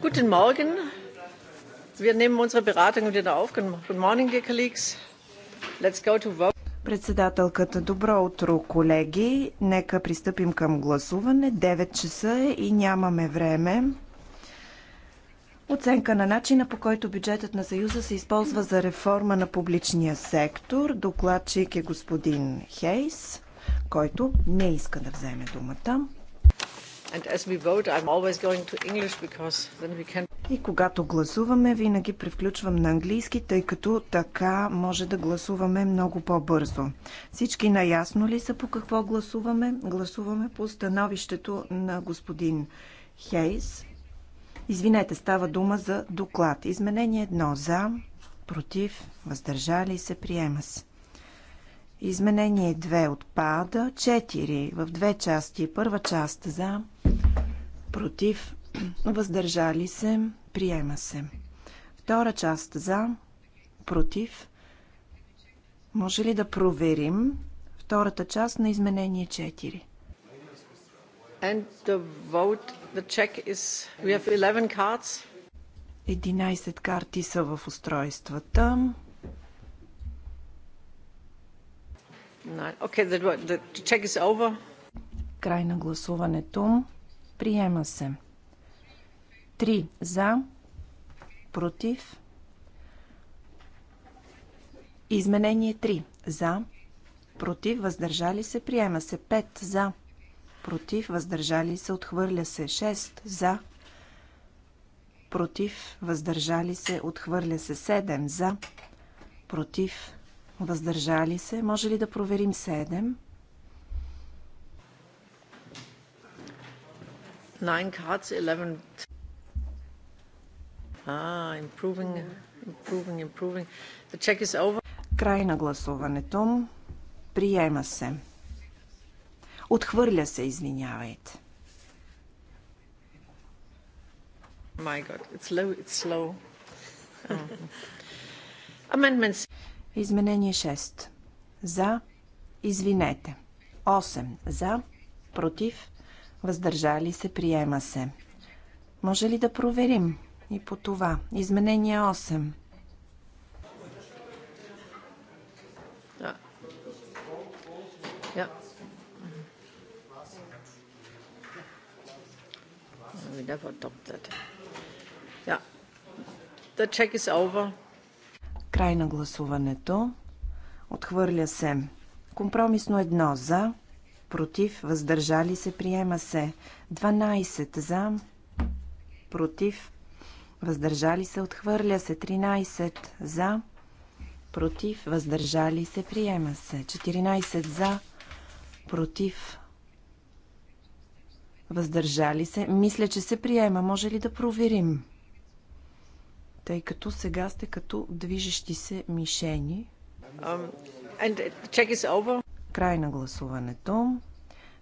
Guten Morgen. Wir nehmen unsere Beratung wieder auf. Good morning, dear colleagues. Let's go to vote. Председателката, добро утро, колеги. Нека пристъпим към гласуване. 9 часа е и нямаме време. Оценка на начина по който бюджетът на Съюза се използва за реформа на публичния сектор. Докладчик е господин Хейс който не иска да вземе думата. Vote, И когато гласуваме, винаги превключвам на английски, тъй като така може да гласуваме много по-бързо. Всички наясно ли са по какво гласуваме? Гласуваме по становището на господин Хейс. Извинете, става дума за доклад. Изменение едно за, против, въздържали се, приема се. Изменение 2 отпада. 4 в две части. Първа част за, против, въздържали се, приема се. Втора част за, против. Може ли да проверим втората част на изменение 4? And the vote, the check is, we have 11 cards. 11 карти са в устройствата. Okay, the, the check is Край на гласуването. Приема се. 3 за, против. Изменение 3 за, против, въздържали се, приема се. 5 за, против, въздържали се, отхвърля се. 6 за, против, въздържали се, отхвърля се. 7 за, против, въздържали се. Може ли да проверим 7? Nine cards, 11. Ah, improving, improving, improving. The check is over. Край на гласуването. Приема се. Отхвърля се, извинявайте. My God, it's low, it's slow. Oh. Amendments. Изменение 6. За. Извинете. 8. За. Против. Въздържали се. Приема се. Може ли да проверим и по това? Изменение 8. Yeah. We never Yeah. The check is over. Край на гласуването. Отхвърля се. Компромисно едно за, против, въздържали се, приема се. 12 за, против, въздържали се, отхвърля се. 13 за, против, въздържали се, приема се. 14 за, против, въздържали се. Мисля, че се приема. Може ли да проверим? тъй като сега сте като движещи се мишени. Um, Край на гласуването.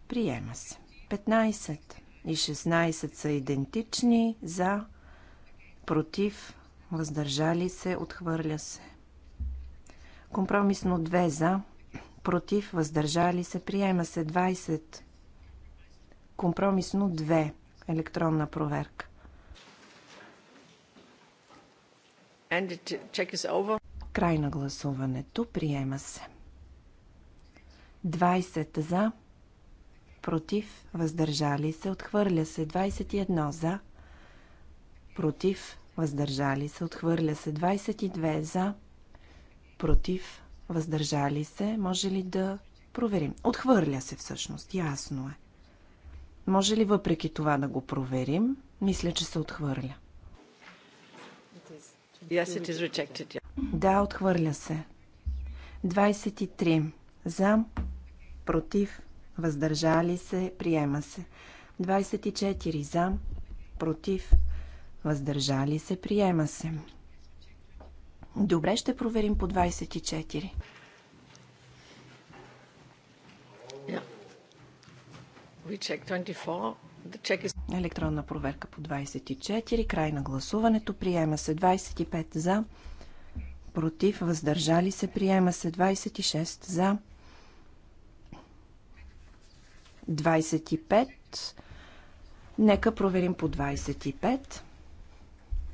Приема се. 15 и 16 са идентични за, против, въздържали се, отхвърля се. Компромисно 2 за, против, въздържали се, приема се 20. Компромисно 2. Електронна проверка. Край на гласуването. Приема се. 20 за, против, въздържали се, отхвърля се. 21 за, против, въздържали се, отхвърля се. 22 за, против, въздържали се. Може ли да проверим? Отхвърля се всъщност, ясно е. Може ли въпреки това да го проверим? Мисля, че се отхвърля. Yes, да, отхвърля се. 23. За, против, въздържали се, приема се. 24. За, против, въздържали се, приема се. Добре, ще проверим по 24. Yeah. We check 24. The check is... Електронна проверка по 24. Край на гласуването. Приема се 25 за. Против. Въздържали се. Приема се 26 за. 25. Нека проверим по 25. Let's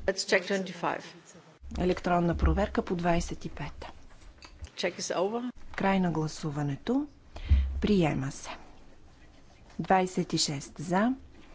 check 25. Електронна проверка по 25. Check is over. Край на гласуването. Приема се. 26 за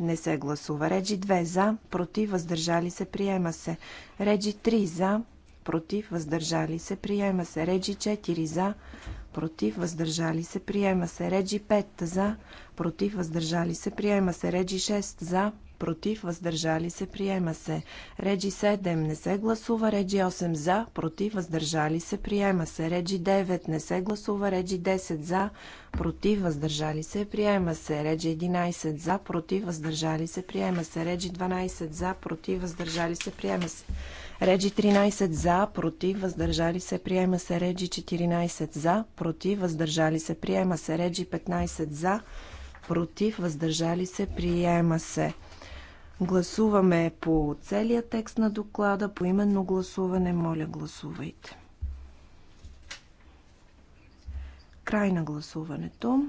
не се гласува. Реджи 2 за, против, въздържали се, приема се. Реджи 3 за, против, въздържали се, приема се. Реджи 4 за, против, въздържали се, приема се. Реджи 5 за, против, въздържали се, приема се. Реджи 6 за, против, въздържали се, приема се. Реджи 7 не се гласува, Реджи 8 за, против, въздържали се, приема се. Реджи 9 не се гласува, Реджи 10 за, против, въздържали се, приема се. Реджи 11 за, против, въздържали се, приема се. Реджи 12 за, против, въздържали се, приема се. Реджи 13 за, против, въздържали се, приема се. Реджи 14 за, против, въздържали се, приема се. Реджи 15 за, против, въздържали се, приема се. Гласуваме по целия текст на доклада, по именно гласуване. Моля, гласувайте. Край на гласуването.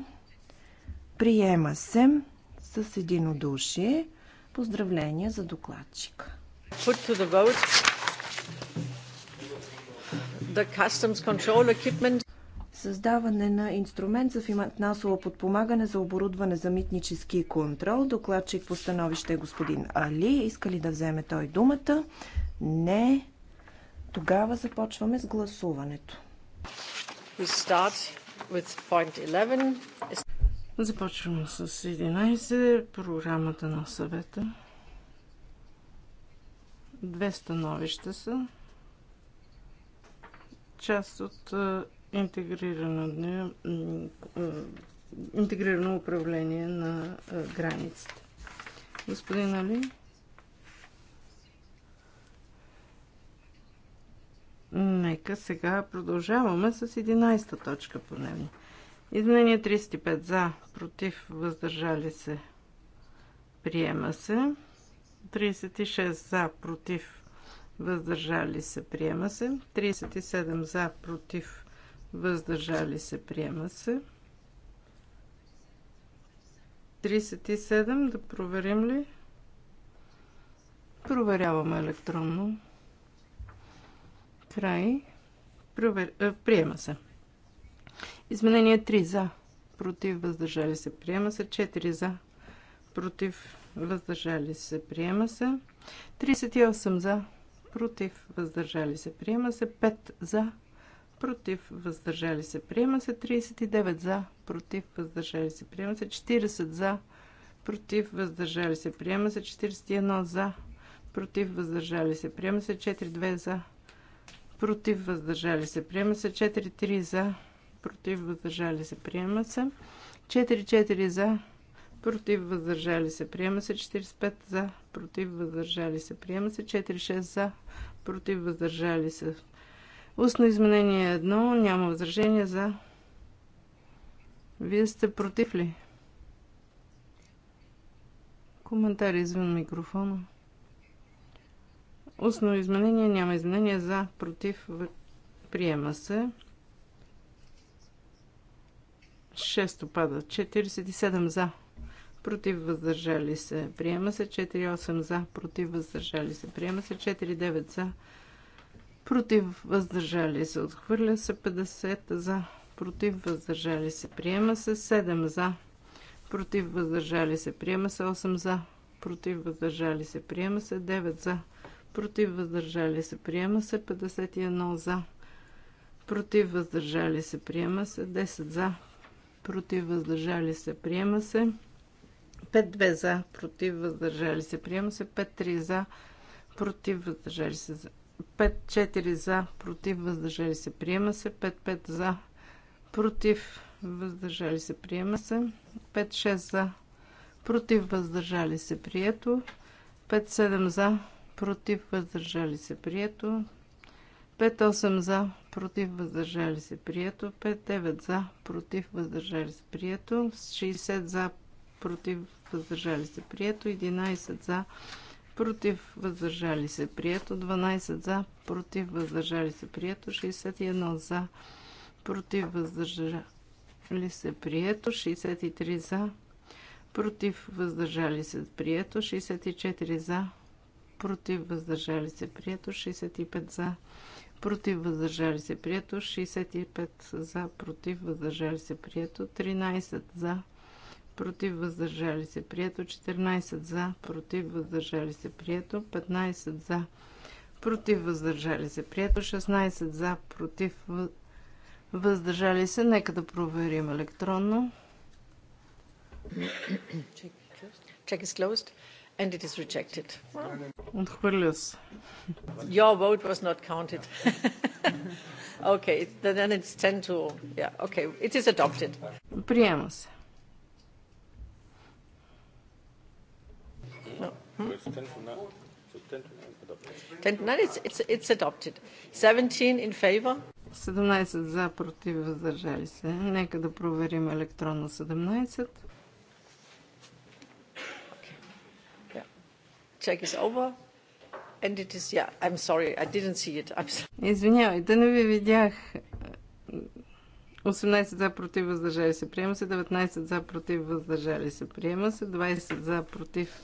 Приема се с единодушие. Поздравления за докладчик. Put to the vote the customs control equipment Създаване на инструмент за финансово подпомагане за оборудване за митнически контрол. Докладчик по становище е господин Али. Иска ли да вземе той думата? Не. Тогава започваме с гласуването. Започваме с 11. Програмата на съвета. Две становища са. Част от е, интегрирано, интегрирано управление на границите. Господин Али? Нека сега продължаваме с 11-та точка по дневни. Изменение 35 за, против, въздържали се, приема се. 36 за, против, въздържали се, приема се. 37 за, против, въздържали се, приема се. 37, да проверим ли? Проверяваме електронно. Край. Провер... Э, приема се. Изменение 3 за. Против въздържали се. Приема се. 4 за. Против въздържали се. Приема се. 38 за. Против въздържали се. Приема се. 5 за против, въздържали се, приема се 39 за, против, въздържали се, приема се 40 за, против, въздържали се, приема се 41 за, против, въздържали се, приема се 42 за, против, въздържали се, приема се 43 за, против, въздържали се, приема се 44 за, против, въздържали се, приема се 45 за, против, въздържали се, приема се 46 за, против, въздържали се, Устно изменение едно, няма възражение за. Вие сте против ли? Коментари извън микрофона. Устно изменение, няма изменение за, против, приема се. 6 пада. 47 за. Против въздържали се. Приема се 4,8 за. Против въздържали се. Приема се 4,9 за против въздържали се, отхвърля се 50 за, против въздържали се, приема се 7 за, против въздържали се, приема се 8 за, против въздържали се, приема се 9 за, против въздържали се, приема се 51 за, против въздържали се, приема се 10 за, против въздържали се, приема се 5-2 за, против въздържали се, приема се 5-3 за, против въздържали се, 5-4 за, против, въздържали се, приема се. 5-5 за, против, въздържали се, приема се. 5-6 за, против, въздържали се, прието. 5-7 за, против, въздържали се, прието. 5-8 за, против, въздържали се, прието. 5-9 за, против, въздържали се, прието. 60 за, против, въздържали се, прието. 11 за, против, против, въздържали се, прието. 12 за, против, въздържали се, прието. 61 за, против, въздържали се, прието. 63 за, против, въздържали се, прието. 64 за, против, въздържали се, прието. 65 за, против, въздържали се, прието. 65 за, против, въздържали се, прието. 13 за, против, против въздържали се прието, 14 за, против въздържали се прието, 15 за, против въздържали се прието, 16 за, против въздържали се. Нека да проверим електронно. Check is closed and it is rejected. Отхвърля се. Your vote was not counted. okay, then it's 10 to... Yeah, okay, it is adopted. Приема се. 17 hmm? за, против, въздържали се. Нека да проверим електронно 17. Извинявай да не ви видях. 18 за, против, въздържали се. Приема се. 19 за, против, въздържали се. Приема се. 20 за, против, въздържали се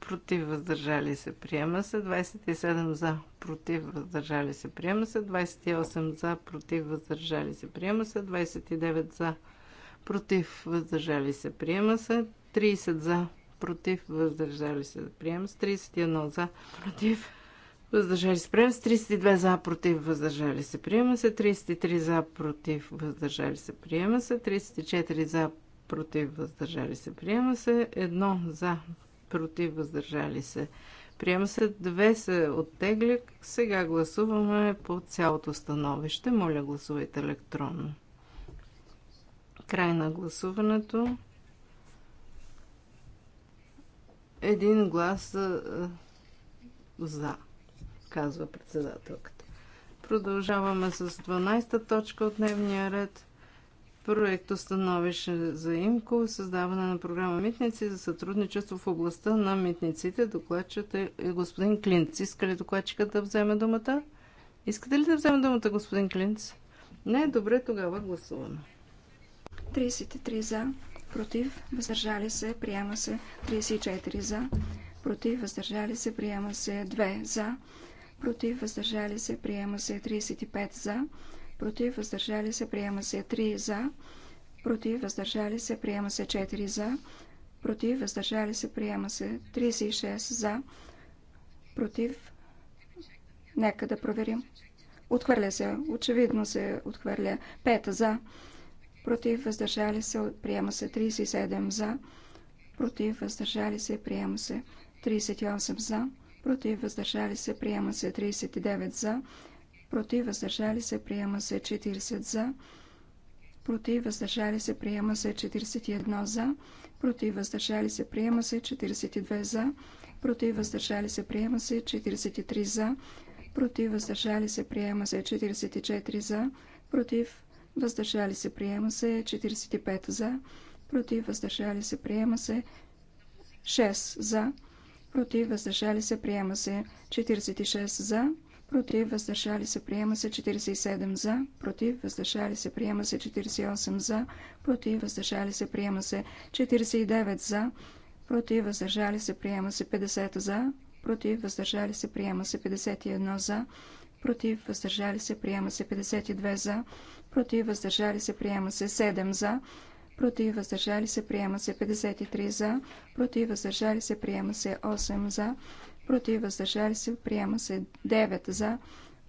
против въздържали се, приема се 27 за, против въздържали се, приема се 28 за, против въздържали се, приема се 29 за, против въздържали се, приема се 30 за, против въздържали се, приема се 31 за, против въздържали се, приема се 32 за, против въздържали се, приема се 33 за, против въздържали се, приема се 34 за, против въздържали се, приема се 1 за, против, въздържали се. Приема се 2 се оттегля. Сега гласуваме по цялото становище. Моля, гласувайте електронно. Край на гласуването. Един глас за, казва председателката. Продължаваме с 12-та точка от дневния ред проекто становище за ИМКО, създаване на програма Митници за сътрудничество в областта на митниците. Докладчът е, е господин Клинц. Иска ли докладчика да вземе думата? Искате ли да вземе думата, господин Клинц? Не, добре, тогава гласуваме. 33 за, против, въздържали се, приема се 34 за, против, въздържали се, приема се 2 за, против, въздържали се, приема се 35 за, против, въздържали се, приема се 3 за, против, въздържали се, приема се 4 за, против, въздържали се, приема се 36 за, против, нека да проверим. Отхвърля се, очевидно се отхвърля 5 за, против, въздържали се, приема се 37 за, против, въздържали се, приема се 38 за, против, въздържали се, приема се 39 за, против, въздържали се, приема се 40 за, против, въздържали се, приема се 41 за, против, въздържали се, приема се 42 за, против, въздържали се, приема се 43 за, против, въздържали се, приема се 44 за, против, въздържали се, приема се 45 за, против, въздържали се, приема се 6 за, против, въздържали се, приема се 46 за, против, въздържали се, приема се 47 за, против, въздържали се, приема се 48 за, против, въздържали се, приема се 49 за, против, въздържали се, приема се 50 за, против, въздържали се, приема се 51 за, против, въздържали се, приема се 52 за, против, въздържали се, приема се 7 за, против, въздържали се, приема се 53 за, против, въздържали се, приема се 8 за, против въздържали се, приема се 9 за,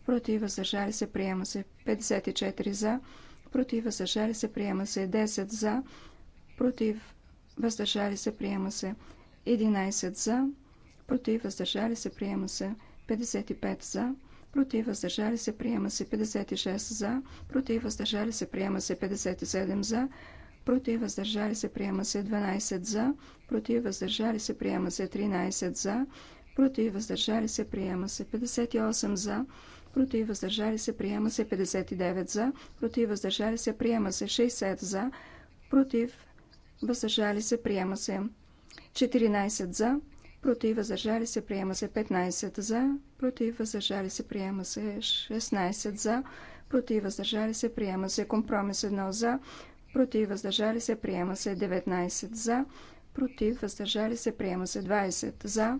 против въздържали се, приема се 54 за, против въздържали се, приема се 10 за, против въздържали се, приема се 11 за, против въздържали се, приема се 55 за, против въздържали се, приема се 56 за, против въздържали се, приема се 57 за, против въздържали се, приема се 12 за, против въздържали се, приема се 13 за, против въздържали се, приема се 58 за, против въздържали се, приема се 59 за, против въздържали се, приема се 60 за, против въздържали се, приема се 14 за, против въздържали се, приема се 15 за, против въздържали се, приема се 16 за, против въздържали се, приема се компромис 1 за, против въздържали се, приема се 19 за, против въздържали се, приема се 20 за,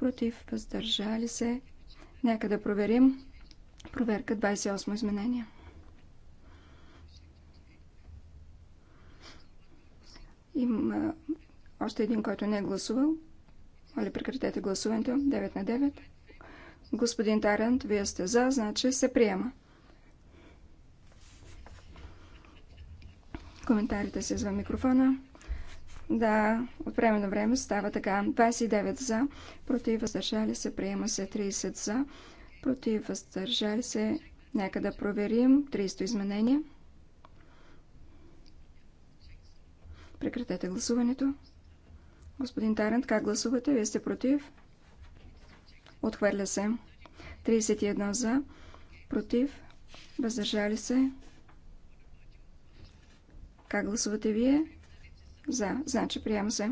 против, въздържали се. Нека да проверим. Проверка 28 изменение. Има още един, който не е гласувал. Моля, прекратете гласуването. 9 на 9. Господин Тарант, вие сте за, значи се приема. Коментарите се за микрофона. Да, от време на време става така. 29 за, против въздържали се, приема се 30 за, против въздържали се. Нека да проверим 300 изменения. Прекратете гласуването. Господин Тарант, как гласувате? Вие сте против? Отхвърля се. 31 за, против, въздържали се. Как гласувате вие? За. Значи приема се.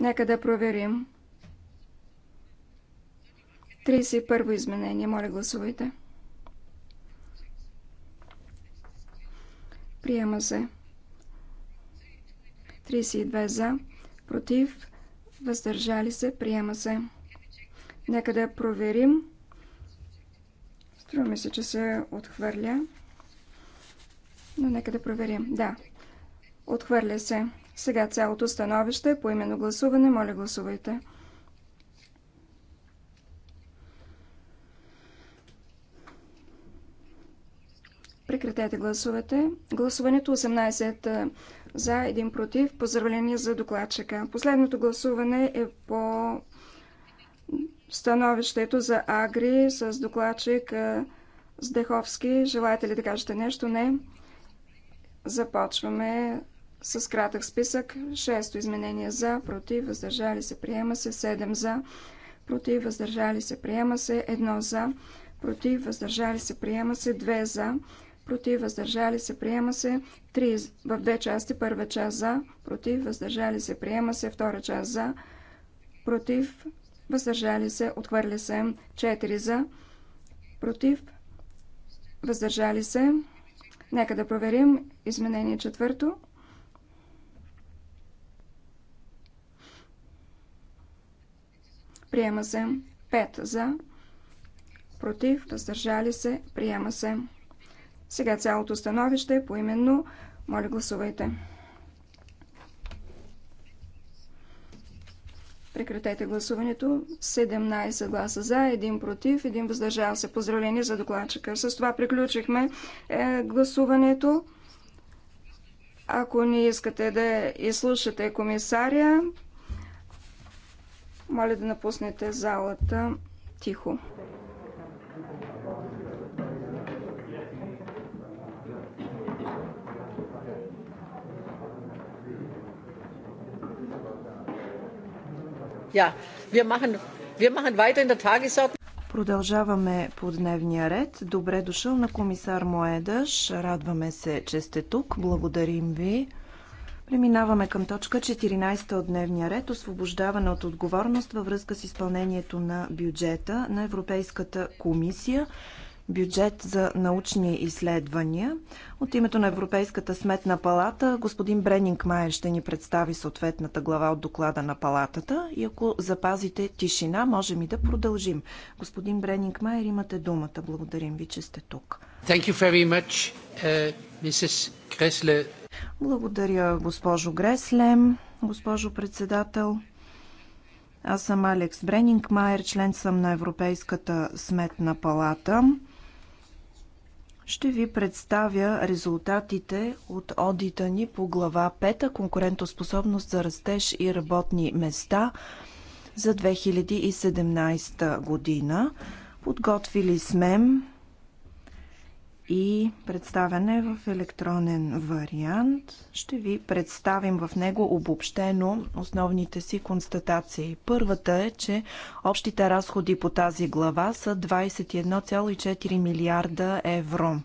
Нека да проверим. 31 изменение. Моля, гласувайте. Приема се. 32 за, против, въздържали се, приема се. Нека да проверим. Струва ми се, че се отхвърля но нека да проверим. Да, отхвърля се. Сега цялото становище по именно гласуване. Моля, гласувайте. Прекратете гласувате. Гласуването 18 е, за, 1 против. Поздравление за докладчика. Последното гласуване е по становището за Агри с докладчик е, Здеховски. Желаете ли да кажете нещо? Не. Започваме с кратък списък. Шесто изменение за, против, въздържали се, приема се. Седем за, против, въздържали се, приема се. Едно за, против, въздържали се, приема се. Две за, против, въздържали се, приема се. Три в две части. Първа част за, против, въздържали се, приема се. Втора част за, против, въздържали се, отхвърля се. Четири за, против, въздържали се. Нека да проверим изменение четвърто. Приема се 5 за, против, въздържали се, приема се. Сега цялото становище поименно. Моля гласувайте. Прекратете гласуването. 17 гласа за, 1 против, 1 въздържал се. Поздравление за докладчика. С това приключихме е, гласуването. Ако не искате да изслушате комисаря, моля да напуснете залата тихо. Продължаваме по дневния ред. Добре дошъл на комисар Моедаш. Радваме се, че сте тук. Благодарим ви. Преминаваме към точка 14 от дневния ред освобождаване от отговорност във връзка с изпълнението на бюджета на Европейската комисия бюджет за научни изследвания. От името на Европейската сметна палата господин Бренинг Майер ще ни представи съответната глава от доклада на палатата и ако запазите тишина, можем и да продължим. Господин Бренинг Майер, имате думата. Благодарим ви, че сте тук. Thank you very much, uh, Mrs. Благодаря, госпожо Греслем, госпожо председател. Аз съм Алекс Бренинг Майер, член съм на Европейската сметна палата ще ви представя резултатите от одита ни по глава 5 Конкурентоспособност за растеж и работни места за 2017 година. Подготвили сме и представяне в електронен вариант. Ще ви представим в него обобщено основните си констатации. Първата е, че общите разходи по тази глава са 21,4 милиарда евро.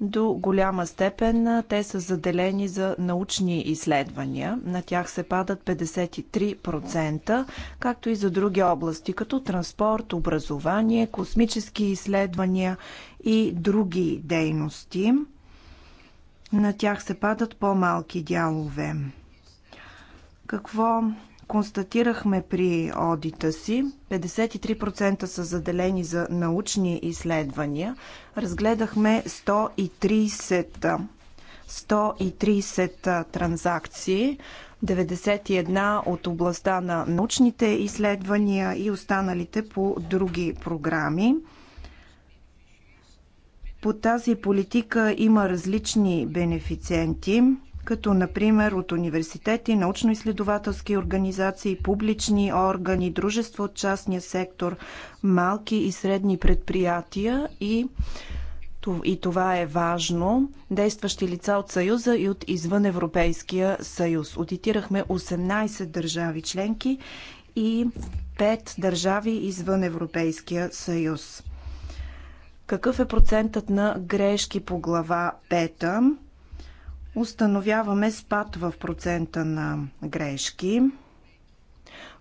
До голяма степен те са заделени за научни изследвания. На тях се падат 53%, както и за други области, като транспорт, образование, космически изследвания и други дейности. На тях се падат по-малки дялове. Какво Констатирахме при одита си, 53% са заделени за научни изследвания. Разгледахме 130 130 транзакции, 91 от областта на научните изследвания и останалите по други програми. По тази политика има различни бенефициенти като например от университети, научно-изследователски организации, публични органи, дружества от частния сектор, малки и средни предприятия и и това е важно, действащи лица от Съюза и от извън Европейския съюз. Отитирахме 18 държави членки и 5 държави извън Европейския съюз. Какъв е процентът на грешки по глава установяваме спад в процента на грешки.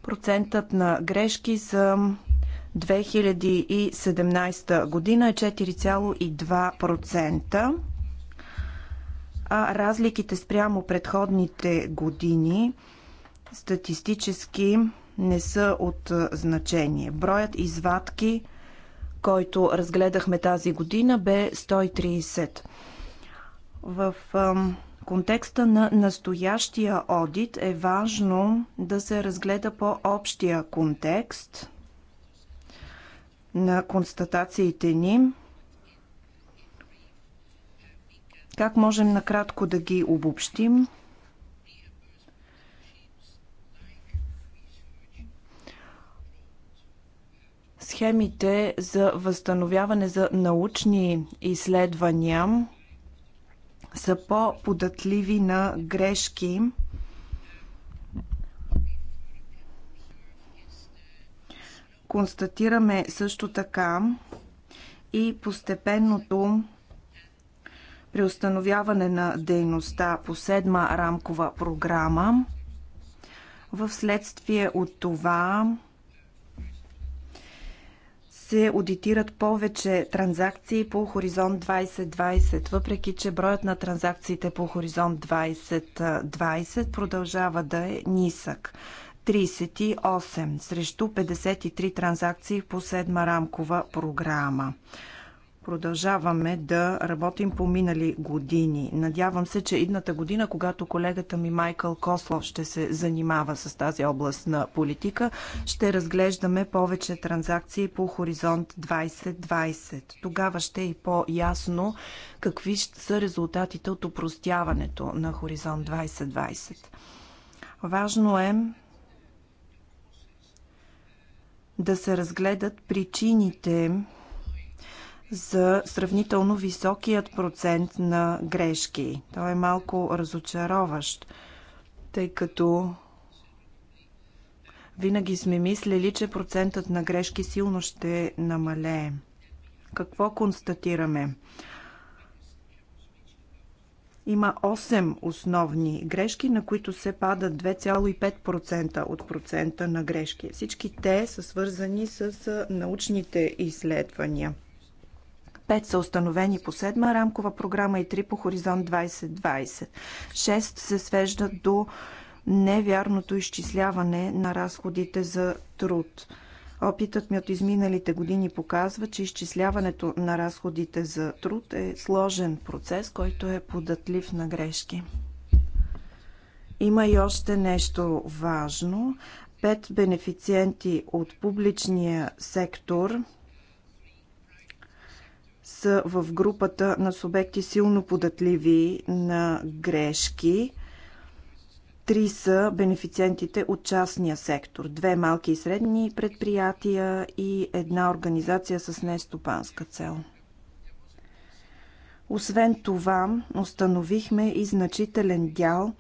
Процентът на грешки за 2017 година е 4,2%, а разликите спрямо предходните години статистически не са от значение. Броят извадки, който разгледахме тази година, бе 130. В контекста на настоящия одит е важно да се разгледа по-общия контекст на констатациите ни. Как можем накратко да ги обобщим? Схемите за възстановяване за научни изследвания са по-податливи на грешки. Констатираме също така и постепенното преустановяване на дейността по седма рамкова програма. В следствие от това се одитират повече транзакции по Хоризонт 2020, въпреки че броят на транзакциите по Хоризонт 2020 продължава да е нисък. 38 срещу 53 транзакции по седма рамкова програма. Продължаваме да работим по минали години. Надявам се, че идната година, когато колегата ми Майкъл Кослов ще се занимава с тази област на политика, ще разглеждаме повече транзакции по Хоризонт 2020. Тогава ще е и по-ясно какви са резултатите от упростяването на Хоризонт 2020. Важно е да се разгледат причините за сравнително високият процент на грешки. Той е малко разочароващ, тъй като винаги сме мислили, че процентът на грешки силно ще намалее. Какво констатираме? Има 8 основни грешки, на които се пада 2,5% от процента на грешки. Всички те са свързани с научните изследвания. Пет са установени по седма рамкова програма и 3 по Хоризонт 2020. 6 се свеждат до невярното изчисляване на разходите за труд. Опитът ми от изминалите години показва, че изчисляването на разходите за труд е сложен процес, който е податлив на грешки. Има и още нещо важно. Пет бенефициенти от публичния сектор – са в групата на субекти силно податливи на грешки. Три са бенефициентите от частния сектор. Две малки и средни предприятия и една организация с нестопанска цел. Освен това, установихме и значителен дял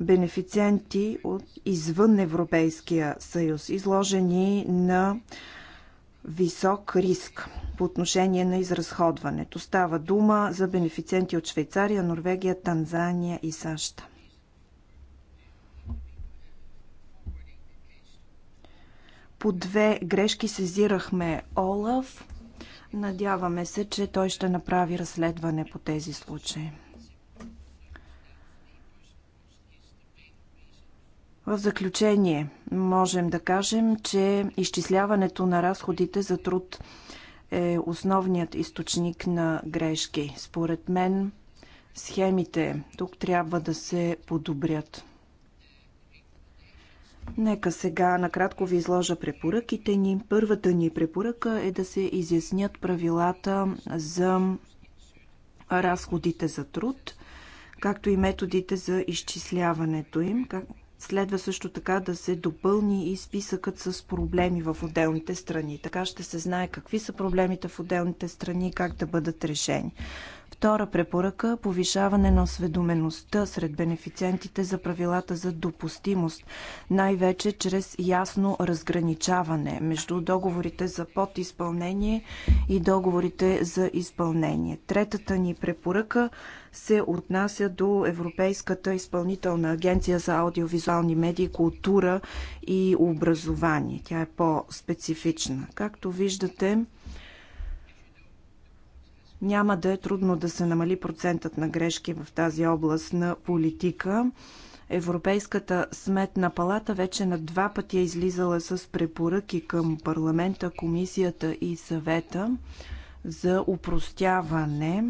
бенефициенти от извън Европейския съюз, изложени на висок риск по отношение на изразходването. Става дума за бенефициенти от Швейцария, Норвегия, Танзания и САЩ. По две грешки сезирахме Олаф. Надяваме се, че той ще направи разследване по тези случаи. В заключение, можем да кажем, че изчисляването на разходите за труд е основният източник на грешки. Според мен, схемите тук трябва да се подобрят. Нека сега накратко ви изложа препоръките ни. Първата ни препоръка е да се изяснят правилата за разходите за труд, както и методите за изчисляването им, Следва също така да се допълни и списъкът с проблеми в отделните страни. Така ще се знае какви са проблемите в отделните страни и как да бъдат решени. Втора препоръка – повишаване на осведомеността сред бенефициентите за правилата за допустимост, най-вече чрез ясно разграничаване между договорите за подизпълнение и договорите за изпълнение. Третата ни препоръка се отнася до Европейската изпълнителна агенция за аудиовизуални медии, култура и образование. Тя е по-специфична. Както виждате, няма да е трудно да се намали процентът на грешки в тази област на политика. Европейската сметна палата вече на два пъти е излизала с препоръки към парламента, комисията и съвета за упростяване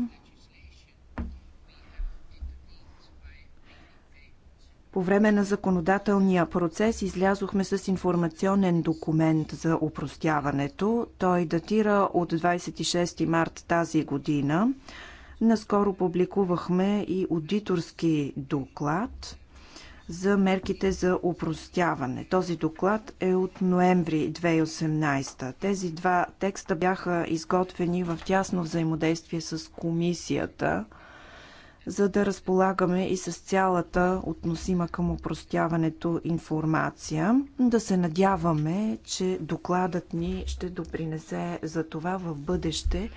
По време на законодателния процес излязохме с информационен документ за упростяването. Той датира от 26 март тази година. Наскоро публикувахме и аудиторски доклад за мерките за упростяване. Този доклад е от ноември 2018. Тези два текста бяха изготвени в тясно взаимодействие с комисията – за да разполагаме и с цялата относима към опростяването информация. Да се надяваме, че докладът ни ще допринесе за това в бъдеще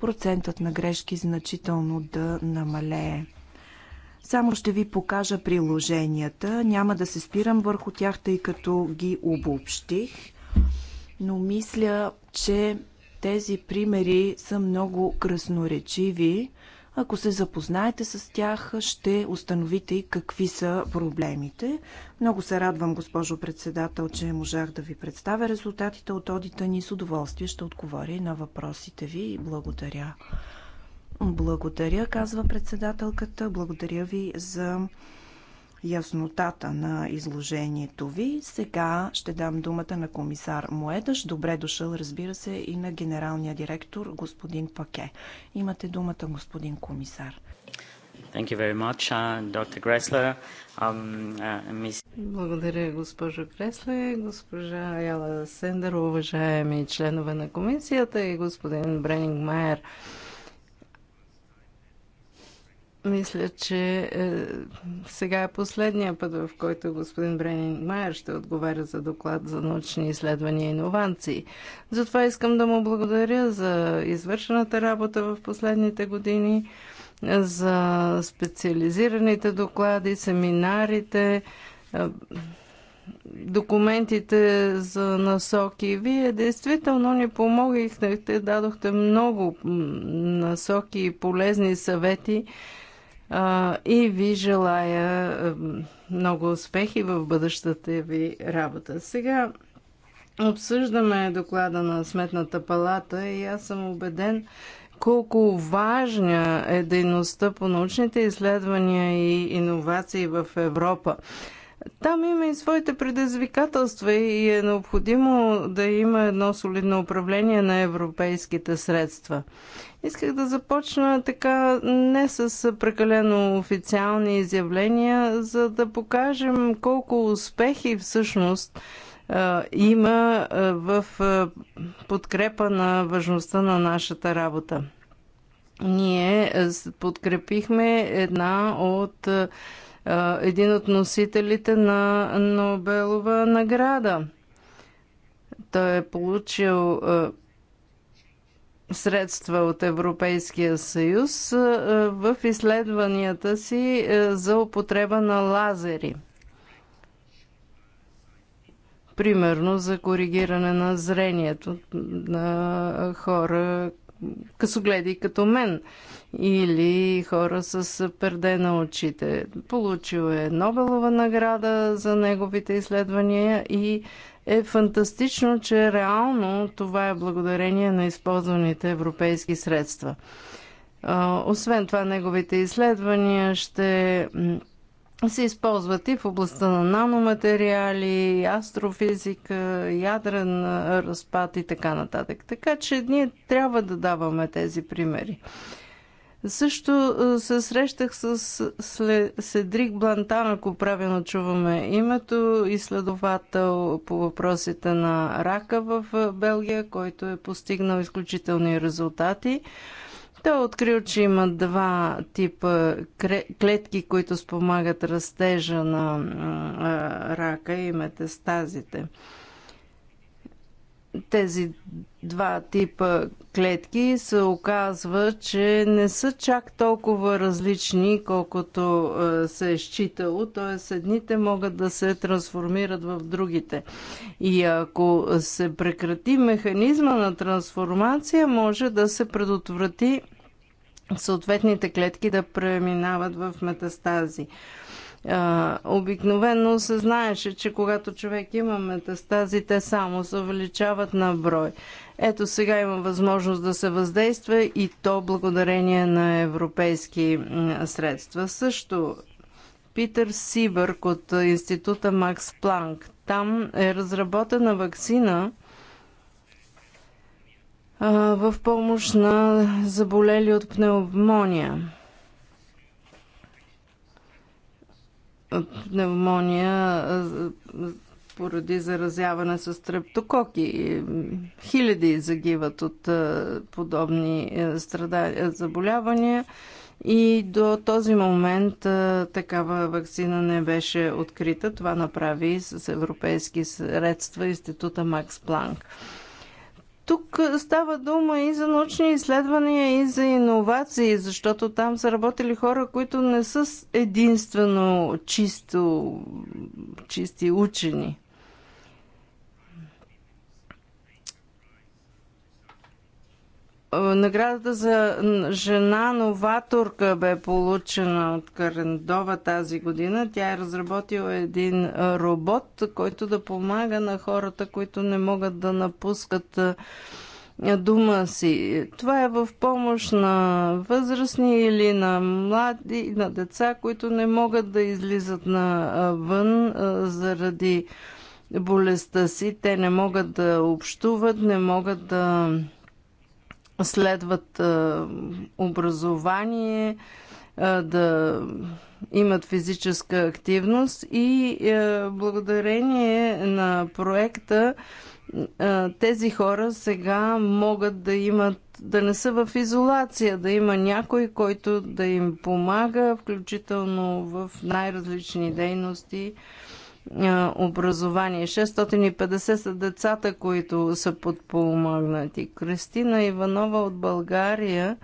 процентът на грешки значително да намалее. Само ще ви покажа приложенията. Няма да се спирам върху тях, тъй като ги обобщих. Но мисля, че тези примери са много красноречиви ако се запознаете с тях, ще установите и какви са проблемите. Много се радвам, госпожо председател, че можах да ви представя резултатите от одита ни. С удоволствие ще отговоря и на въпросите ви и благодаря. Благодаря, казва председателката. Благодаря ви за яснотата на изложението ви. Сега ще дам думата на комисар Моедаш. Добре дошъл, разбира се, и на генералния директор господин Паке. Имате думата, господин комисар. Thank you very much, uh, Dr. Gressler. Um, uh, Благодаря, госпожо Кресле, госпожа Яла Сендер, уважаеми членове на комисията и господин Бренинг Майер. Uh, мисля, че е, сега е последния път, в който господин Бренинг Майер ще отговаря за доклад за научни изследвания и иновации. Затова искам да му благодаря за извършената работа в последните години, за специализираните доклади, семинарите, е, документите за насоки. Вие действително ни помогнахте, дадохте много насоки и полезни съвети и ви желая много успехи в бъдещата ви работа. Сега обсъждаме доклада на Сметната палата и аз съм убеден, колко важна е дейността по научните изследвания и иновации в Европа. Там има и своите предизвикателства и е необходимо да има едно солидно управление на европейските средства. Исках да започна така не с прекалено официални изявления, за да покажем колко успехи всъщност има в подкрепа на важността на нашата работа. Ние подкрепихме една от един от носителите на Нобелова награда. Той е получил средства от Европейския съюз в изследванията си за употреба на лазери. Примерно за коригиране на зрението на хора късогледи като мен или хора с перде на очите. Получил е Нобелова награда за неговите изследвания и е фантастично, че реално това е благодарение на използваните европейски средства. Освен това, неговите изследвания ще се използват и в областта на наноматериали, астрофизика, ядрен разпад и така нататък. Така че ние трябва да даваме тези примери. Също се срещах с Седрик Блантан, ако правилно чуваме името, изследовател по въпросите на рака в Белгия, който е постигнал изключителни резултати. Той е открил, че има два типа клетки, които спомагат растежа на рака и метастазите тези два типа клетки се оказва, че не са чак толкова различни, колкото е, се е считало, т.е. едните могат да се трансформират в другите. И ако се прекрати механизма на трансформация, може да се предотврати съответните клетки да преминават в метастази. А, обикновено се знаеше, че когато човек има метастази, те само се увеличават на брой. Ето сега има възможност да се въздейства и то благодарение на европейски средства. Също Питър Сибърк от института Макс Планк. Там е разработена вакцина а, в помощ на заболели от пневмония. пневмония поради заразяване с трептококи. Хиляди загиват от подобни заболявания и до този момент такава вакцина не беше открита. Това направи с европейски средства Института Макс Планк. Тук става дума и за научни изследвания, и за иновации, защото там са работили хора, които не са единствено чисто, чисти учени. Е, наградата за жена новаторка бе получена от Карендова тази година. Тя е разработила един е, робот, който да помага на хората, които не могат да напускат е, дума си. Това е в помощ на възрастни или на млади, на деца, които не могат да излизат навън заради болестта си. Те не могат да общуват, не могат да следват образование, да имат физическа активност и е, благодарение на проекта е, тези хора сега могат да имат, да не са в изолация, да има някой, който да им помага, включително в най-различни дейности образование. 650 са децата, които са подпомогнати. Кристина Иванова от България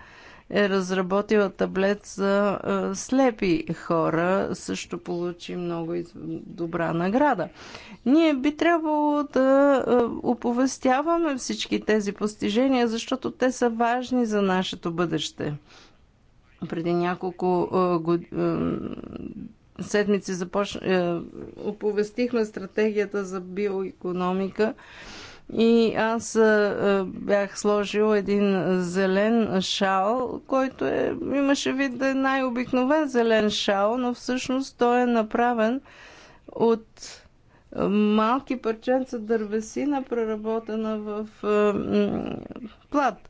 е разработила таблет за слепи хора. Също получи много добра награда. Ние би трябвало да оповестяваме всички тези постижения, защото те са важни за нашето бъдеще. Преди няколко години седмици започ... Е, оповестихме стратегията за биоекономика и аз е, бях сложил един зелен шал, който е, имаше вид да е най-обикновен зелен шал, но всъщност той е направен от е, малки парченца дървесина, преработена в плат.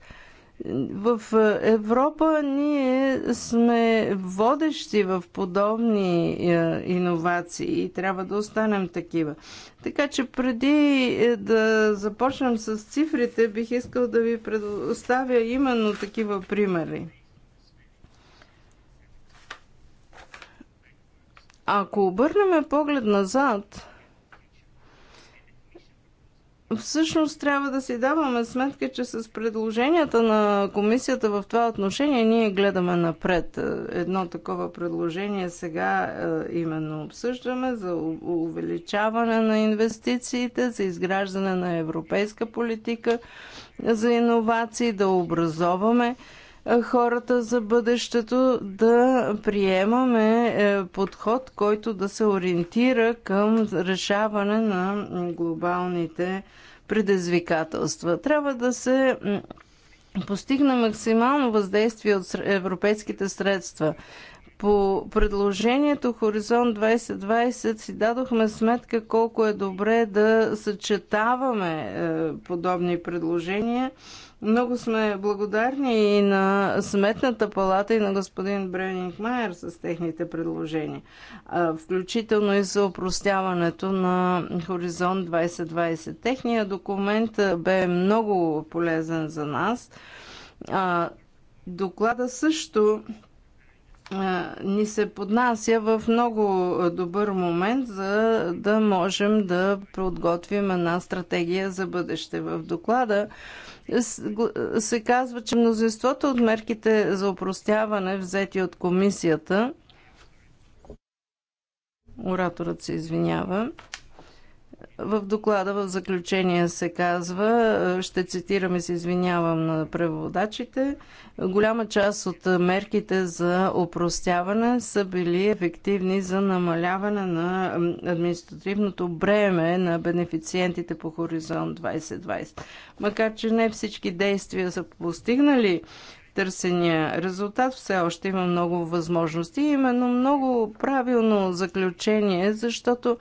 В Европа ние сме водещи в подобни е, иновации и трябва да останем такива. Така че преди е, да започнем с цифрите, бих искал да ви предоставя именно такива примери. Ако обърнем поглед назад, Всъщност трябва да си даваме сметка, че с предложенията на комисията в това отношение ние гледаме напред. Е, едно такова предложение сега е, именно обсъждаме за увеличаване на инвестициите, за изграждане на европейска политика, за иновации, да образоваме е, хората за бъдещето, да приемаме е, подход, който да се ориентира към решаване на глобалните предизвикателства. Трябва да се постигне максимално въздействие от европейските средства. По предложението Хоризонт 2020 си дадохме сметка колко е добре да съчетаваме е, подобни предложения много сме благодарни и на Сметната палата и на господин Бренинг Майер с техните предложения, включително и за опростяването на Хоризонт 2020. Техният документ бе много полезен за нас. Доклада също ни се поднася в много добър момент, за да можем да подготвим една стратегия за бъдеще. В доклада се казва, че мнозинството от мерките за упростяване, взети от комисията, ораторът се извинява, в доклада в заключение се казва, е, ще цитирам и се извинявам на преводачите, голяма част от мерките за опростяване са били ефективни за намаляване на административното бреме на бенефициентите по Хоризонт 2020. Макар, че не всички действия са постигнали търсения резултат, все още има много възможности. Именно много правилно заключение, защото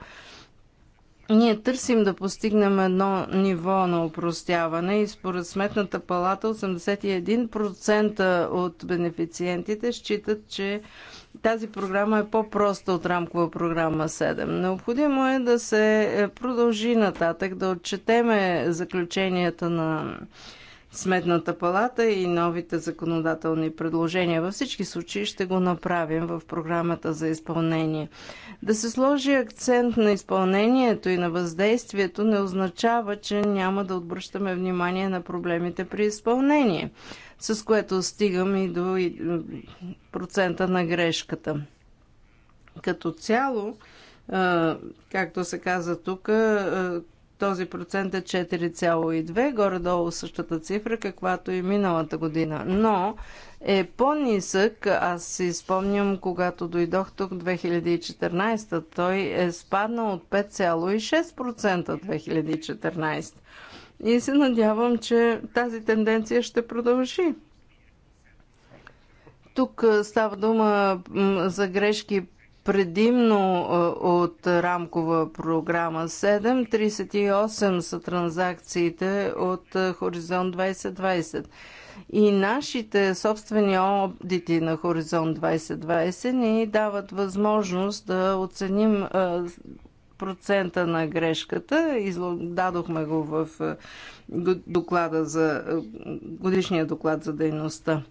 ние търсим да постигнем едно ниво на упростяване и според Сметната палата 81% от бенефициентите считат, че тази програма е по-проста от рамкова програма 7. Необходимо е да се продължи нататък, да отчетеме заключенията на Сметната палата и новите законодателни предложения. Във всички случаи ще го направим в програмата за изпълнение. Да се сложи акцент на изпълнението и на въздействието не означава, че няма да отбръщаме внимание на проблемите при изпълнение, с което стигам и до процента на грешката. Като цяло, както се каза тук, този процент е 4,2, горе-долу същата цифра, каквато и миналата година. Но е по-нисък, аз си спомням, когато дойдох тук 2014, той е спаднал от 5,6% 2014. И се надявам, че тази тенденция ще продължи. Тук става дума за грешки предимно от рамкова програма 7, 38 са транзакциите от Хоризонт 2020. И нашите собствени одити на Хоризонт 2020 ни дават възможност да оценим процента на грешката. Дадохме го в доклада за, годишния доклад за дейността.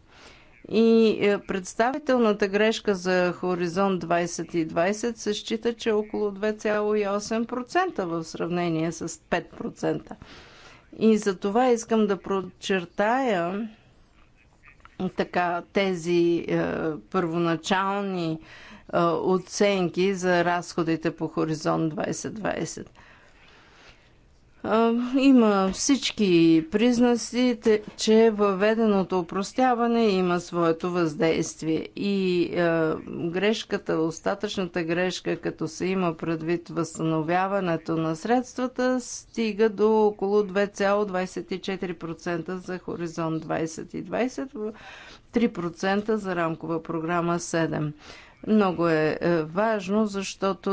И е, представителната грешка за Хоризонт 2020 се счита, че е около 2,8% в сравнение с 5%. И за това искам да прочертая така тези е, първоначални е, оценки за разходите по Хоризонт 2020. Има всички признаци, че въведеното опростяване има своето въздействие и грешката, остатъчната грешка, като се има предвид възстановяването на средствата, стига до около 2,24% за Хоризонт 2020, 3% за рамкова програма 7. Много е, е важно, защото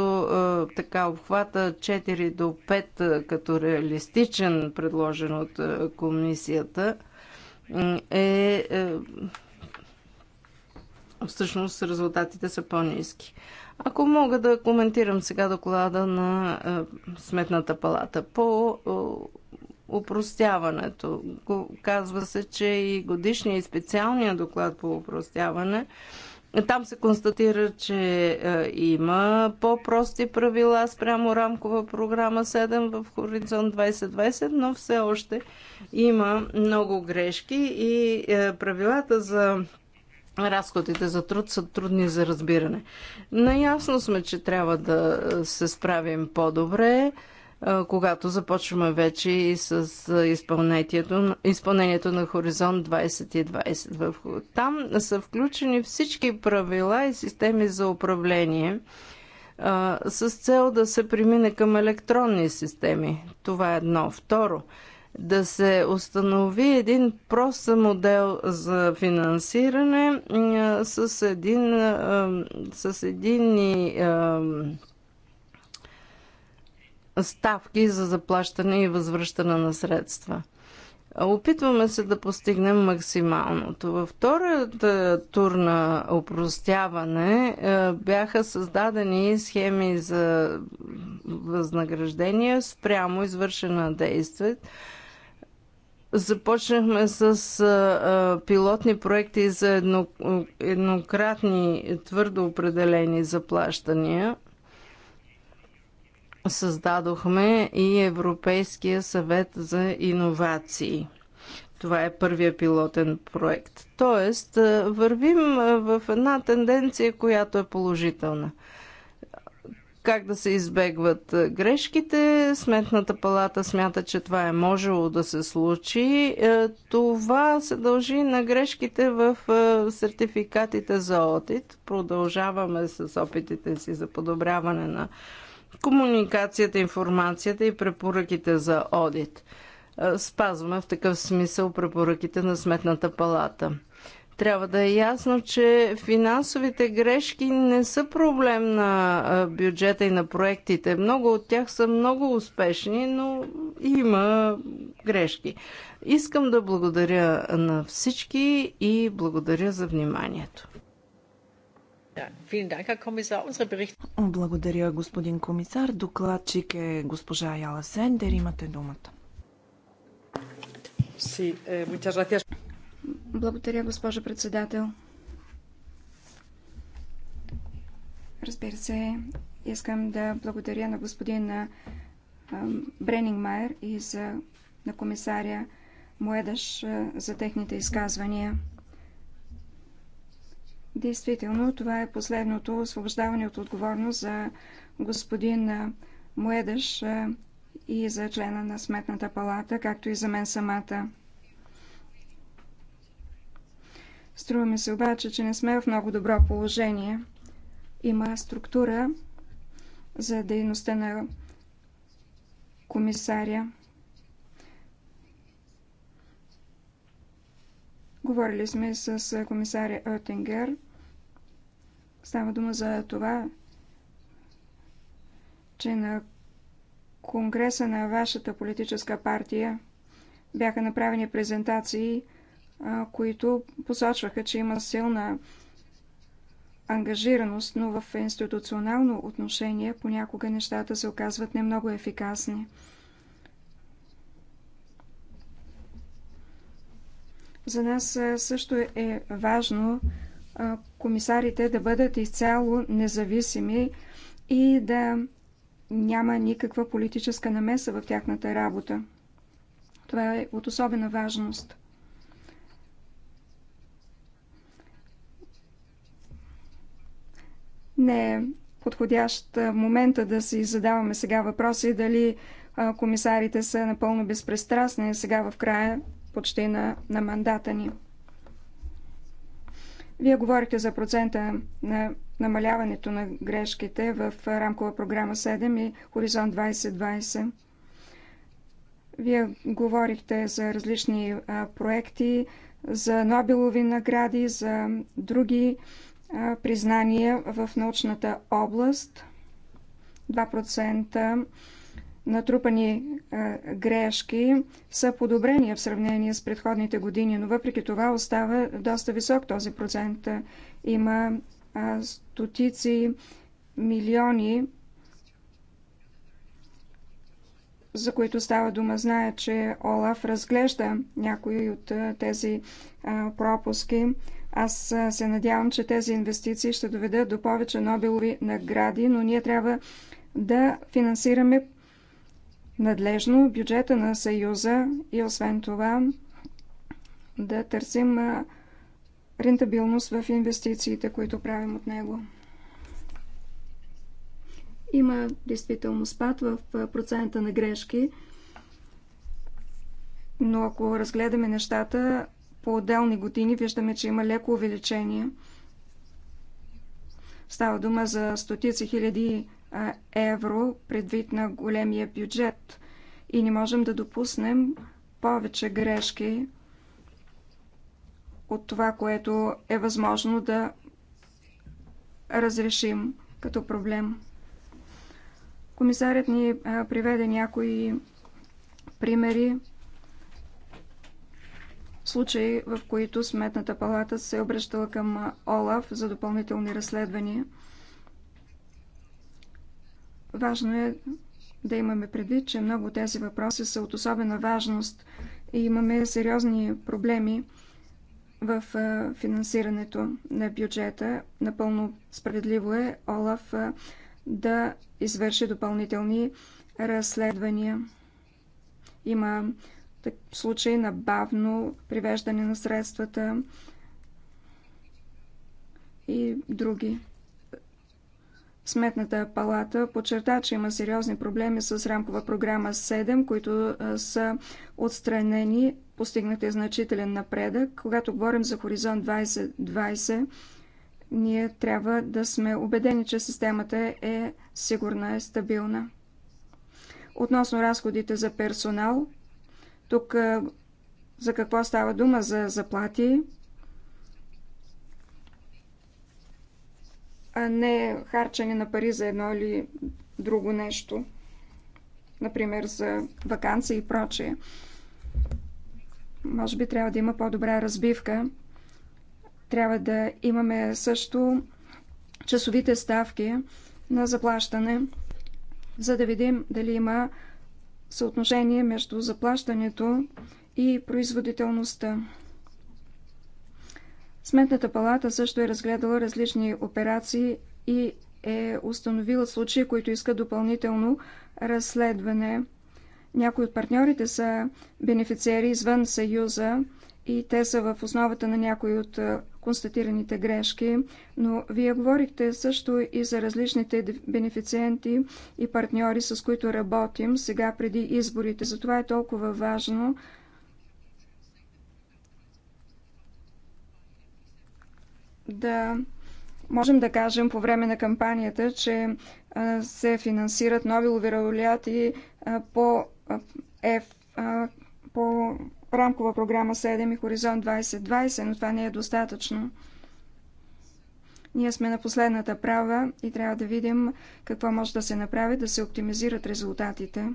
е, така обхвата 4 до 5 е, като реалистичен, предложен от комисията, е всъщност резултатите са по-низки. Ако мога да коментирам сега доклада на Сметната палата по упростяването. Казва се, че и годишния и специалния доклад по упростяване там се констатира, че е, има по-прости правила спрямо рамкова програма 7 в Хоризонт 2020, но все още има много грешки и е, правилата за разходите за труд са трудни за разбиране. Наясно сме, че трябва да се справим по-добре когато започваме вече и с изпълнението, изпълнението на Хоризонт 2020. Там са включени всички правила и системи за управление с цел да се премине към електронни системи. Това е едно. Второ, да се установи един прост модел за финансиране с един с единни ставки за заплащане и възвръщане на средства. Опитваме се да постигнем максималното. Във втората тур на опростяване е, бяха създадени схеми за възнаграждения спрямо извършена действие. Започнахме с е, е, пилотни проекти за еднократни твърдо определени заплащания – създадохме и Европейския съвет за иновации. Това е първия пилотен проект. Тоест, е, вървим е, в една тенденция, която е положителна. Как да се избегват е, грешките? Сметната палата смята, че това е можело да се случи. Това се дължи на грешките в сертификатите за одит. Продължаваме с опитите си за подобряване на комуникацията, информацията и препоръките за одит. Е, спазваме в такъв смисъл препоръките на Сметната палата. Трябва да е ясно, че финансовите грешки не са проблем на е, бюджета и на проектите. Много от тях са много успешни, но има грешки. Искам да благодаря на всички и благодаря за вниманието. Благодаря, господин комисар. Докладчик е госпожа Яла Сендер. Имате думата. Eh, благодаря, госпожа председател. Разбира се, искам да благодаря на господин Бренингмайер и за, на комисаря Моедаш за техните изказвания. Действително, това е последното освобождаване от отговорност за господин Муедаш и за члена на Сметната палата, както и за мен самата. Струва ми се обаче, че не сме в много добро положение. Има структура за дейността на комисаря. Говорили сме с комисаря Оттенгер Става дума за това, че на конгреса на вашата политическа партия бяха направени презентации, които посочваха, че има силна ангажираност, но в институционално отношение понякога нещата се оказват не много ефикасни. За нас също е важно комисарите да бъдат изцяло независими и да няма никаква политическа намеса в тяхната работа. Това е от особена важност. Не е подходящ момента да си задаваме сега въпроси дали комисарите са напълно безпристрастни сега в края почти на, на мандата ни. Вие говорите за процента на намаляването на грешките в рамкова програма 7 и Хоризонт 2020. Вие говорихте за различни проекти, за Нобелови награди, за други признания в научната област. 2% натрупани е, грешки са подобрения в сравнение с предходните години, но въпреки това остава доста висок този процент. Е, има е, стотици милиони, за които става дума. Зная, че Олаф разглежда някои от тези пропуски. Аз се надявам, че тези инвестиции ще доведат до повече Нобелови награди, но ние трябва да финансираме надлежно бюджета на Съюза и освен това да търсим рентабилност в инвестициите, които правим от него. Има действително спад в процента на грешки, но ако разгледаме нещата по отделни години, виждаме, че има леко увеличение. Става дума за стотици хиляди евро предвид на големия бюджет и не можем да допуснем повече грешки от това, което е възможно да разрешим като проблем. Комисарят ни приведе някои примери случаи, в които Сметната палата се е обръщала към ОЛАФ за допълнителни разследвания – Важно е да имаме предвид, че много тези въпроси са от особена важност и имаме сериозни проблеми в финансирането на бюджета. Напълно справедливо е Олаф да извърши допълнителни разследвания. Има случаи на бавно привеждане на средствата и други. Сметната палата подчерта, че има сериозни проблеми с рамкова програма 7, които са отстранени, постигнат е значителен напредък. Когато говорим за Хоризонт 2020, ние трябва да сме убедени, че системата е сигурна, и стабилна. Относно разходите за персонал, тук за какво става дума? За заплати, а не харчане на пари за едно или друго нещо, например за вакансии и прочее. Може би трябва да има по-добра разбивка. Трябва да имаме също часовите ставки на заплащане, за да видим дали има съотношение между заплащането и производителността. Сметната палата също е разгледала различни операции и е установила случаи, които искат допълнително разследване. Някои от партньорите са бенефициери извън Съюза и те са в основата на някои от констатираните грешки, но вие говорихте също и за различните бенефициенти и партньори, с които работим сега преди изборите. Затова е толкова важно да можем да кажем по време на кампанията, че се финансират нови лауреати по, F, по рамкова програма 7 и Хоризонт 2020, но това не е достатъчно. Ние сме на последната права и трябва да видим какво може да се направи, да се оптимизират резултатите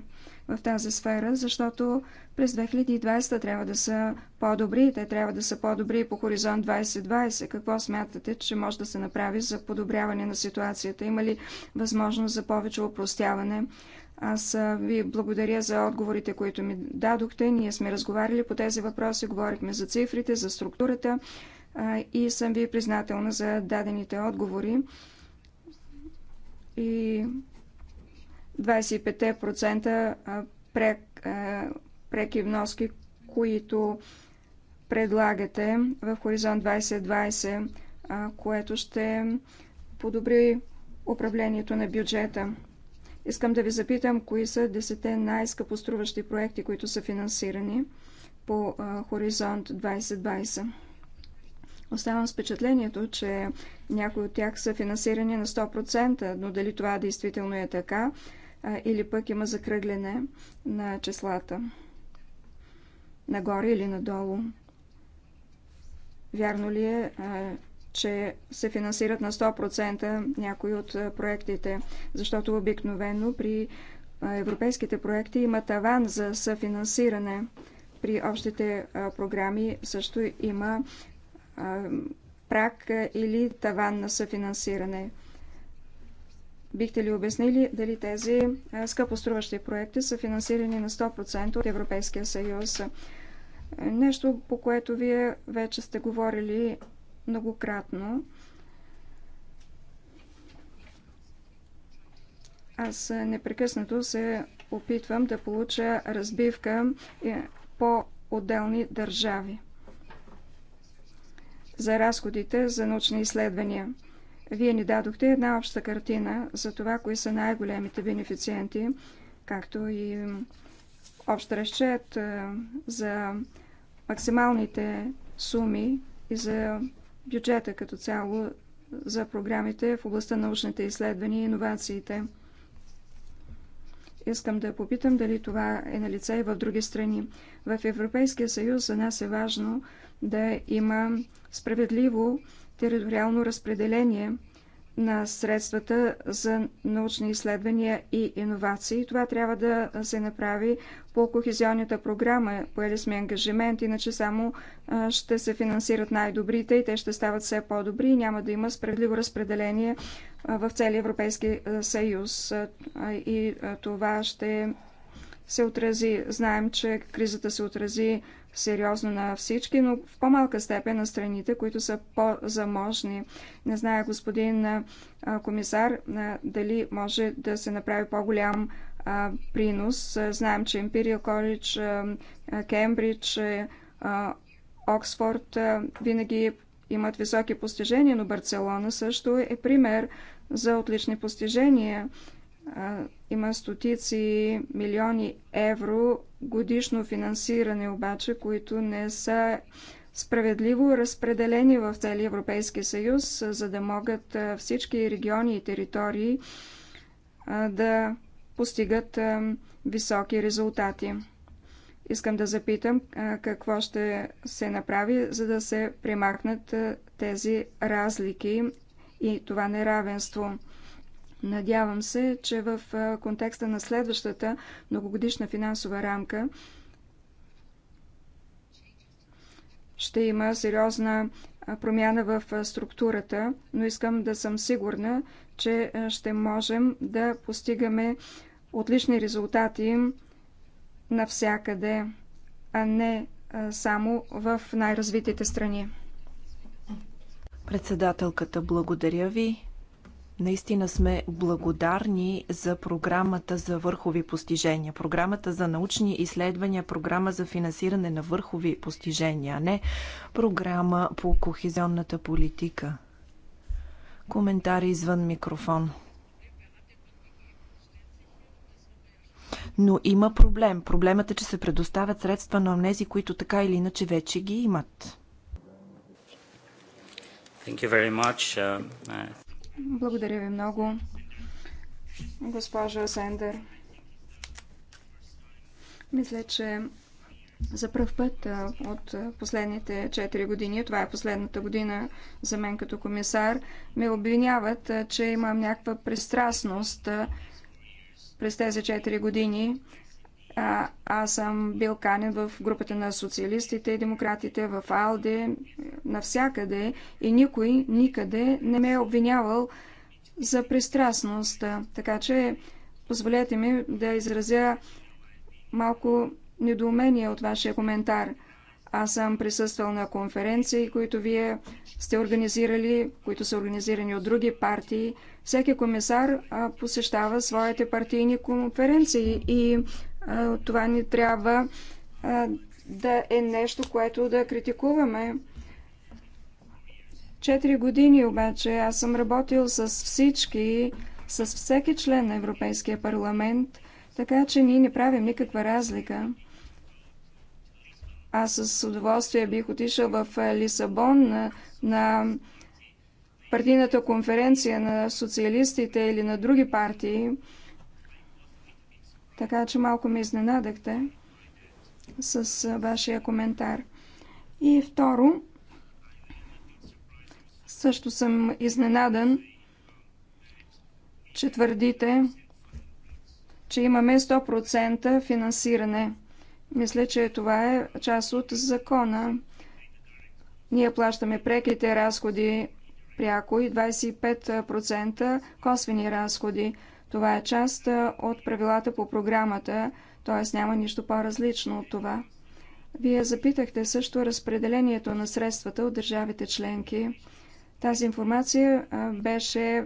в тази сфера, защото през 2020 трябва да са по-добри. Те трябва да са по-добри по хоризонт 2020. Какво смятате, че може да се направи за подобряване на ситуацията? Има ли възможност за повече упростяване? Аз ви благодаря за отговорите, които ми дадохте. Ние сме разговаряли по тези въпроси, говорихме за цифрите, за структурата и съм ви признателна за дадените отговори. И 25% прек, преки вноски, които предлагате в Хоризонт 2020, което ще подобри управлението на бюджета. Искам да ви запитам, кои са 10 най-скъпоструващи проекти, които са финансирани по Хоризонт 2020. Оставам с впечатлението, че някои от тях са финансирани на 100%, но дали това действително е така или пък има закръгляне на числата. Нагоре или надолу. Вярно ли е, че се финансират на 100% някои от проектите? Защото обикновено при европейските проекти има таван за съфинансиране. При общите програми също има прак или таван на съфинансиране. Бихте ли обяснили дали тези скъпоструващи проекти са финансирани на 100% от Европейския съюз? Нещо, по което вие вече сте говорили многократно. Аз непрекъснато се опитвам да получа разбивка е, по отделни държави за разходите за научни изследвания. Вие ни дадохте една обща картина за това, кои са най-големите бенефициенти, както и общ разчет за максималните суми и за бюджета като цяло за програмите в областта на научните изследвания и иновациите. Искам да попитам дали това е на лице и в други страни. В Европейския съюз за нас е важно да има справедливо териториално разпределение на средствата за научни изследвания и иновации. Това трябва да се направи по кохезионната програма. Поели сме ангажимент, иначе само ще се финансират най-добрите и те ще стават все по-добри и няма да има справедливо разпределение в целия Европейски съюз. И това ще се отрази. Знаем, че кризата се отрази сериозно на всички, но в по-малка степен на страните, които са по-заможни. Не знае господин комисар дали може да се направи по-голям принос. Знаем, че Imperial College, Кембридж, Оксфорд винаги имат високи постижения, но Барселона също е пример за отлични постижения има стотици милиони евро годишно финансиране обаче, които не са справедливо разпределени в целия Европейски съюз, за да могат всички региони и територии да постигат високи резултати. Искам да запитам какво ще се направи, за да се премахнат тези разлики и това неравенство. Надявам се, че в контекста на следващата многогодишна финансова рамка ще има сериозна промяна в структурата, но искам да съм сигурна, че ще можем да постигаме отлични резултати навсякъде, а не само в най-развитите страни. Председателката, благодаря ви. Наистина сме благодарни за програмата за върхови постижения, програмата за научни изследвания, програма за финансиране на върхови постижения, а не програма по кохезионната политика. Коментари извън микрофон. Но има проблем. Проблемът е, че се предоставят средства на тези, които така или иначе вече ги имат. Thank you very much. Uh, uh благодаря ви много, госпожа Сендер. Мисля, че за първ път от последните 4 години, това е последната година за мен като комисар, ме обвиняват, че имам някаква пристрастност през тези 4 години. А, аз съм бил канен в групата на социалистите и демократите, в АЛДЕ, навсякъде и никой никъде не ме е обвинявал за пристрастност. Така че позволете ми да изразя малко недоумение от вашия коментар. Аз съм присъствал на конференции, които вие сте организирали, които са организирани от други партии. Всеки комисар а, посещава своите партийни конференции и това ни трябва да е нещо, което да критикуваме. Четири години обаче аз съм работил с всички, с всеки член на Европейския парламент, така че ние не правим никаква разлика. Аз с удоволствие бих отишъл в Лисабон на, на партийната конференция на социалистите или на други партии, така че малко ме изненадахте с вашия коментар. И второ, също съм изненадан, че твърдите, че имаме 100% финансиране. Мисля, че това е част от закона. Ние плащаме преките разходи пряко и 25% косвени разходи. Това е част от правилата по програмата, т.е. няма нищо по-различно от това. Вие запитахте също разпределението на средствата от държавите членки. Тази информация беше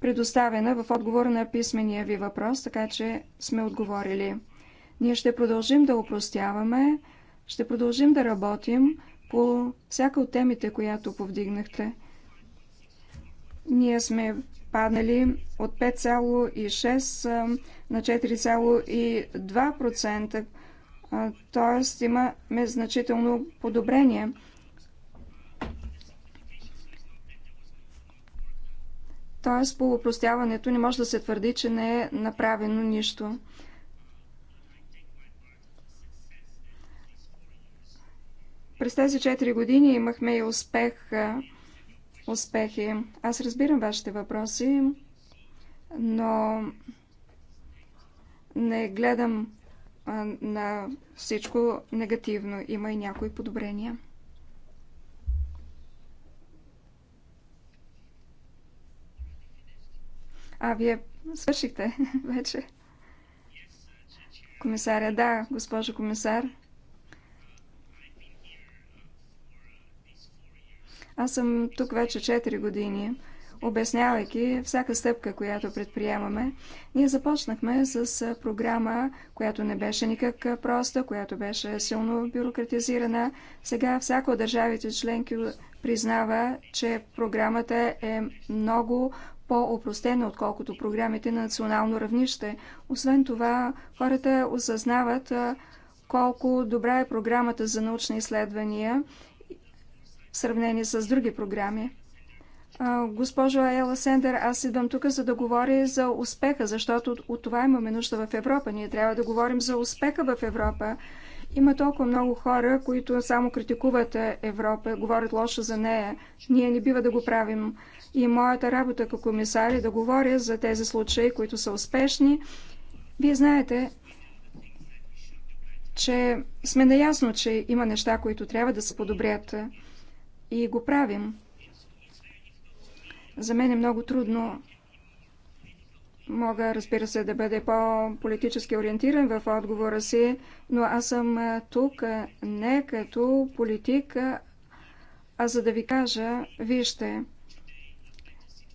предоставена в отговор на писмения ви въпрос, така че сме отговорили. Ние ще продължим да упростяваме, ще продължим да работим по всяка от темите, която повдигнахте. Ние сме паднали от 5,6 на 4,2%, т.е. имаме значително подобрение. Т.е. по упростяването не може да се твърди, че не е направено нищо. През тези 4 години имахме и успех успехи. Аз разбирам вашите въпроси, но не гледам на всичко негативно. Има и някои подобрения. А, вие свършихте вече. Комисаря, да, госпожо комисар. Аз съм тук вече 4 години, обяснявайки всяка стъпка, която предприемаме. Ние започнахме с програма, която не беше никак проста, която беше силно бюрократизирана. Сега всяко от държавите членки признава, че програмата е много по-опростена, отколкото програмите на национално равнище. Освен това, хората осъзнават колко добра е програмата за научни изследвания в сравнение с други програми. Госпожо Ела Сендер, аз идвам тук, за да говоря за успеха, защото от това имаме нужда в Европа. Ние трябва да говорим за успеха в Европа. Има толкова много хора, които само критикуват Европа, говорят лошо за нея. Ние не бива да го правим. И моята работа като комисар е да говоря за тези случаи, които са успешни. Вие знаете, че сме наясно, че има неща, които трябва да се подобрят и го правим. За мен е много трудно. Мога, разбира се, да бъде по-политически ориентиран в отговора си, но аз съм тук не като политик, а за да ви кажа, вижте,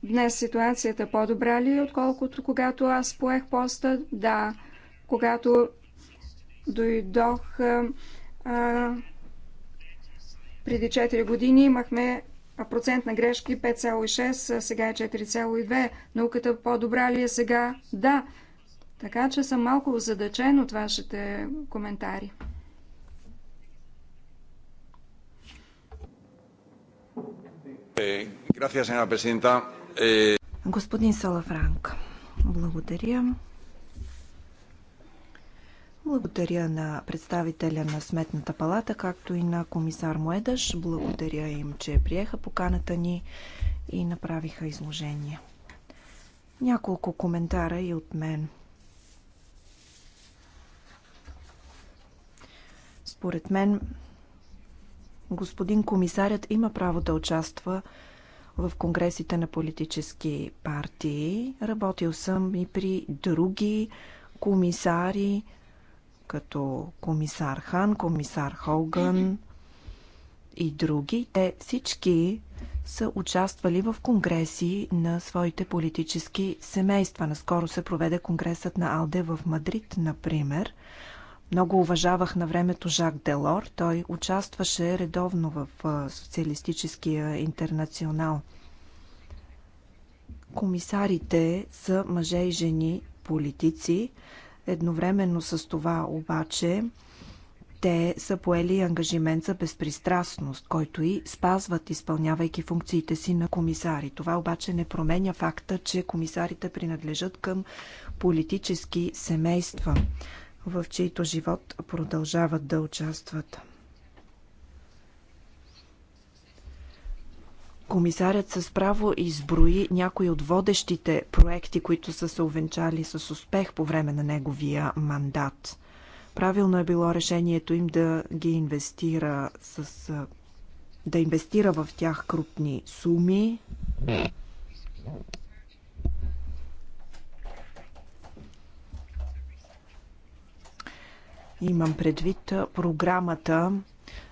днес ситуацията по-добра ли е, отколкото когато аз поех поста? Да. Когато дойдох а, преди 4 години имахме процент на грешки 5,6, сега е 4,2. Науката по-добра ли е сега? Да. Така че съм малко задачен от вашите коментари. Е, е, Господин Салафранк, благодаря. Благодаря на представителя на Сметната палата, както и на комисар Моедаш. Благодаря им, че приеха поканата ни и направиха изложение. Няколко коментара и от мен. Според мен, господин комисарят има право да участва в конгресите на политически партии. Работил съм и при други комисари, като комисар Хан, комисар Холган и други. Те всички са участвали в конгреси на своите политически семейства. Наскоро се проведе конгресът на Алде в Мадрид, например. Много уважавах на времето Жак Делор. Той участваше редовно в социалистическия интернационал. Комисарите са мъже и жени политици Едновременно с това обаче те са поели ангажимент за безпристрастност, който и спазват, изпълнявайки функциите си на комисари. Това обаче не променя факта, че комисарите принадлежат към политически семейства, в чието живот продължават да участват. Комисарят с право изброи някои от водещите проекти, които са се увенчали с успех по време на неговия мандат. Правилно е било решението им да ги инвестира с да инвестира в тях крупни суми. Имам предвид програмата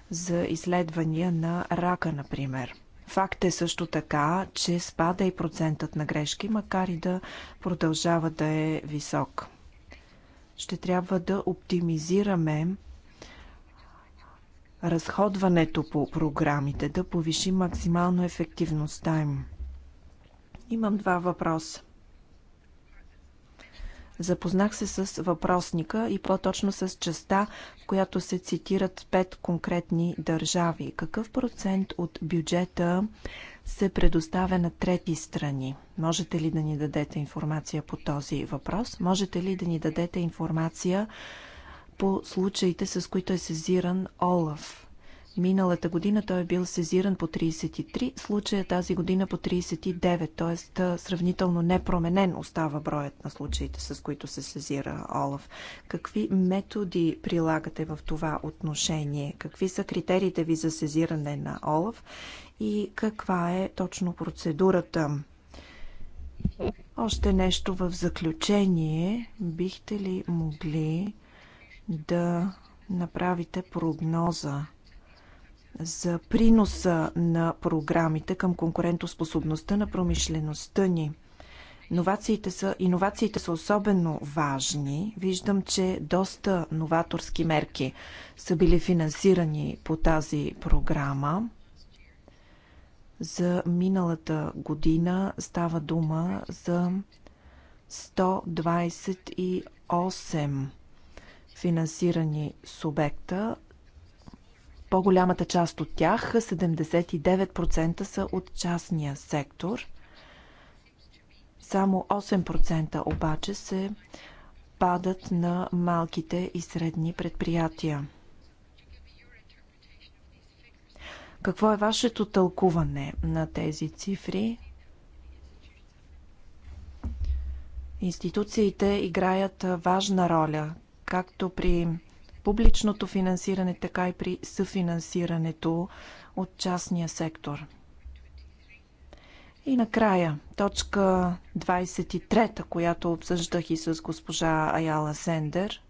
за изследвания на рака, например. Факт е също така, че спада и процентът на грешки, макар и да продължава да е висок. Ще трябва да оптимизираме разходването по програмите, да повишим максимално ефективността им. Имам два въпроса. Запознах се с въпросника и по-точно с частта, в която се цитират пет конкретни държави. Какъв процент от бюджета се предоставя на трети страни? Можете ли да ни дадете информация по този въпрос? Можете ли да ни дадете информация по случаите, с които е сезиран Олаф? Миналата година той е бил сезиран по 33 случая, тази година по 39, т.е. сравнително непроменен остава броят на случаите, с които се сезира Олаф. Какви методи прилагате в това отношение? Какви са критериите ви за сезиране на Олаф и каква е точно процедурата? Още нещо в заключение. Бихте ли могли да направите прогноза за приноса на програмите към конкурентоспособността на промишлеността ни. Иновациите са, иновациите са особено важни. Виждам, че доста новаторски мерки са били финансирани по тази програма. За миналата година става дума за 128 финансирани субекта по-голямата част от тях, 79% са от частния сектор. Само 8% обаче се падат на малките и средни предприятия. Какво е вашето тълкуване на тези цифри? Институциите играят важна роля, както при публичното финансиране, така и при съфинансирането от частния сектор. И накрая, точка 23, която обсъждах и с госпожа Аяла Сендер.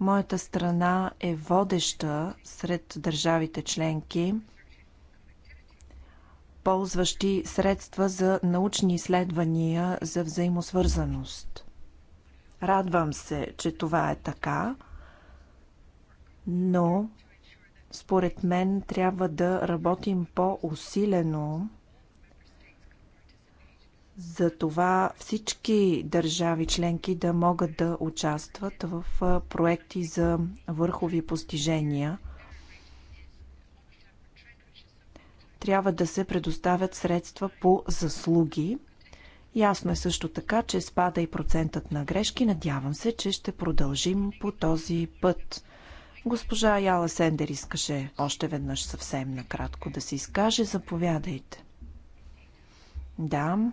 Моята страна е водеща сред държавите членки, ползващи средства за научни изследвания за взаимосвързаност. Радвам се, че това е така – но според мен трябва да работим по-усилено за това всички държави членки да могат да участват в проекти за върхови постижения. Трябва да се предоставят средства по заслуги. Ясно е също така, че спада и процентът на грешки. Надявам се, че ще продължим по този път. Госпожа Яла Сендер искаше още веднъж съвсем накратко да се изкаже. Заповядайте. Да.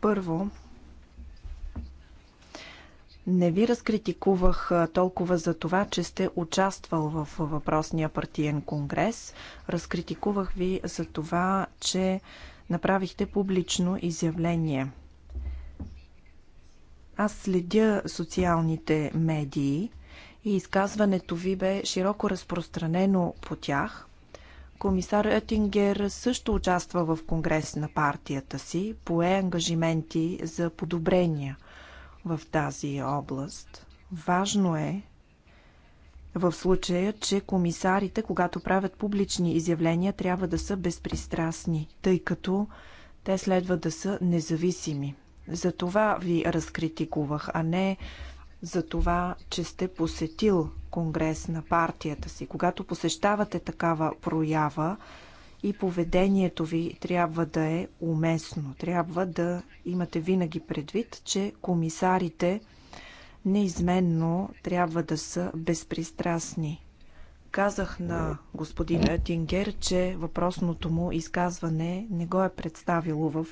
Първо, не ви разкритикувах толкова за това, че сте участвал в въпросния партиен конгрес. Разкритикувах ви за това, че направихте публично изявление – аз следя социалните медии и изказването ви бе широко разпространено по тях. Комисар Етингер също участва в конгрес на партията си, пое ангажименти за подобрения в тази област. Важно е в случая, че комисарите, когато правят публични изявления, трябва да са безпристрастни, тъй като те следва да са независими. За това ви разкритикувах, а не за това, че сте посетил конгрес на партията си. Когато посещавате такава проява, и поведението ви трябва да е уместно. Трябва да имате винаги предвид, че комисарите неизменно трябва да са безпристрастни. Казах на господин Тингер, че въпросното му изказване не го е представило в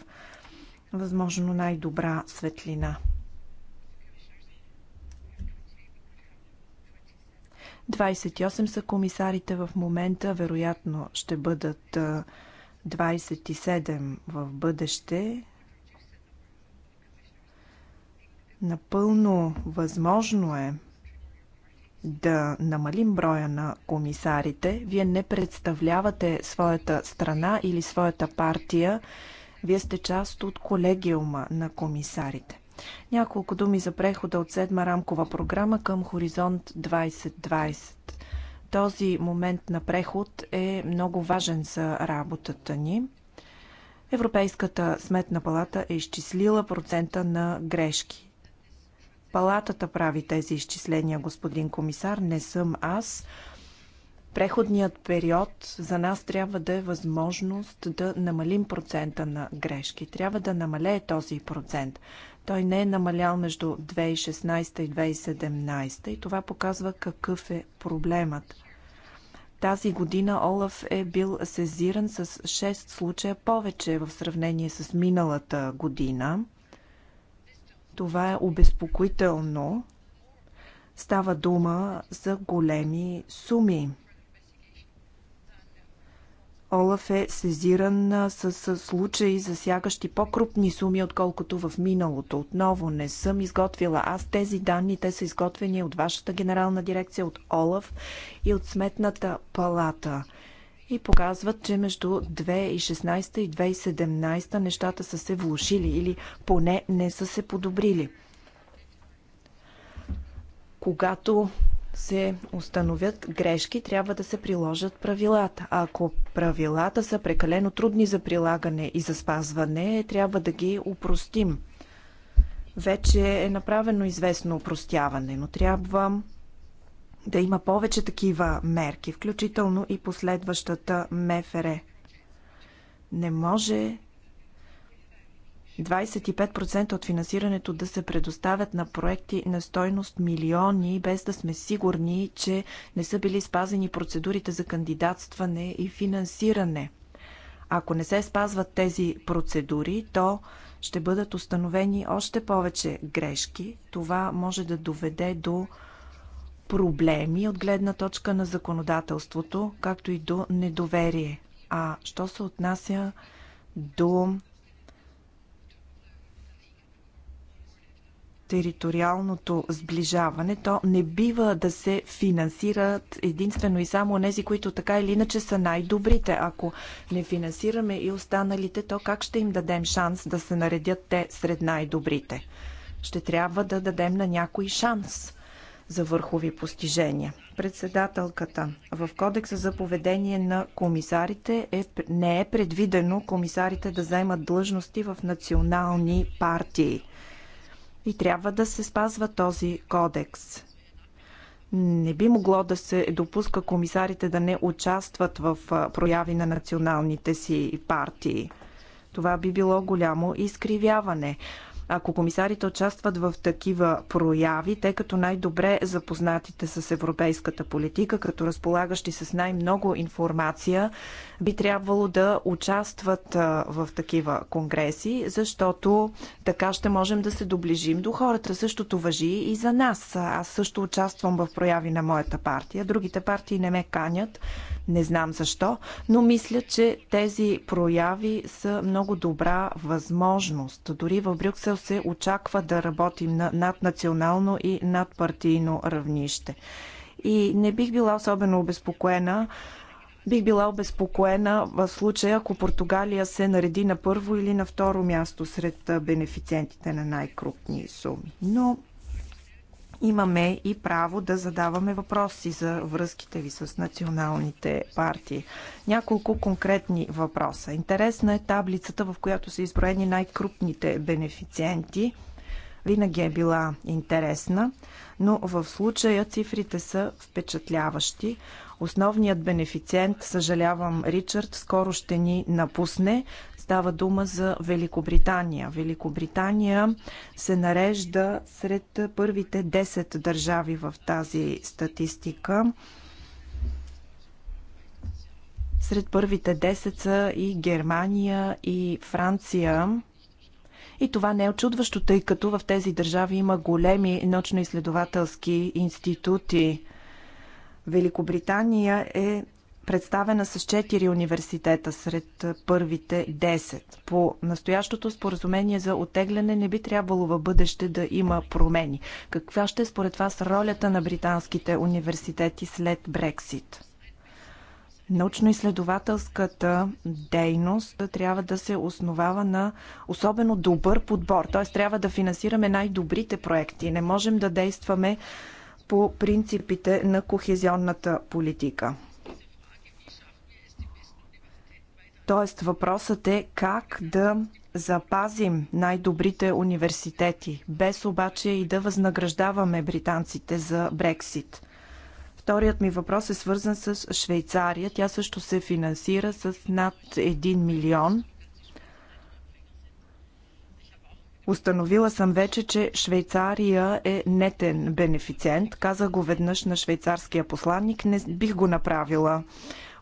възможно най-добра светлина. 28 са комисарите в момента, вероятно ще бъдат 27 в бъдеще. Напълно възможно е да намалим броя на комисарите. Вие не представлявате своята страна или своята партия вие сте част от колегиума на комисарите. Няколко думи за прехода от седма рамкова програма към Хоризонт 2020. Този момент на преход е много важен за работата ни. Европейската сметна палата е изчислила процента на грешки. Палатата прави тези изчисления, господин комисар, не съм аз. Преходният период за нас трябва да е възможност да намалим процента на грешки. Трябва да намалее този процент. Той не е намалял между 2016 и 2017 и това показва какъв е проблемът. Тази година Олаф е бил сезиран с 6 случая повече в сравнение с миналата година. Това е обезпокоително. Става дума за големи суми. Олаф е сезиран с, с случаи, засягащи по-крупни суми, отколкото в миналото. Отново не съм изготвила аз тези данни. Те са изготвени от вашата генерална дирекция, от Олаф и от Сметната палата. И показват, че между 2016 и 2017 нещата са се влушили или поне не са се подобрили. Когато се установят грешки, трябва да се приложат правилата. А ако правилата са прекалено трудни за прилагане и за спазване, трябва да ги упростим. Вече е направено известно упростяване, но трябва да има повече такива мерки, включително и последващата МФР. Не може 25% от финансирането да се предоставят на проекти на стойност милиони, без да сме сигурни, че не са били спазени процедурите за кандидатстване и финансиране. Ако не се спазват тези процедури, то ще бъдат установени още повече грешки. Това може да доведе до проблеми от гледна точка на законодателството, както и до недоверие. А що се отнася до териториалното сближаване, то не бива да се финансират единствено и само тези, които така или иначе са най-добрите. Ако не финансираме и останалите, то как ще им дадем шанс да се наредят те сред най-добрите? Ще трябва да дадем на някой шанс за върхови постижения. Председателката в Кодекса за поведение на комисарите е, не е предвидено комисарите да заемат длъжности в национални партии и трябва да се спазва този кодекс. Не би могло да се допуска комисарите да не участват в прояви на националните си партии. Това би било голямо изкривяване ако комисарите участват в такива прояви, те като най-добре запознатите с европейската политика, като разполагащи с най-много информация, би трябвало да участват в такива конгреси, защото така ще можем да се доближим до хората. Същото въжи и за нас. Аз също участвам в прояви на моята партия. Другите партии не ме канят, не знам защо, но мисля, че тези прояви са много добра възможност. Дори в Брюксел се очаква да работим на наднационално и надпартийно равнище. И не бих била особено обезпокоена, Бих била обезпокоена в случая, ако Португалия се нареди на първо или на второ място сред бенефициентите на най-крупни суми. Но имаме и право да задаваме въпроси за връзките ви с националните партии. Няколко конкретни въпроса. Интересна е таблицата, в която са изброени най-крупните бенефициенти. Винаги е била интересна, но в случая цифрите са впечатляващи. Основният бенефициент, съжалявам, Ричард, скоро ще ни напусне, Става дума за Великобритания. Великобритания се нарежда сред първите 10 държави в тази статистика. Сред първите 10 са и Германия и Франция. И това не е очудващо, тъй като в тези държави има големи научно-изследователски институти. Великобритания е представена с 4 университета сред първите 10. По настоящото споразумение за отегляне не би трябвало в бъдеще да има промени. Каква ще е според вас ролята на британските университети след Брексит? Научно-изследователската дейност трябва да се основава на особено добър подбор, т.е. трябва да финансираме най-добрите проекти. Не можем да действаме по принципите на кохезионната политика. Тоест въпросът е как да запазим най-добрите университети, без обаче и да възнаграждаваме британците за Брексит. Вторият ми въпрос е свързан с Швейцария. Тя също се финансира с над 1 милион. Установила съм вече, че Швейцария е нетен бенефициент. Каза го веднъж на швейцарския посланник. Не бих го направила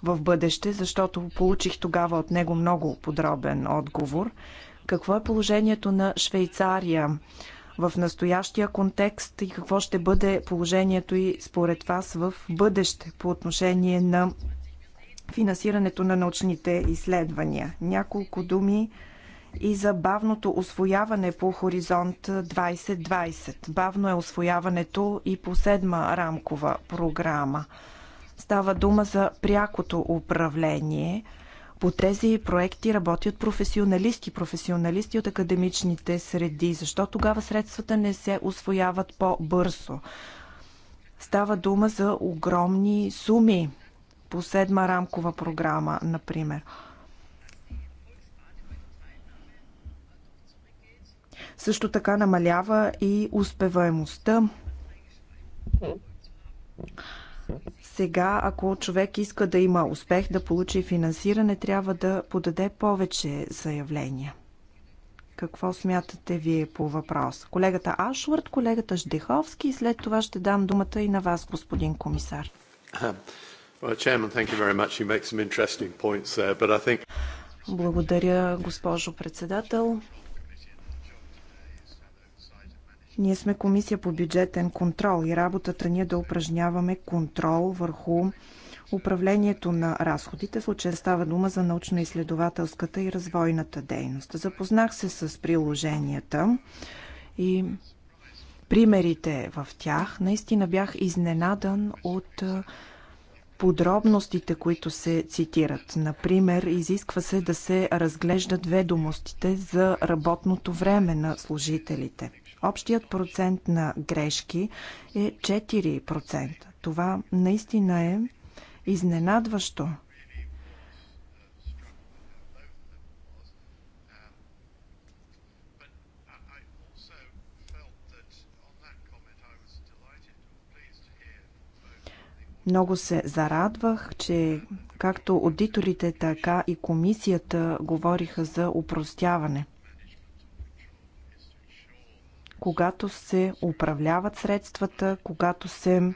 в бъдеще, защото получих тогава от него много подробен отговор. Какво е положението на Швейцария в настоящия контекст и какво ще бъде положението и според вас в бъдеще по отношение на финансирането на научните изследвания? Няколко думи и за бавното освояване по Хоризонт 2020. Бавно е освояването и по седма рамкова програма. Става дума за прякото управление. По тези проекти работят професионалисти, професионалисти от академичните среди. Защо тогава средствата не се освояват по-бързо? Става дума за огромни суми по седма рамкова програма, например. Също така намалява и успеваемостта. Сега, ако човек иска да има успех, да получи финансиране, трябва да подаде повече заявления. Какво смятате вие по въпрос? Колегата Ашвард, колегата Ждеховски и след това ще дам думата и на вас, господин комисар. Благодаря, госпожо председател. Ние сме комисия по бюджетен контрол и работата ни е да упражняваме контрол върху управлението на разходите. В случая става дума за научно-изследователската и развойната дейност. Запознах се с приложенията и примерите в тях. Наистина бях изненадан от подробностите, които се цитират. Например, изисква се да се разглеждат ведомостите за работното време на служителите. Общият процент на грешки е 4%. Това наистина е изненадващо. Много се зарадвах, че както аудиторите, така и комисията говориха за упростяване когато се управляват средствата, когато се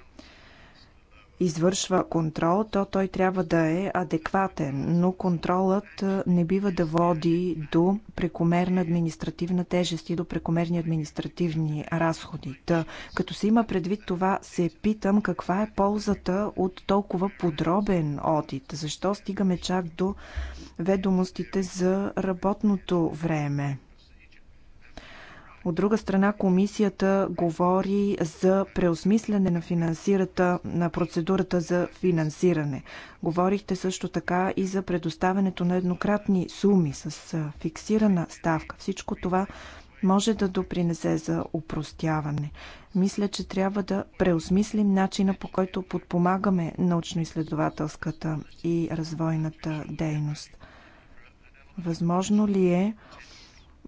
извършва контрол, то той трябва да е адекватен, но контролът не бива да води до прекомерна административна тежест и до прекомерни административни разходи. Та, като се има предвид това, се питам каква е ползата от толкова подробен одит. Защо стигаме чак до ведомостите за работното време? От друга страна, комисията говори за преосмислене на, финансирата, на процедурата за финансиране. Говорихте също така и за предоставянето на еднократни суми с фиксирана ставка. Всичко това може да допринесе за упростяване. Мисля, че трябва да преосмислим начина по който подпомагаме научно-изследователската и развойната дейност. Възможно ли е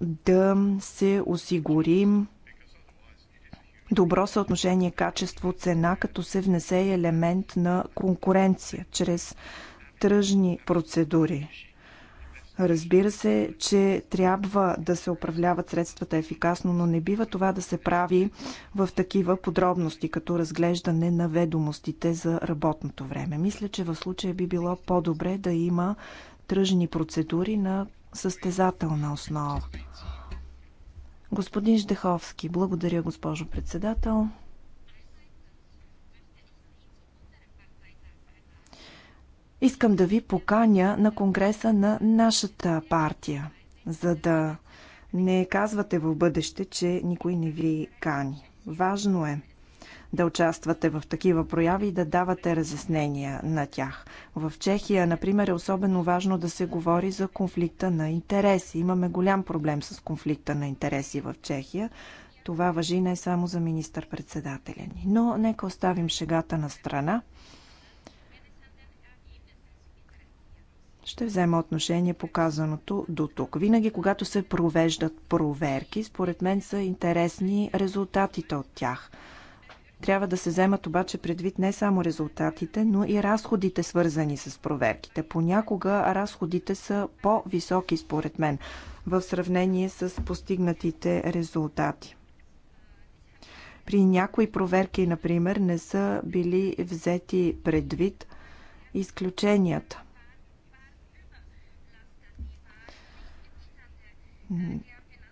да се осигурим добро съотношение качество-цена, като се внесе и елемент на конкуренция чрез тръжни процедури. Разбира се, че трябва да се управляват средствата ефикасно, но не бива това да се прави в такива подробности, като разглеждане на ведомостите за работното време. Мисля, че в случая би било по-добре да има тръжни процедури на състезателна основа. Господин Ждеховски, благодаря, госпожо председател. Искам да ви поканя на конгреса на нашата партия, за да не казвате в бъдеще, че никой не ви кани. Важно е да участвате в такива прояви и да давате разяснения на тях. В Чехия, например, е особено важно да се говори за конфликта на интереси. Имаме голям проблем с конфликта на интереси в Чехия. Това въжи не само за министър-председателя ни. Но нека оставим шегата на страна. ще взема отношение по казаното до тук. Винаги, когато се провеждат проверки, според мен са интересни резултатите от тях. Трябва да се вземат обаче предвид не само резултатите, но и разходите, свързани с проверките. Понякога разходите са по-високи, според мен, в сравнение с постигнатите резултати. При някои проверки, например, не са били взети предвид изключенията.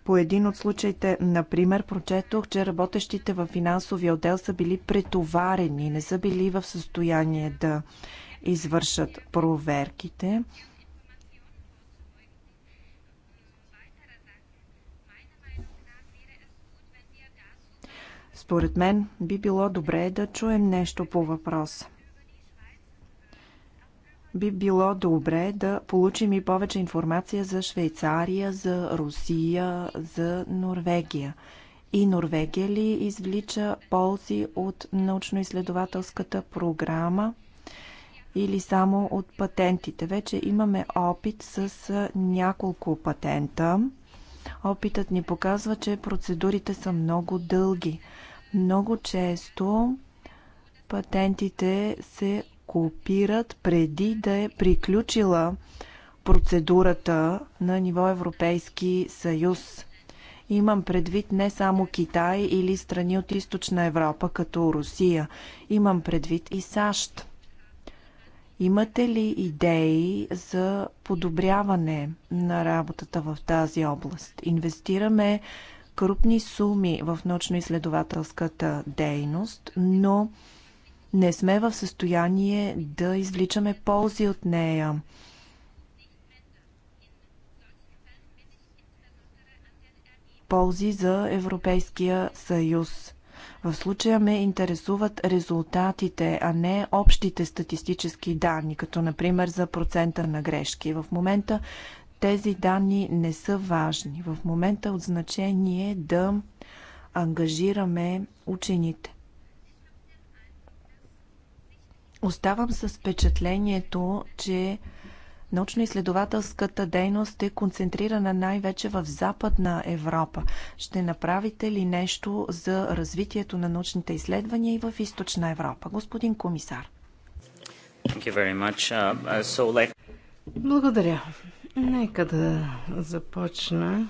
По един от случаите, например, прочетох, че работещите в финансовия отдел са били претоварени, не са били в състояние да извършат проверките. Според мен би било добре да чуем нещо по въпроса би било добре да получим и повече информация за Швейцария, за Русия, за Норвегия. И Норвегия ли извлича ползи от научно-изследователската програма или само от патентите? Вече имаме опит с няколко патента. Опитът ни показва, че процедурите са много дълги. Много често патентите се копират преди да е приключила процедурата на ниво Европейски съюз. Имам предвид не само Китай или страни от източна Европа, като Русия. Имам предвид и САЩ. Имате ли идеи за подобряване на работата в тази област? Инвестираме крупни суми в научно-изследователската дейност, но не сме в състояние да извличаме ползи от нея. Ползи за Европейския съюз. В случая ме интересуват резултатите, а не общите статистически данни, като например за процента на грешки. В момента тези данни не са важни. В момента от значение е да ангажираме учените. Оставам с впечатлението, че научно-изследователската дейност е концентрирана най-вече в Западна Европа. Ще направите ли нещо за развитието на научните изследвания и в Източна Европа, господин комисар? Uh, uh, Благодаря. Нека да започна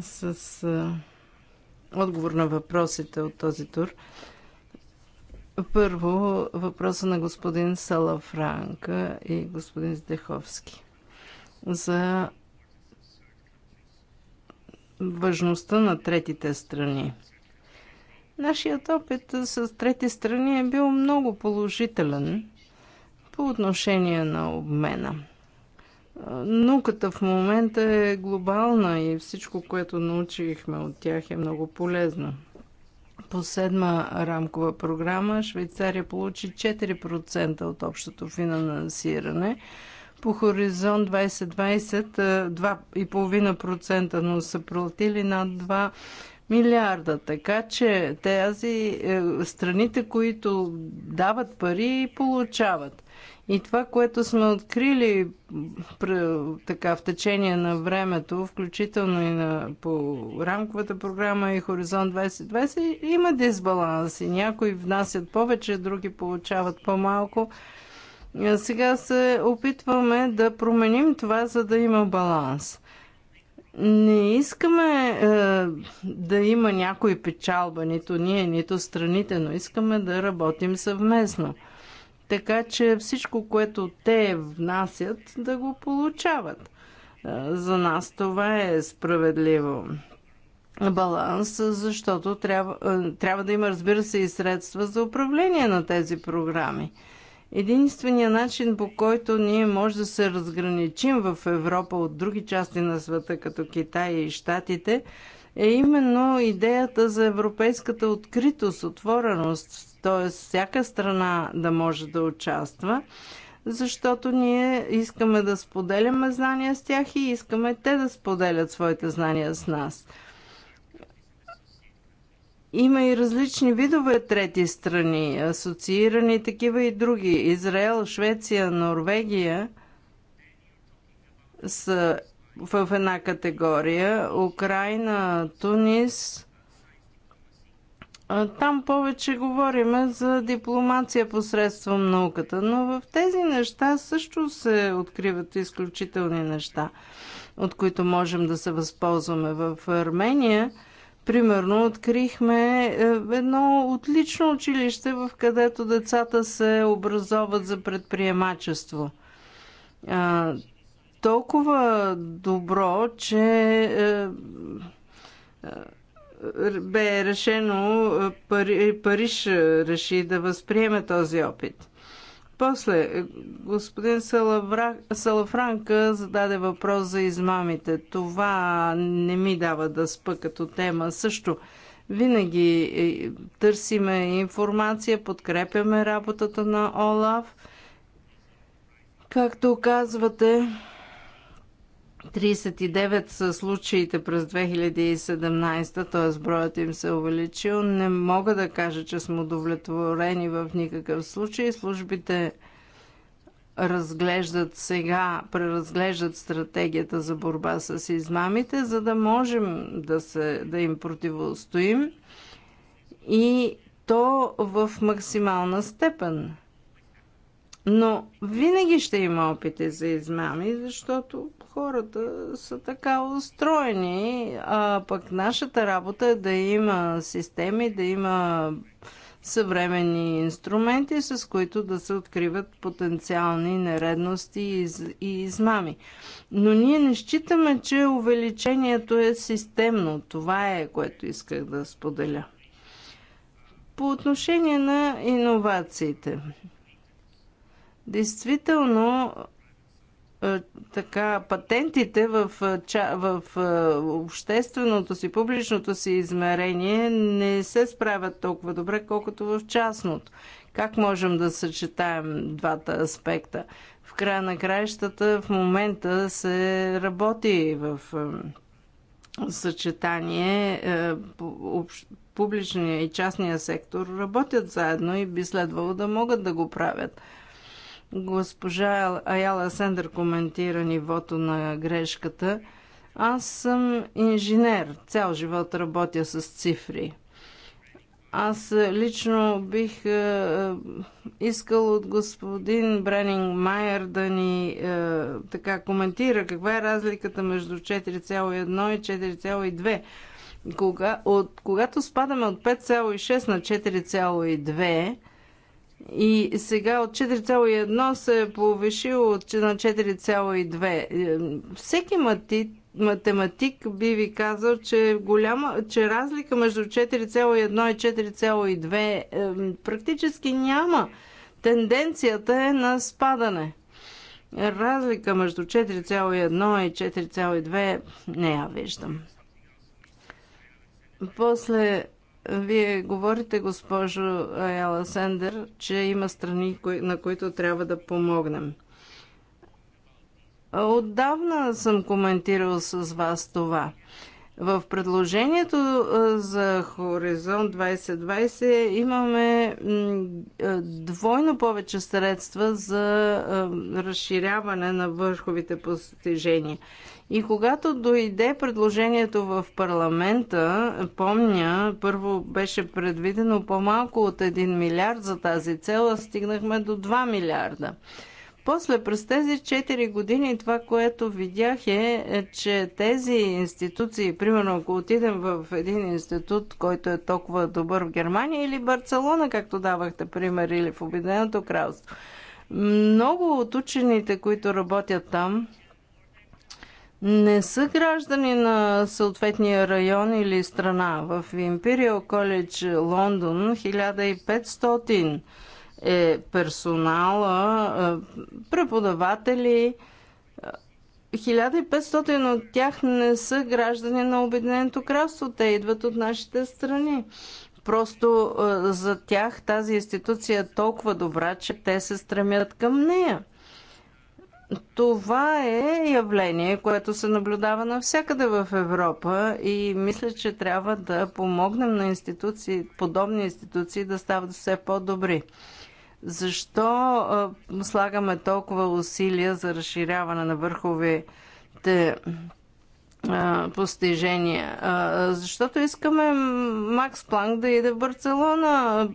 с отговор на въпросите от този тур. Първо, въпроса на господин Салафранка и господин Здеховски за важността на третите страни. Нашият опит с трети страни е бил много положителен по отношение на обмена. Науката в момента е глобална и всичко, което научихме от тях е много полезно по седма рамкова програма Швейцария получи 4% от общото финансиране. По Хоризонт 2020 2,5%, но са платили над 2 милиарда. Така че тези е, страните, които дават пари, получават. И това, което сме открили така, в течение на времето, включително и на, по рамковата програма и Хоризонт 2020, има дисбаланси. Някои внасят повече, други получават по-малко. Сега се опитваме да променим това, за да има баланс. Не искаме е, да има някой печалба, нито ние, нито страните, но искаме да работим съвместно – така че всичко, което те внасят, да го получават. За нас това е справедливо баланс, защото трябва, трябва да има, разбира се, и средства за управление на тези програми. Единственият начин, по който ние може да се разграничим в Европа от други части на света, като Китай и Штатите, е именно идеята за европейската откритост, отвореност, т.е. всяка страна да може да участва, защото ние искаме да споделяме знания с тях и искаме те да споделят своите знания с нас. Има и различни видове трети страни, асоциирани такива и други. Израел, Швеция, Норвегия са в една категория. Украина, Тунис. Там повече говориме за дипломация посредством науката, но в тези неща също се откриват изключителни неща, от които можем да се възползваме. В Армения, примерно, открихме е, едно отлично училище, в където децата се образоват за предприемачество – толкова добро, че е, е, бе решено, е, Париж реши да възприеме този опит. После господин Салафранка зададе въпрос за измамите. Това не ми дава да спа като тема. Също винаги търсиме информация, подкрепяме работата на Олаф. Както казвате, 39 са случаите през 2017, т.е. броят им се е увеличил. Не мога да кажа, че сме удовлетворени в никакъв случай. Службите разглеждат сега, преразглеждат стратегията за борба с измамите, за да можем да, се, да им противостоим и то в максимална степен. Но винаги ще има опити за измами, защото хората са така устроени, а пък нашата работа е да има системи, да има съвременни инструменти, с които да се откриват потенциални нередности и измами. Но ние не считаме, че увеличението е системно. Това е, което исках да споделя. По отношение на иновациите. Действително, е, така, патентите в, е, в е, общественото си, публичното си измерение не се справят толкова добре, колкото в частното. Как можем да съчетаем двата аспекта? В края на краищата в момента се работи в съчетание публичния и частния сектор работят заедно и би следвало да могат да го правят. Госпожа Аяла Сендър коментира нивото на грешката. Аз съм инженер. Цял живот работя с цифри. Аз е, лично бих е, е, искал от господин Бренинг Майер да ни е, така коментира каква е разликата между 4,1 и 4,2. Кога, от, когато спадаме от 5,6 на 4,2, и сега от 4,1 се е повишило на 4,2. Е, всеки матит математик би ви казал, че, голяма, че разлика между 4,1 и 4,2 е, практически няма. Тенденцията е на спадане. Разлика между 4,1 и 4,2 не я виждам. После вие говорите, госпожо Аяла Сендер, че има страни, на които трябва да помогнем. Отдавна съм коментирал с вас това. В предложението за Хоризонт 2020 имаме двойно повече средства за разширяване на върховите постижения. И когато дойде предложението в парламента, помня, първо беше предвидено по-малко от 1 милиард за тази цел, а стигнахме до 2 милиарда. После през тези 4 години това, което видях е, е, че тези институции, примерно ако отидем в един институт, който е толкова добър в Германия или Барселона, както давахте пример, или в Обединеното кралство, много от учените, които работят там, не са граждани на съответния район или страна. В Imperial College Лондон 1500 е персонала, преподаватели. 1500 от тях не са граждани на Обединеното кралство. Те идват от нашите страни. Просто за тях тази институция е толкова добра, че те се стремят към нея. Това е явление, което се наблюдава навсякъде в Европа и мисля, че трябва да помогнем на институции, подобни институции да стават все по-добри. Защо слагаме толкова усилия за разширяване на върховите постижения? Защото искаме Макс Планк да иде в Барселона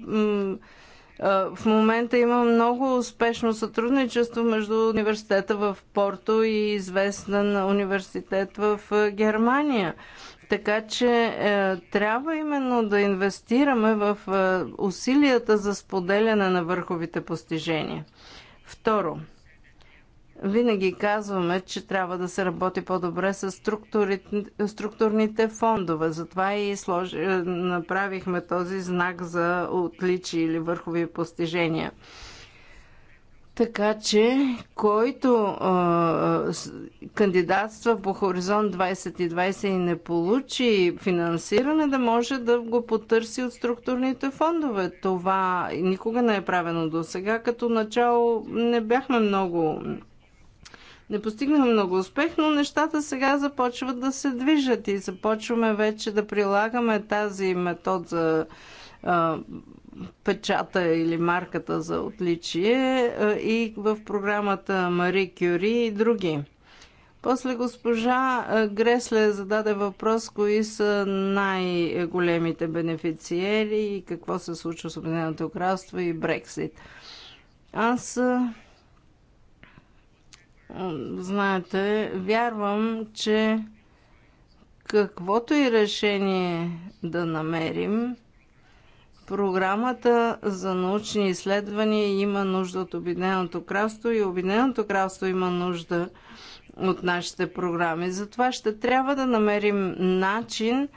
в момента има много успешно сътрудничество между университета в Порто и известен университет в Германия. Така че е, трябва именно да инвестираме в е, усилията за споделяне на върховите постижения. Второ, винаги казваме, че трябва да се работи по-добре с структурните фондове. Затова и слож... Е, направихме този знак за отличие или върхови постижения. Така че, който а, кандидатства по Хоризонт 2020 и не получи финансиране, да може да го потърси от структурните фондове. Това никога не е правено до сега. Като начало не бяхме много не постигна много успех, но нещата сега започват да се движат и започваме вече да прилагаме тази метод за а, печата или марката за отличие а, и в програмата Мари Кюри и други. После госпожа Гресле зададе въпрос, кои са най-големите бенефициери и какво се случва с Обединеното кралство и Брексит. Аз знаете, вярвам, че каквото и решение да намерим, програмата за научни изследвания има нужда от Обединеното кралство и Обединеното кралство има нужда от нашите програми. Затова ще трябва да намерим начин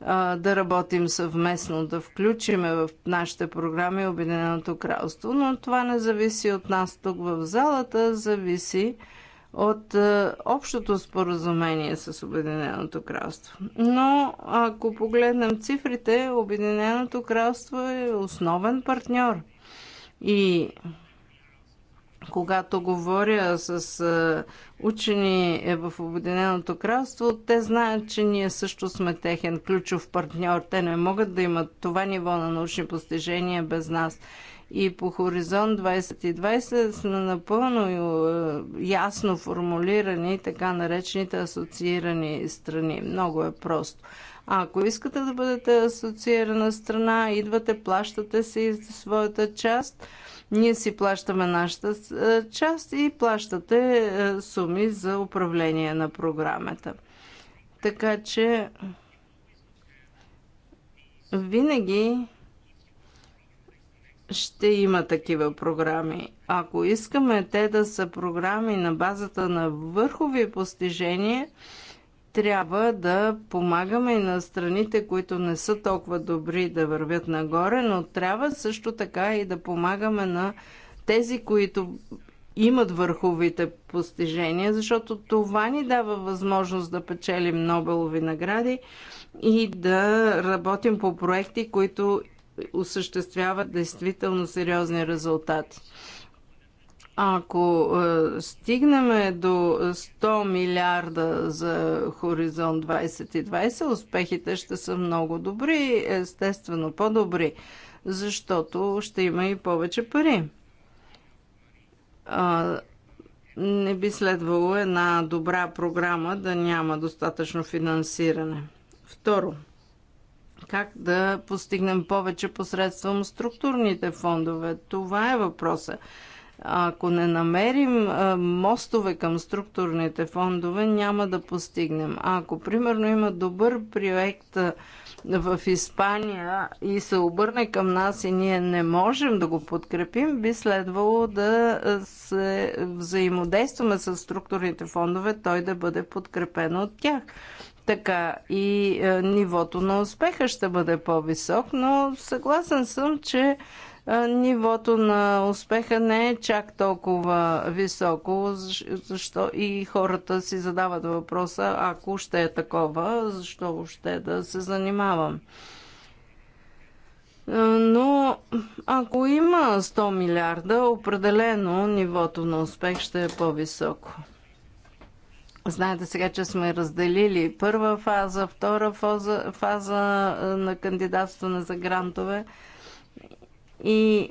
а, да работим съвместно, да включиме в нашите програми Обединеното кралство, но това не зависи от нас тук в залата, зависи от е, общото споразумение с Обединеното кралство. Но ако погледнем цифрите, Обединеното кралство е основен партньор. И когато говоря с е, учени е в Обединеното кралство, те знаят, че ние също сме техен ключов партньор. Те не могат да имат това ниво на научни постижения без нас и по Хоризонт 2020 са напълно е, ясно формулирани така наречените асоциирани страни. Много е просто. А ако искате да бъдете асоциирана страна, идвате, плащате си своята част, ние си плащаме нашата е, част и плащате е, суми за управление на програмата. Така че винаги ще има такива програми. Ако искаме те да са програми на базата на върхови постижения, трябва да помагаме и на страните, които не са толкова добри да вървят нагоре, но трябва също така и да помагаме на тези, които имат върховите постижения, защото това ни дава възможност да печелим Нобелови награди и да работим по проекти, които осъществяват действително сериозни резултати. Ако е, стигнем до 100 милиарда за Хоризонт 2020, успехите ще са много добри, естествено по-добри, защото ще има и повече пари. не би следвало една добра програма да няма достатъчно финансиране. Второ, как да постигнем повече посредством структурните фондове. Това е въпроса. Ако не намерим мостове към структурните фондове, няма да постигнем. А ако, примерно, има добър проект в Испания и се обърне към нас и ние не можем да го подкрепим, би следвало да се взаимодействаме с структурните фондове, той да бъде подкрепен от тях така и е, нивото на успеха ще бъде по-висок, но съгласен съм, че е, нивото на успеха не е чак толкова високо, защо и хората си задават въпроса, ако ще е такова, защо ще да се занимавам. Е, но ако има 100 милиарда, определено нивото на успех ще е по-високо. Знаете сега, че сме разделили първа фаза, втора фаза, фаза на кандидатстване за грантове. И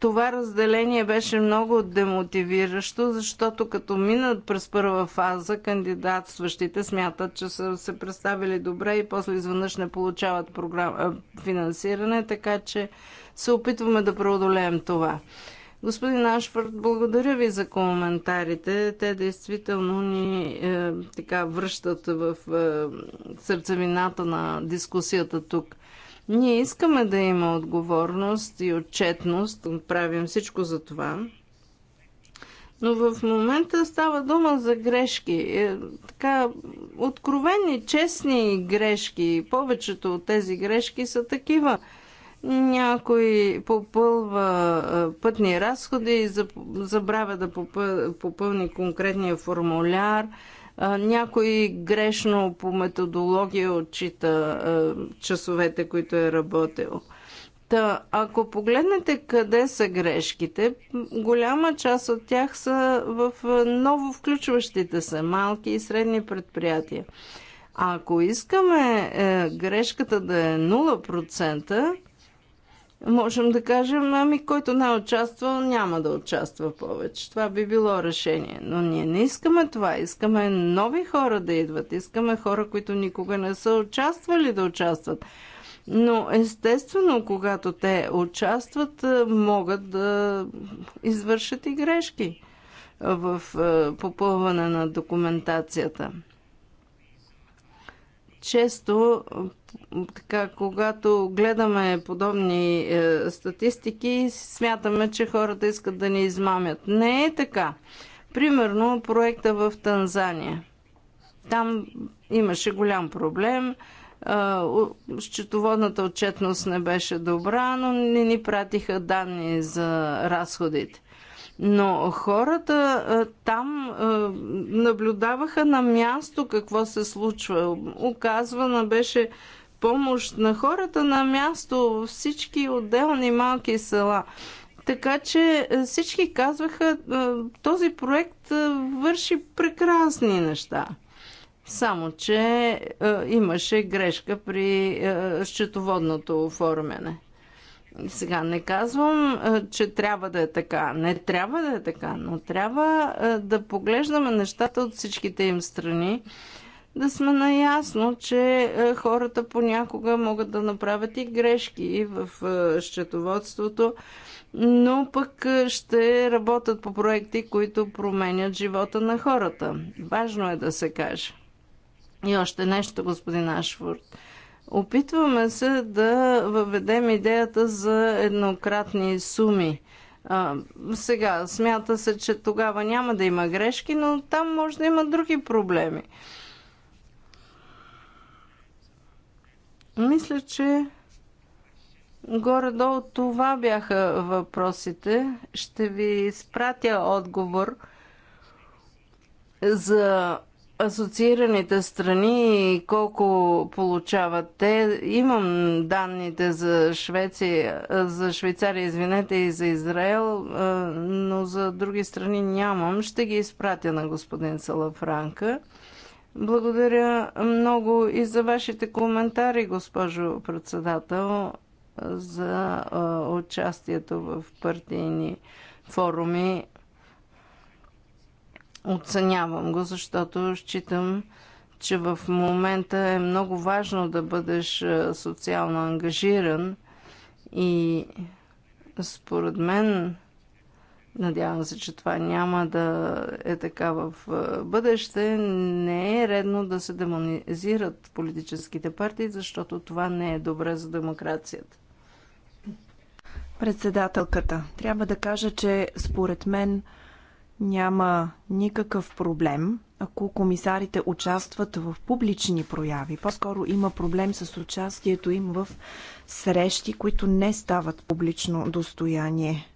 това разделение беше много демотивиращо, защото като минат през първа фаза, кандидатстващите смятат, че са се представили добре и после изведнъж не получават програм... финансиране, така че се опитваме да преодолеем това. Господин Ашфорд, благодаря ви за коментарите. Те действително ни е, така връщат в е, сърцевината на дискусията тук. Ние искаме да има отговорност и отчетност, правим всичко за това. Но в момента става дума за грешки. Е, така, откровени, честни грешки. Повечето от тези грешки са такива. Някой попълва пътни разходи и забравя да попълни конкретния формуляр. Някой грешно по методология отчита часовете, които е работил. Та, ако погледнете къде са грешките, голяма част от тях са в ново включващите се малки и средни предприятия. А ако искаме е, грешката да е 0%, можем да кажем, ами който не е участвал, няма да участва повече. Това би било решение. Но ние не искаме това. Искаме нови хора да идват. Искаме хора, които никога не са участвали да участват. Но естествено, когато те участват, е, могат да извършат и грешки в е, попълване на документацията често, така, когато гледаме подобни е, статистики, смятаме, че хората искат да ни измамят. Не е така. Примерно, проекта в Танзания. Там имаше голям проблем. Е, счетоводната отчетност не беше добра, но не ни пратиха данни за разходите. Но хората там наблюдаваха на място какво се случва. Оказвана беше помощ на хората на място във всички отделни малки села. Така че всички казваха, този проект върши прекрасни неща. Само, че имаше грешка при счетоводното оформяне. Сега не казвам, е, че трябва да е така. Не трябва да е така, но трябва е, да поглеждаме нещата от всичките им страни, да сме наясно, че е, хората понякога могат да направят и грешки в счетоводството, но пък ще работят по проекти, които променят живота на хората. Важно е да се каже. И още нещо, господин Ашфорд Опитваме се да въведем идеята за еднократни суми. А, сега, смята се, че тогава няма да има грешки, но там може да има други проблеми. Мисля, че горе-долу това бяха въпросите. Ще ви спратя отговор за асоциираните страни и колко получават те. Имам данните за Швеция, за Швейцария, извинете, и за Израел, но за други страни нямам. Ще ги изпратя на господин Салафранка. Благодаря много и за вашите коментари, госпожо председател, за участието в партийни форуми Оценявам го, защото считам, че в момента е много важно да бъдеш е, социално ангажиран и според мен, надявам се, че това няма да е така в е, бъдеще, не е редно да се демонизират политическите партии, защото това не е добре за демокрацията. Председателката, трябва да кажа, че според мен няма никакъв проблем, ако комисарите участват в публични прояви. По-скоро има проблем с участието им в срещи, които не стават публично достояние.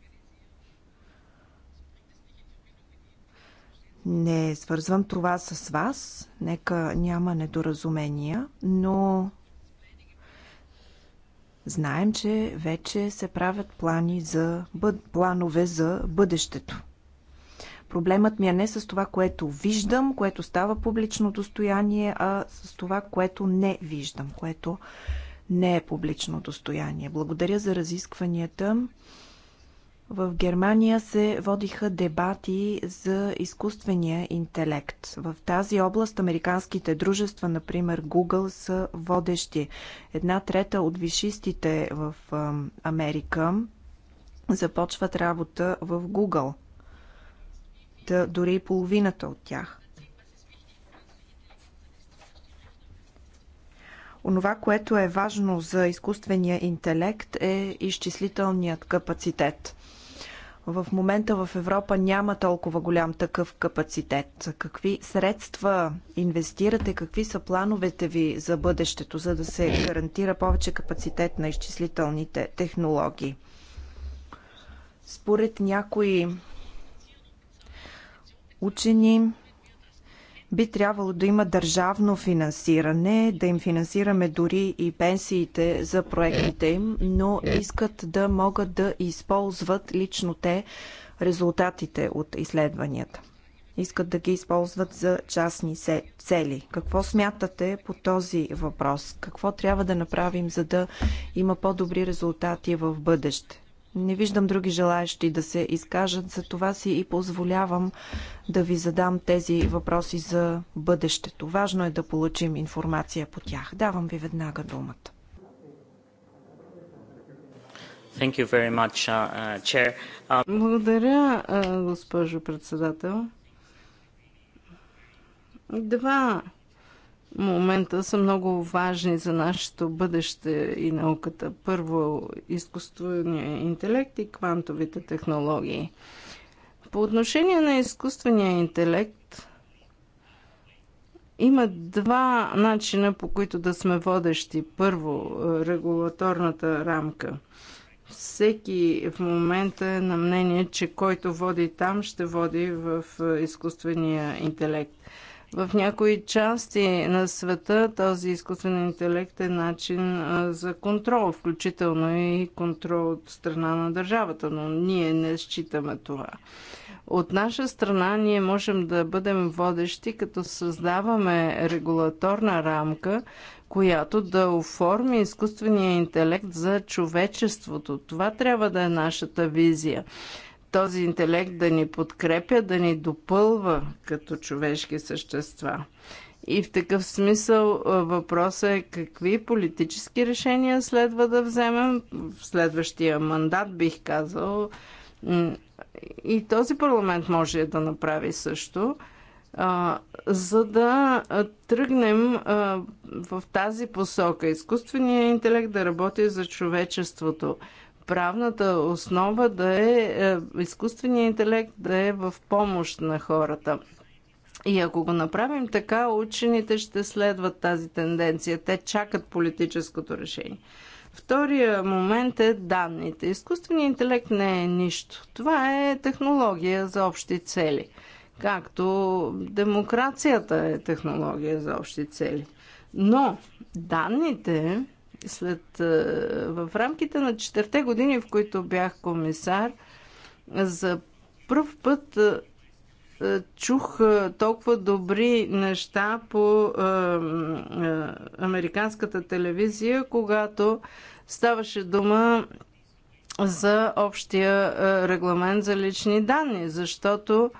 Не свързвам това с вас, нека няма недоразумения, но знаем, че вече се правят плани за бъд... планове за бъдещето. Проблемът ми е не с това, което виждам, което става публично достояние, а с това, което не виждам, което не е публично достояние. Благодаря за разискванията. В Германия се водиха дебати за изкуствения интелект. В тази област американските дружества, например Google, са водещи. Една трета от вишистите в Америка започват работа в Google та дори и половината от тях. Онова, което е важно за изкуствения интелект е изчислителният капацитет. В момента в Европа няма толкова голям такъв капацитет. Какви средства инвестирате, какви са плановете ви за бъдещето, за да се гарантира повече капацитет на изчислителните технологии? Според някои учени. Би трябвало да има държавно финансиране, да им финансираме дори и пенсиите за проектите им, но искат да могат да използват лично те резултатите от изследванията. Искат да ги използват за частни цели. Какво смятате по този въпрос? Какво трябва да направим, за да има по-добри резултати в бъдеще? Не виждам други желаящи да се изкажат, за това си и позволявам да ви задам тези въпроси за бъдещето. Важно е да получим информация по тях. Давам ви веднага думата. Thank you very much, uh, uh chair. Uh... Благодаря, uh, госпожо председател. Два момента са много важни за нашето бъдеще и науката. Първо, изкуственият интелект и квантовите технологии. По отношение на изкуствения интелект, има два начина по които да сме водещи. Първо, е, регулаторната рамка. Всеки в момента е на мнение, че който води там, ще води в е, изкуствения интелект. В някои части на света този изкуствен интелект е начин за контрол, включително и контрол от страна на държавата, но ние не считаме това. От наша страна ние можем да бъдем водещи, като създаваме регулаторна рамка, която да оформи изкуствения интелект за човечеството. Това трябва да е нашата визия този интелект да ни подкрепя, да ни допълва като човешки същества. И в такъв смисъл въпросът е какви политически решения следва да вземем в следващия мандат, бих казал. И този парламент може да направи също, за да тръгнем в тази посока. Изкуственият интелект да работи за човечеството правната основа да е, е изкуственият интелект да е в помощ на хората. И ако го направим така, учените ще следват тази тенденция. Те чакат политическото решение. Втория момент е данните. Изкуственият интелект не е нищо. Това е технология за общи цели. Както демокрацията е технология за общи цели. Но данните след, е, в рамките на четирте години, в които бях комисар, за първ път е, е, чух толкова добри неща по американската телевизия, когато ставаше дума за общия регламент за лични данни, защото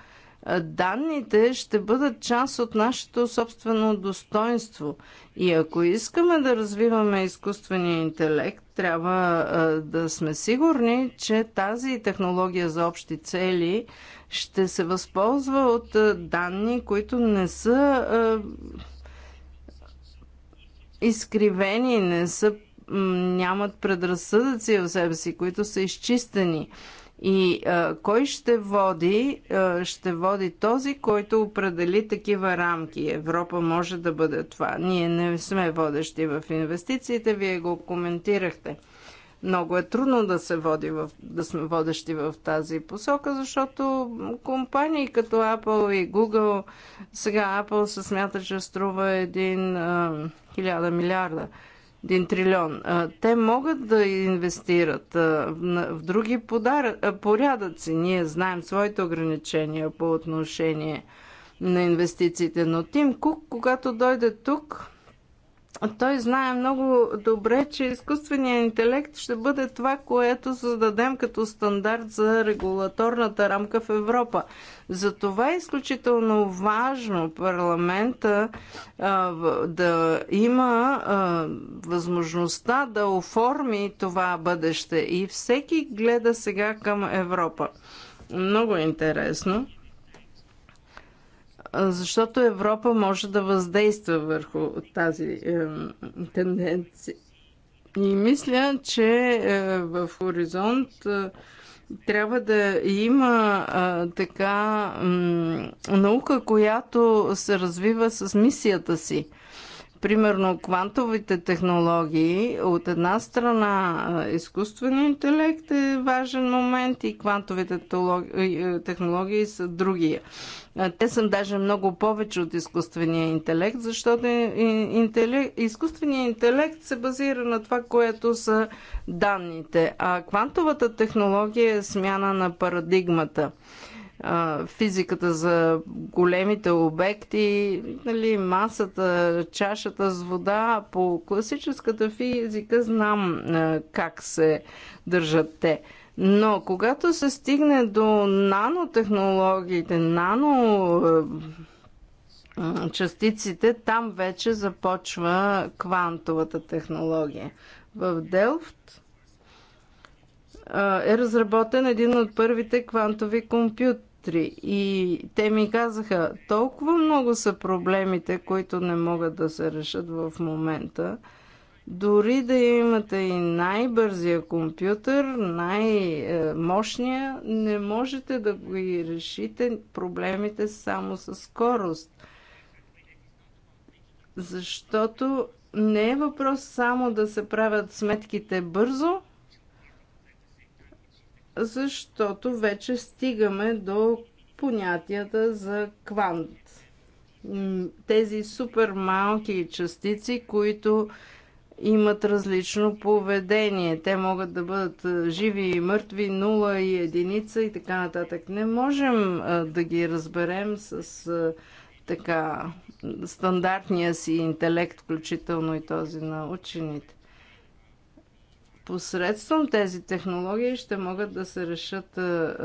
е, данните ще бъдат част от нашето собствено достоинство. И ако искаме да развиваме изкуствения интелект, трябва е, да сме сигурни, че тази технология за общи цели ще се възползва от е, данни, които не са изкривени, не са, нямат предразсъдъци в себе си, които са изчистени. И а, кой ще води? А, ще води този, който определи такива рамки. Европа може да бъде това. Ние не сме водещи в инвестициите, вие го коментирахте. Много е трудно да се води в, да сме водещи в тази посока, защото компании като Apple и Google, сега Apple се смята, че струва един хиляда милиарда един трилион. Те могат да инвестират в други порядъци. Ние знаем своите ограничения по отношение на инвестициите. Но Тим Кук, когато дойде тук, той знае много добре, че изкуственият интелект ще бъде това, което зададем като стандарт за регулаторната рамка в Европа. Затова е изключително важно парламента а, да има а, възможността да оформи това бъдеще. И всеки гледа сега към Европа. Много интересно защото Европа може да въздейства върху тази е, тенденция. И мисля, че е, в Хоризонт е, трябва да има е, така е, наука, която се развива с мисията си примерно квантовите технологии, от една страна е, изкуственият интелект е важен момент и квантовите е, е, технологии са другия. Те са даже много повече от изкуствения интелект, защото интелект, изкуственият интелект се базира на това, което са данните, а квантовата технология е смяна на парадигмата – физиката за големите обекти, нали, масата, чашата с вода. По класическата физика знам как се държат те. Но когато се стигне до нанотехнологиите, нано частиците, там вече започва квантовата технология. В Делфт е разработен един от първите квантови компютри. И те ми казаха, толкова много са проблемите, които не могат да се решат в момента. Дори да имате и най-бързия компютър, най-мощния, не можете да го и решите проблемите само с скорост. Защото не е въпрос само да се правят сметките бързо, защото вече стигаме до понятията за квант. Тези супер малки частици, които имат различно поведение. Те могат да бъдат живи и мъртви, нула и единица и така нататък. Не можем да ги разберем с така стандартния си интелект, включително и този на учените. Посредством тези технологии ще могат да се решат а,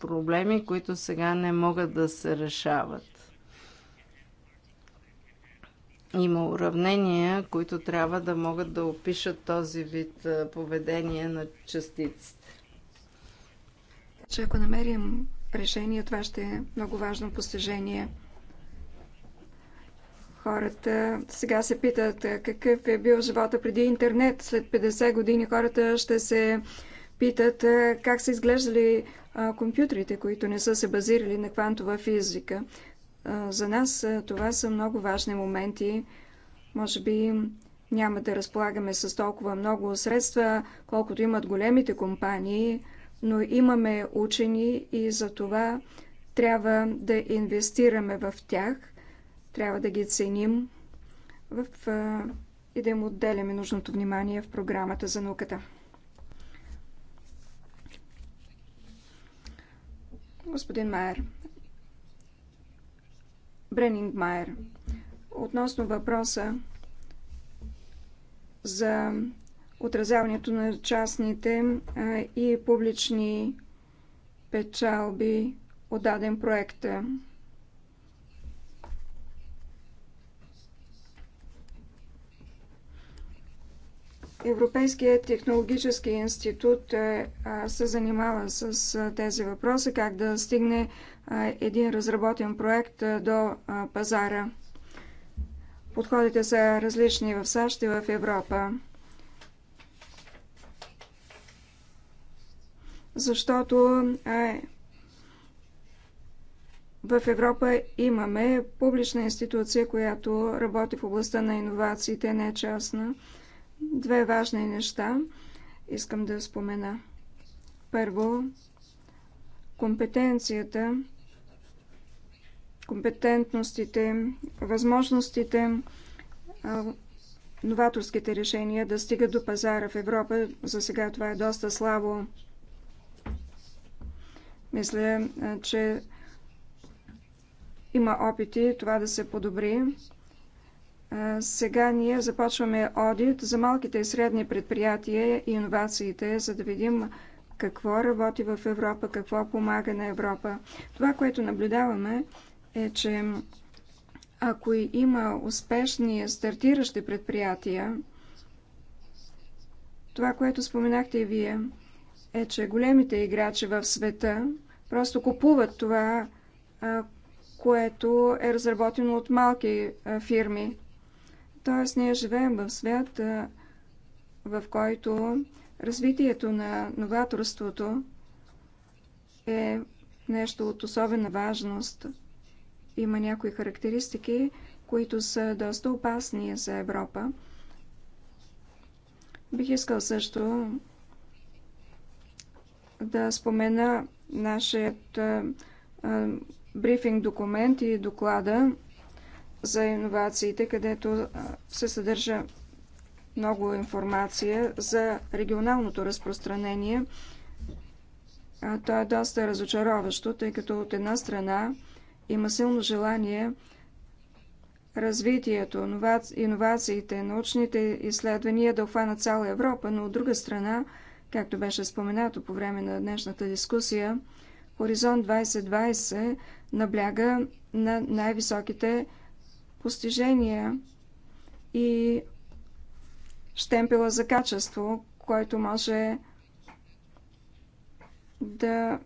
проблеми, които сега не могат да се решават. Има уравнения, които трябва да могат да опишат този вид поведение на частиците. Че ако намерим решение, това ще е много важно постижение – Хората сега се питат какъв е бил живота преди интернет. След 50 години хората ще се питат как са изглеждали компютрите, които не са се базирали на квантова физика. За нас това са много важни моменти. Може би няма да разполагаме с толкова много средства, колкото имат големите компании, но имаме учени и за това трябва да инвестираме в тях трябва да ги ценим в, и да им отделяме нужното внимание в програмата за науката. Господин Майер, Бренинг Майер, относно въпроса за отразяването на частните и публични печалби от даден проект. Европейският технологически институт е, се занимава с тези въпроси, как да стигне един разработен проект до пазара. Подходите са различни в САЩ и в Европа. Защото в Европа имаме публична институция, която работи в областта на иновациите, не частна. Две важни неща искам да спомена. Първо, компетенцията, компетентностите, възможностите, новаторските решения да стигат до пазара в Европа. За сега това е доста слабо. Мисля, че има опити това да се подобри. Сега ние започваме одит за малките и средни предприятия и иновациите, за да видим какво работи в Европа, какво помага на Европа. Това, което наблюдаваме е, че ако има успешни стартиращи предприятия, това, което споменахте и вие, е, че големите играчи в света просто купуват това, което е разработено от малки фирми. Тоест, ние живеем в свят, в който развитието на новаторството е нещо от особена важност. Има някои характеристики, които са доста опасни за Европа. Бих искал също да спомена нашият брифинг документ и доклада за иновациите, където се съдържа много информация за регионалното разпространение. То е доста разочароващо, тъй като от една страна има силно желание развитието, иновациите, научните изследвания да охванат цяла Европа, но от друга страна, както беше споменато по време на днешната дискусия, Хоризонт 2020 набляга на най-високите постижения и щемпела за качество, който може да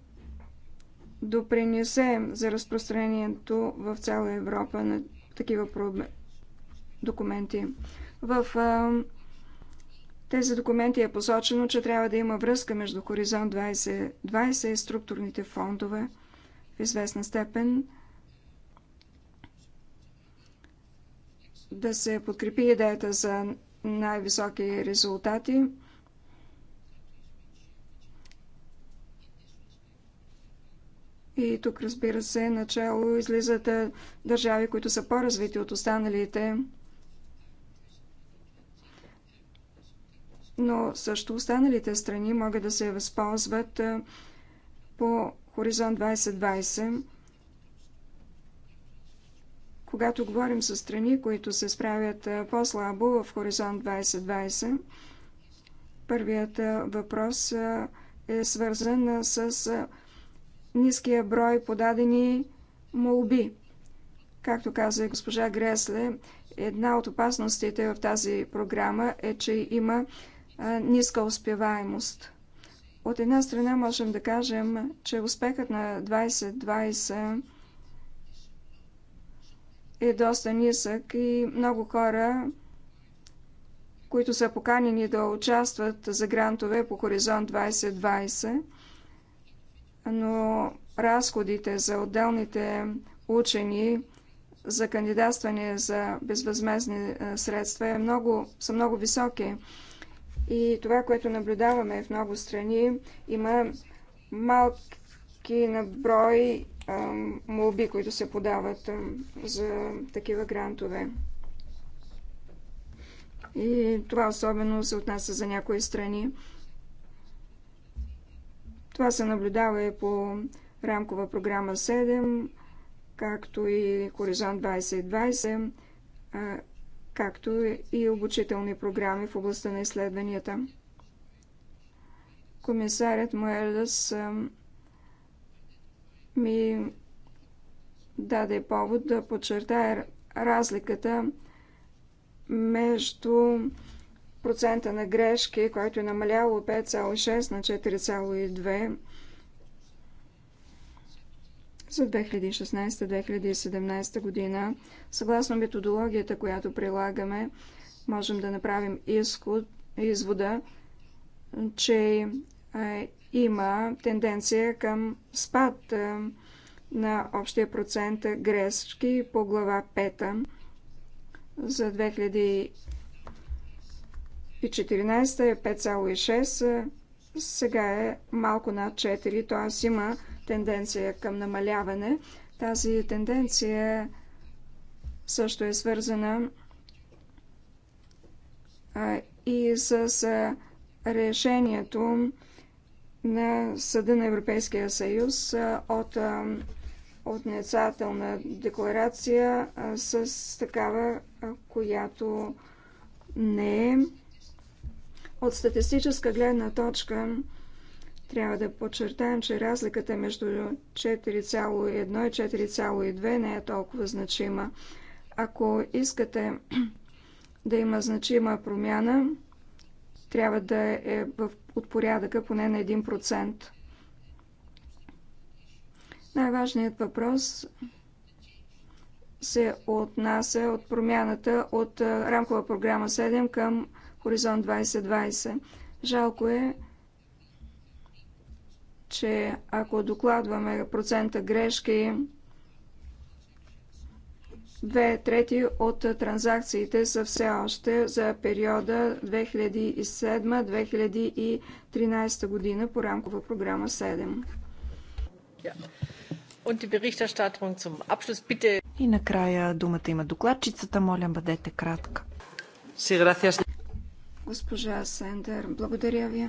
допринесе за разпространението в цяла Европа на такива документи. В тези документи е посочено, че трябва да има връзка между Хоризонт 2020 и структурните фондове в известна степен – да се подкрепи идеята за най-високи резултати. И тук, разбира се, начало излизат държави, които са по-развити от останалите. Но също останалите страни могат да се възползват по Хоризонт 2020 когато говорим с страни, които се справят по-слабо в Хоризонт 2020, първият въпрос е свързан с ниския брой подадени молби. Както каза госпожа Гресле, една от опасностите в тази програма е, че има ниска успеваемост. От една страна можем да кажем, че успехът на 2020 е доста нисък и много хора, които са поканени да участват за грантове по Хоризонт 2020, но разходите за отделните учени за кандидатстване за безвъзмезни е, средства е много, са много високи. И това, което наблюдаваме в много страни, има малки наброй молби, които се подават за такива грантове. И това особено се отнася за някои страни. Това се наблюдава и по рамкова програма 7, както и Хоризонт 2020, както и обучителни програми в областта на изследванията. Комисарят Муелдас ми даде повод да подчертая разликата между процента на грешки, който е намалял от 5,6 на 4,2 за 2016-2017 година. Съгласно методологията, която прилагаме, можем да направим изход, извода, че е, има тенденция към спад е, на общия процент грешки по глава 5 за 2014 е 5,6, е, сега е малко над 4, т.е. има тенденция към намаляване. Тази тенденция също е свързана е, и с решението на Съда на Европейския съюз от отрицателна декларация с такава, която не е. От статистическа гледна точка трябва да подчертаем, че разликата между 4,1 и 4,2 не е толкова значима. Ако искате да има значима промяна, трябва да е в, от порядъка поне на 1%. Най-важният въпрос се отнася от промяната от рамкова програма 7 към Хоризонт 2020. Жалко е, че ако докладваме процента грешки, Две трети от транзакциите са все още за периода 2007-2013 година по рамкова програма 7. И накрая думата има докладчицата. Моля, бъдете кратка. Госпожа Сендер, благодаря ви.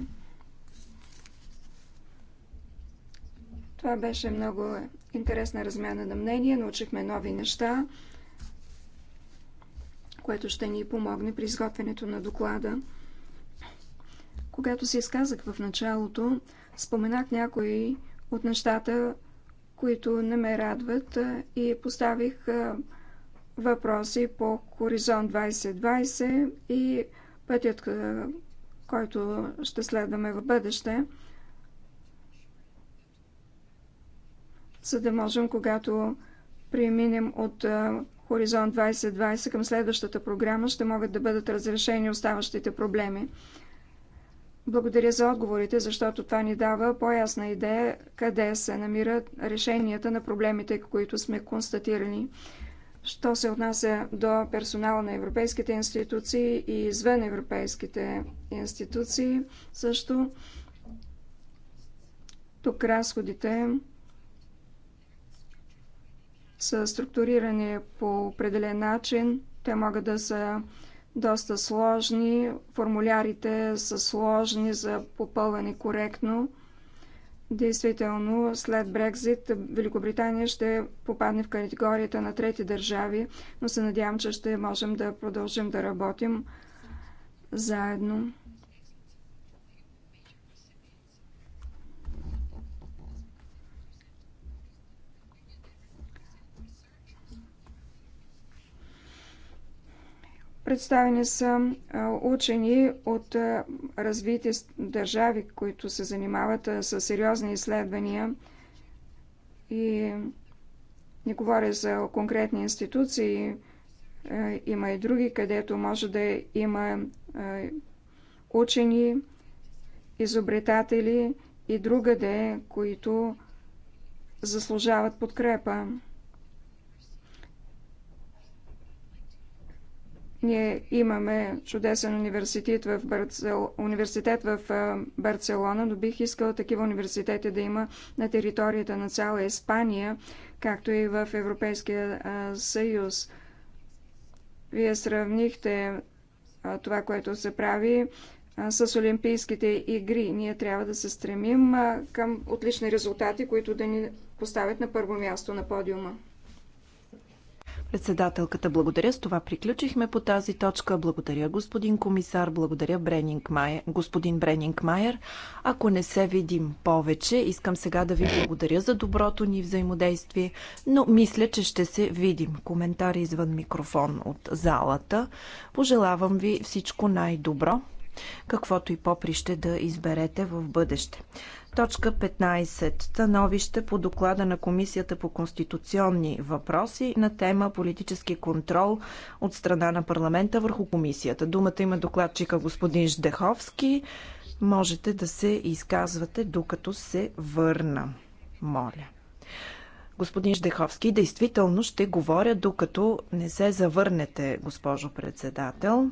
Това беше много интересна размяна на мнения. Научихме нови неща което ще ни помогне при изготвянето на доклада. Когато се изказах в началото, споменах някои от нещата, които не ме радват и поставих въпроси по Хоризонт 2020 и пътят, който ще следваме в бъдеще, за да можем, когато преминем от Хоризонт 2020 към следващата програма ще могат да бъдат разрешени оставащите проблеми. Благодаря за отговорите, защото това ни дава по-ясна идея къде се намират решенията на проблемите, които сме констатирани. Що се отнася до персонала на европейските институции и извън европейските институции, също тук разходите са структурирани по определен начин. Те могат да са доста сложни, формулярите са сложни за попълване коректно. Действително, след Брекзит Великобритания ще попадне в категорията на трети държави, но се надявам, че ще можем да продължим да работим заедно. Представени са учени от развити държави, които се занимават с сериозни изследвания и не говоря за конкретни институции, има и други, където може да има учени, изобретатели и другаде, които заслужават подкрепа. Ние имаме чудесен университет в, Барцел... университет в Барцелона, но бих искала такива университети да има на територията на цяла Испания, както и в Европейския съюз. Вие сравнихте това, което се прави с Олимпийските игри. Ние трябва да се стремим към отлични резултати, които да ни поставят на първо място на подиума. Председателката, благодаря. С това приключихме по тази точка. Благодаря, господин комисар. Благодаря, Бренинг Майер, господин Бренинг Майер. Ако не се видим повече, искам сега да ви благодаря за доброто ни взаимодействие, но мисля, че ще се видим. Коментари извън микрофон от залата. Пожелавам ви всичко най-добро, каквото и поприще да изберете в бъдеще. Точка 15. Становище по доклада на Комисията по конституционни въпроси на тема политически контрол от страна на парламента върху комисията. Думата има докладчика господин Ждеховски. Можете да се изказвате докато се върна. Моля. Господин Ждеховски, действително ще говоря докато не се завърнете, госпожо председател.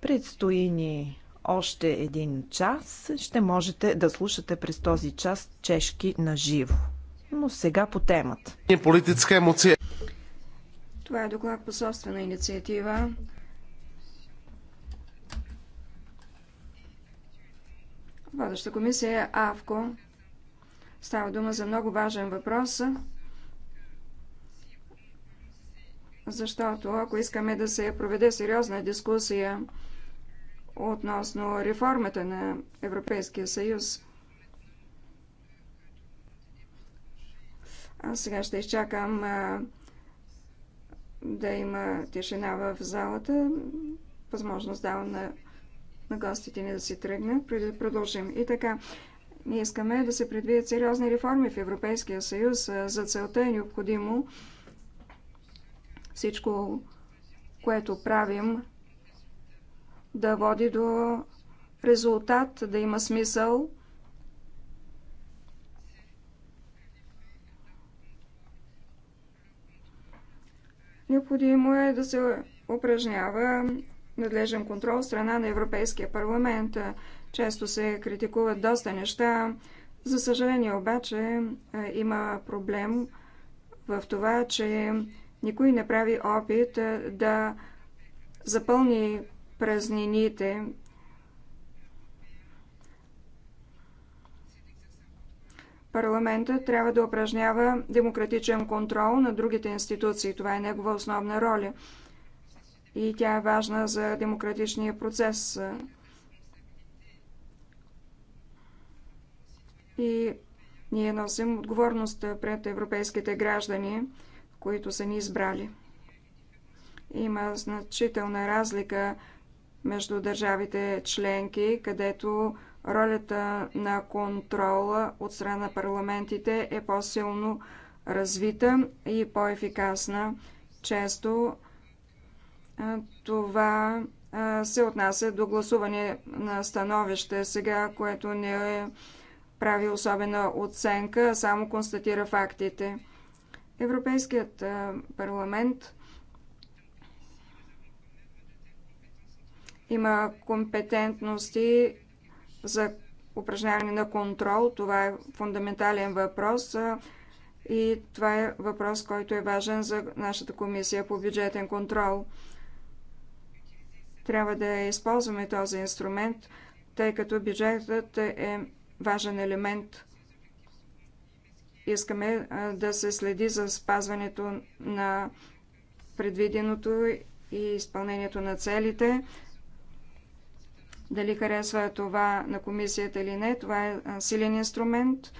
Предстои ни още един час. Ще можете да слушате през този час чешки на живо. Но сега по темата. Политическа емоция. Това е доклад по собствена инициатива. Водеща комисия е АВКО. Става дума за много важен въпрос, защото ако искаме да се проведе сериозна дискусия относно реформата на Европейския съюз. Аз сега ще изчакам а, да има тишина в залата. Възможност давам на, на гостите ни да си тръгнат, преди да продължим. И така, ние искаме да се предвидят сериозни реформи в Европейския съюз. За целта е необходимо всичко, което правим, да води до резултат, да има смисъл. Необходимо е да се упражнява надлежен контрол страна на Европейския парламент. Често се критикуват доста неща. За съжаление обаче е, има проблем в това, че никой не прави опит е, да запълни празнините. Парламентът трябва да упражнява демократичен контрол на другите институции. Това е негова основна роля. И тя е важна за демократичния процес. И ние носим отговорност пред европейските граждани, които са ни избрали. Има значителна разлика между държавите членки, където ролята на контрола от страна на парламентите е по-силно развита и по-ефикасна. Често това се отнася до гласуване на становище сега, което не е прави особена оценка, само констатира фактите. Европейският парламент Има компетентности за упражняване на контрол. Това е фундаментален въпрос и това е въпрос, който е важен за нашата комисия по бюджетен контрол. Трябва да използваме този инструмент, тъй като бюджетът е важен елемент. Искаме да се следи за спазването на предвиденото и изпълнението на целите, дали харесва това на комисията или не, това е силен инструмент.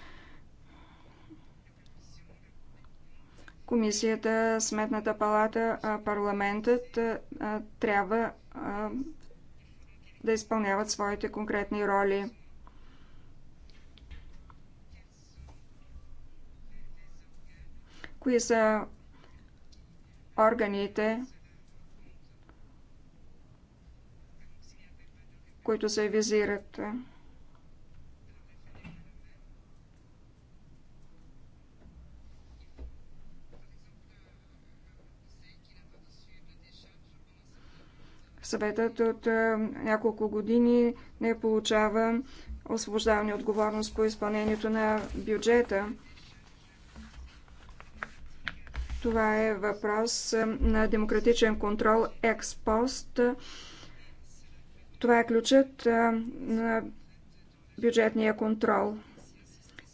Комисията, Сметната палата, парламентът трябва да изпълняват своите конкретни роли. Кои са органите, които се визират. Съветът от няколко години не получава освобождаване отговорност по изпълнението на бюджета. Това е въпрос на демократичен контрол експост. пост това е ключът на бюджетния контрол.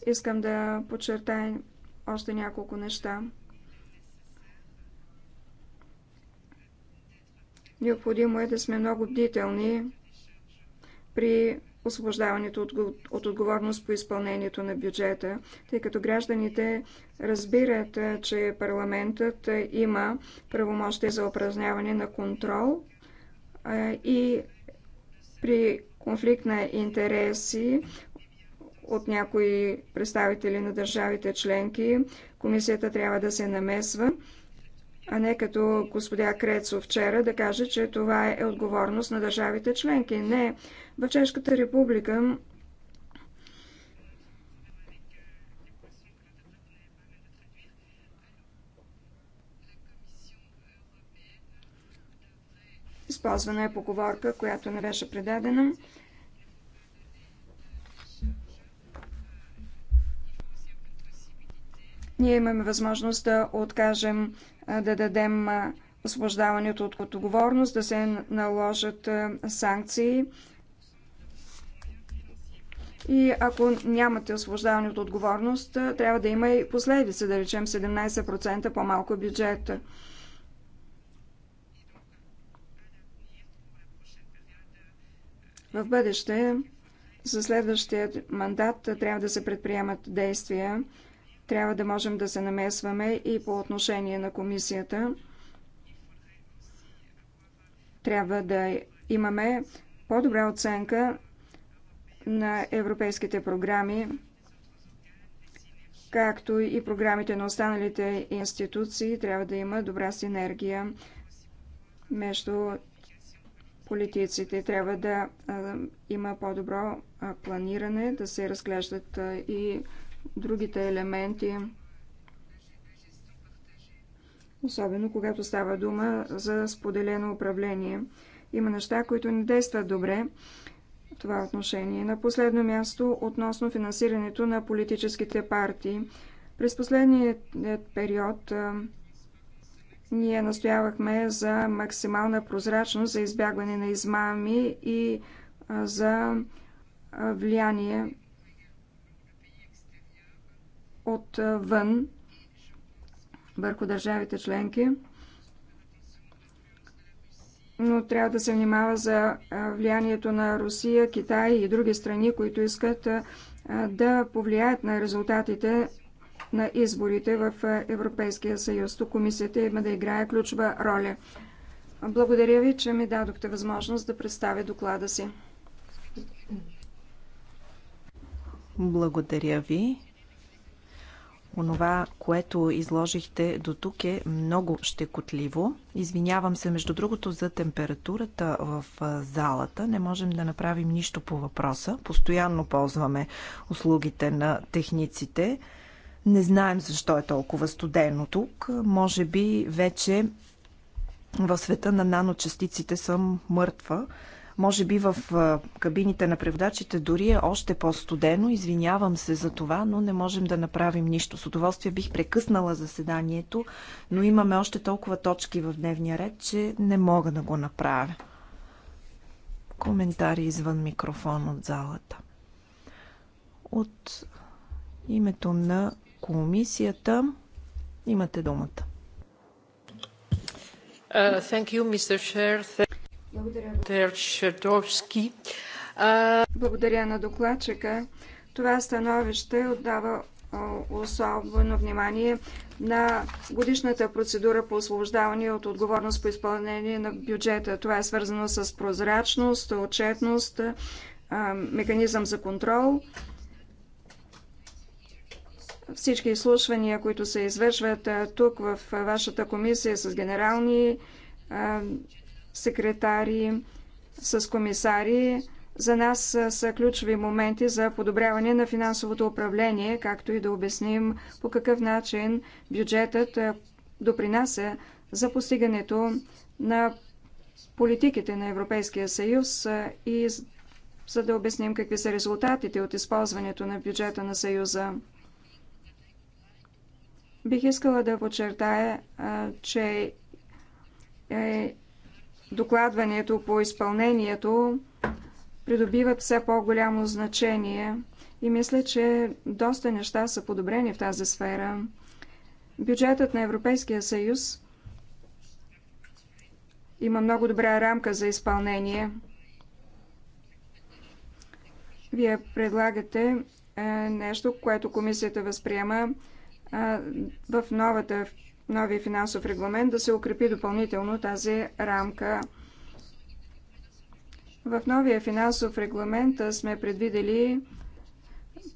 Искам да подчертая още няколко неща. Необходимо е да сме много бдителни при освобождаването от отговорност по изпълнението на бюджета, тъй като гражданите разбират, че парламентът има правомощие за упражняване на контрол и при конфликт на интереси от някои представители на държавите членки, комисията трябва да се намесва, а не като господя Крецо вчера да каже, че това е отговорност на държавите членки. Не, в Чешката република Използвана е поговорка, която не беше предадена. Ние имаме възможност да откажем да дадем освобождаването от отговорност, да се наложат санкции. И ако нямате освобождаване от отговорност, трябва да има и последици, да речем 17% по-малко бюджета. В бъдеще, за следващия мандат, трябва да се предприемат действия. Трябва да можем да се намесваме и по отношение на комисията. Трябва да имаме по-добра оценка на европейските програми, както и програмите на останалите институции. Трябва да има добра синергия между политиците. Трябва да има по-добро планиране, да се разглеждат и другите елементи, особено когато става дума за споделено управление. Има неща, които не действат добре в това отношение. На последно място, относно финансирането на политическите партии. През последният е, период ние настоявахме за максимална прозрачност, за избягване на измами и за влияние отвън върху държавите членки. Но трябва да се внимава за влиянието на Русия, Китай и други страни, които искат да повлияят на резултатите на изборите в Европейския съюз. Тук комисията има да играе ключова роля. Благодаря ви, че ми дадохте възможност да представя доклада си. Благодаря ви. Онова, което изложихте до тук е много щекотливо. Извинявам се, между другото, за температурата в залата. Не можем да направим нищо по въпроса. Постоянно ползваме услугите на техниците. Не знаем защо е толкова студено тук. Може би вече в света на наночастиците съм мъртва. Може би в кабините на преводачите дори е още по-студено. Извинявам се за това, но не можем да направим нищо. С удоволствие бих прекъснала заседанието, но имаме още толкова точки в дневния ред, че не мога да го направя. Коментари извън микрофон от залата. От името на комисията. Имате думата. Uh, thank you, Mr. Chair. Благодаря. Uh, Благодаря на докладчика. Това становище отдава особено внимание на годишната процедура по освобождаване от отговорност по изпълнение на бюджета. Това е свързано с прозрачност, отчетност, механизъм за контрол – всички изслушвания, които се извършват тук в вашата комисия с генерални секретари, с комисари, за нас са ключови моменти за подобряване на финансовото управление, както и да обясним по какъв начин бюджетът допринася за постигането на политиките на Европейския съюз и за да обясним какви са резултатите от използването на бюджета на Съюза. Бих искала да подчертая, че е, докладването по изпълнението придобиват все по-голямо значение и мисля, че доста неща са подобрени в тази сфера. Бюджетът на Европейския съюз има много добра рамка за изпълнение. Вие предлагате е, нещо, което комисията възприема в новата, новия финансов регламент да се укрепи допълнително тази рамка. В новия финансов регламент сме предвидели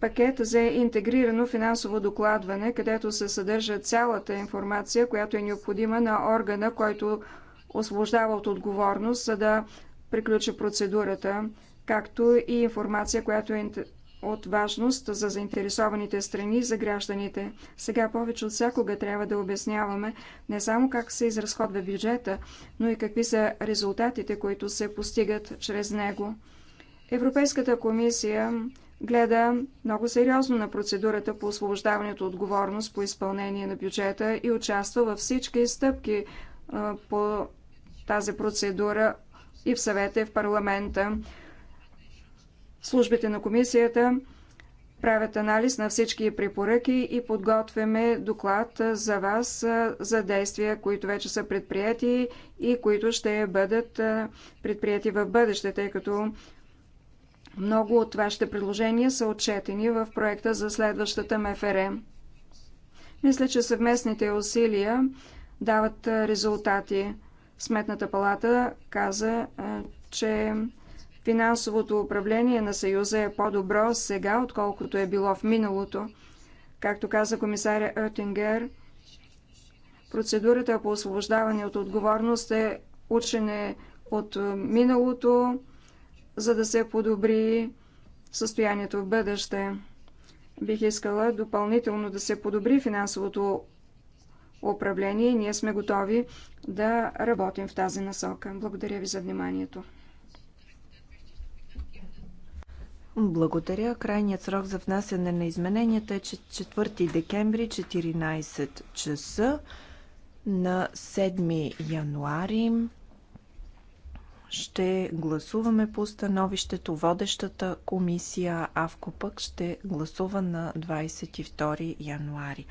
пакет за интегрирано финансово докладване, където се съдържа цялата информация, която е необходима на органа, който освобождава от отговорност, за да приключи процедурата, както и информация, която е от важност за заинтересованите страни и за гражданите. Сега повече от всякога трябва да обясняваме не само как се изразходва бюджета, но и какви са резултатите, които се постигат чрез него. Европейската комисия гледа много сериозно на процедурата по освобождаването от отговорност по изпълнение на бюджета и участва във всички стъпки по тази процедура и в съвета и в парламента. Службите на комисията правят анализ на всички препоръки и подготвяме доклад за вас за действия, които вече са предприяти и които ще бъдат предприяти в бъдеще, тъй като много от вашите предложения са отчетени в проекта за следващата МФР. Мисля, че съвместните усилия дават резултати. Сметната палата каза, че Финансовото управление на Съюза е по-добро сега, отколкото е било в миналото. Както каза комисаря Оттингер, процедурата по освобождаване от отговорност е учене от е, миналото, за да се подобри състоянието в бъдеще. Бих искала допълнително да се подобри финансовото управление и ние сме готови да работим в тази насока. Благодаря ви за вниманието. Благодаря. Крайният срок за внасяне на измененията е 4 декември, 14 часа. На 7 януари ще гласуваме по становището. Водещата комисия АВКО пък ще гласува на 22 януари.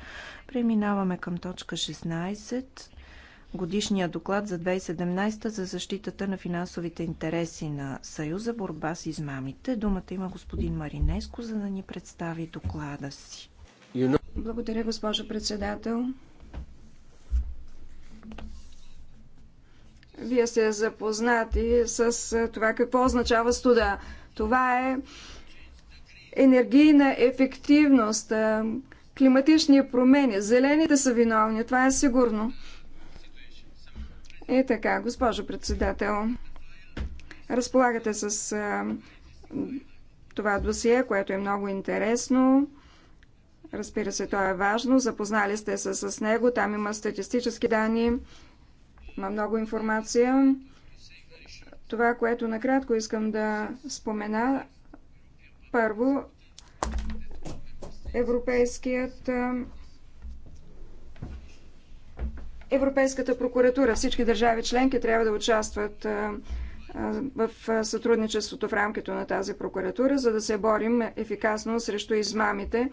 Преминаваме към точка 16 годишния доклад за 2017 за защитата на финансовите интереси на Съюза, борба с измамите. Думата има господин Маринеско, за да ни представи доклада си. Благодаря, госпожо председател. Вие сте запознати с това какво означава студа. Това е енергийна ефективност, климатични промени. Зелените са виновни, това е сигурно. Е така, госпожо председател, разполагате с а, това досие, което е много интересно. Разбира се, то е важно. Запознали сте се с него. Там има статистически данни, има много информация. Това, което накратко искам да спомена, първо, Европейският Европейската прокуратура. Всички държави членки трябва да участват в сътрудничеството в рамките на тази прокуратура, за да се борим ефикасно срещу измамите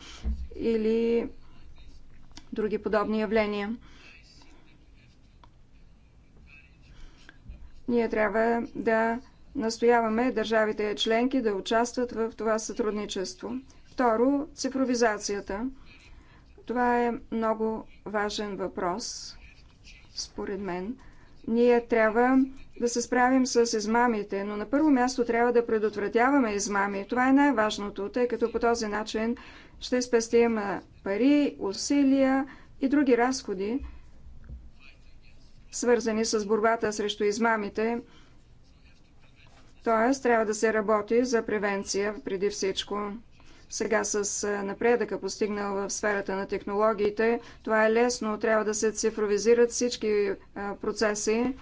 или други подобни явления. Ние трябва да настояваме държавите членки да участват в това сътрудничество. Второ, цифровизацията. Това е много важен въпрос според мен. Ние трябва да се справим с измамите, но на първо място трябва да предотвратяваме измами. Това е най-важното, тъй като по този начин ще спестим пари, усилия и други разходи, свързани с борбата срещу измамите. Тоест, трябва да се работи за превенция преди всичко. Сега с напредъка, постигнал в сферата на технологиите, това е лесно. Трябва да се цифровизират всички процеси,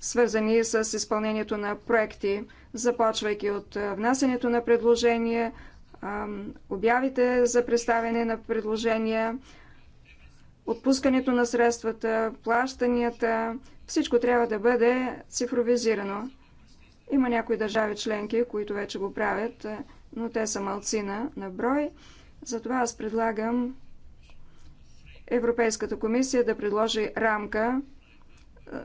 свързани с изпълнението на проекти, започвайки от внасянето на предложения, обявите за представяне на предложения, отпускането на средствата, плащанията, всичко трябва да бъде цифровизирано. Има някои държави членки, които вече го правят но те са малцина на брой. Затова аз предлагам Европейската комисия да предложи рамка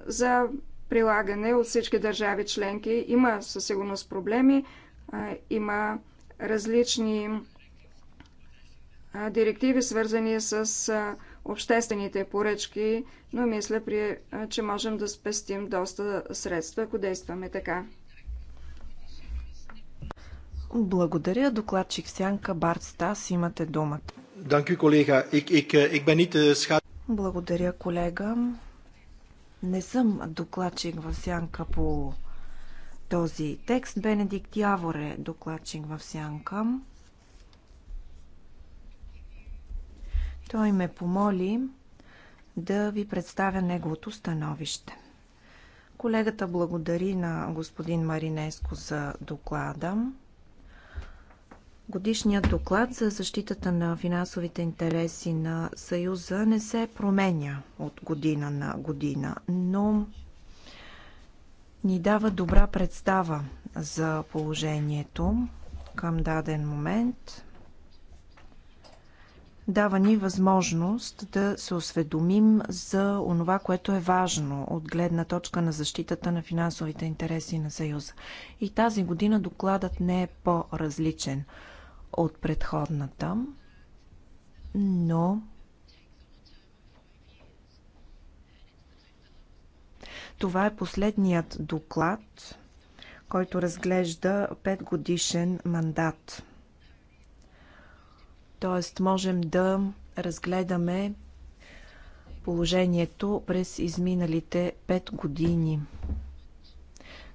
за прилагане от всички държави членки. Има със сигурност проблеми, има различни директиви, свързани с обществените поръчки, но мисля, че можем да спестим доста средства, ако действаме така. Благодаря. Докладчик Сянка Барт Стас, имате думата. Eh, eh, Благодаря, колега. Не съм докладчик в Сянка по този текст. Бенедикт Явор е докладчик в Сянка. Той ме помоли да ви представя неговото становище. Колегата благодари на господин Маринеско за доклада. Годишният доклад за защитата на финансовите интереси на Съюза не се променя от година на година, но ни дава добра представа за положението към даден момент. Дава ни възможност да се осведомим за онова, което е важно от гледна точка на защитата на финансовите интереси на Съюза. И тази година докладът не е по-различен от предходната, но това е последният доклад, който разглежда 5 годишен мандат. Тоест можем да разгледаме положението през изминалите 5 години.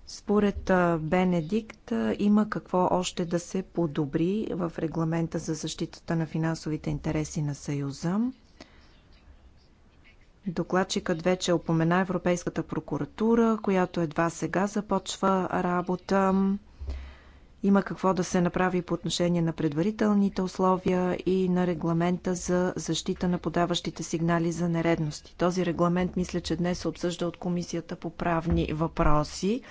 Според Бенедикт има какво още да се подобри в регламента за защитата на финансовите интереси на Съюза. Докладчикът вече опомена Европейската прокуратура, която едва сега започва работа. Има какво да се направи по отношение на предварителните условия и на регламента за защита на подаващите сигнали за нередности. Този регламент мисля, че днес се обсъжда от Комисията по правни въпроси.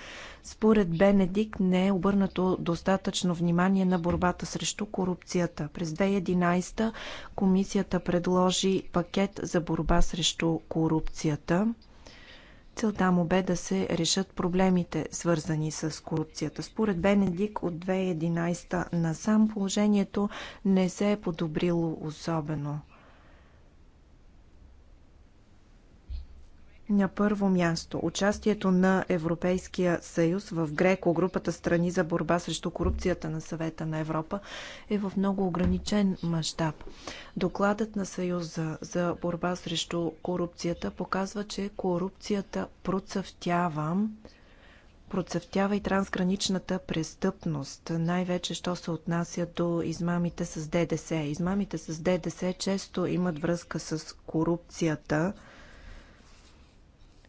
Според Бенедикт не е обърнато достатъчно внимание на борбата срещу корупцията. През 2011 комисията предложи пакет за борба срещу корупцията. Целта му бе да се решат проблемите, свързани с корупцията. Според Бенедик от 2011 насам положението не се е подобрило особено. На първо място, участието на Европейския съюз в Греко, групата страни за борба срещу корупцията на съвета на Европа, е в много ограничен мащаб. Докладът на съюза за борба срещу корупцията показва, че корупцията процъфтява процъфтява и трансграничната престъпност, най-вече що се отнася до измамите с ДДС. Измамите с ДДС често имат връзка с корупцията –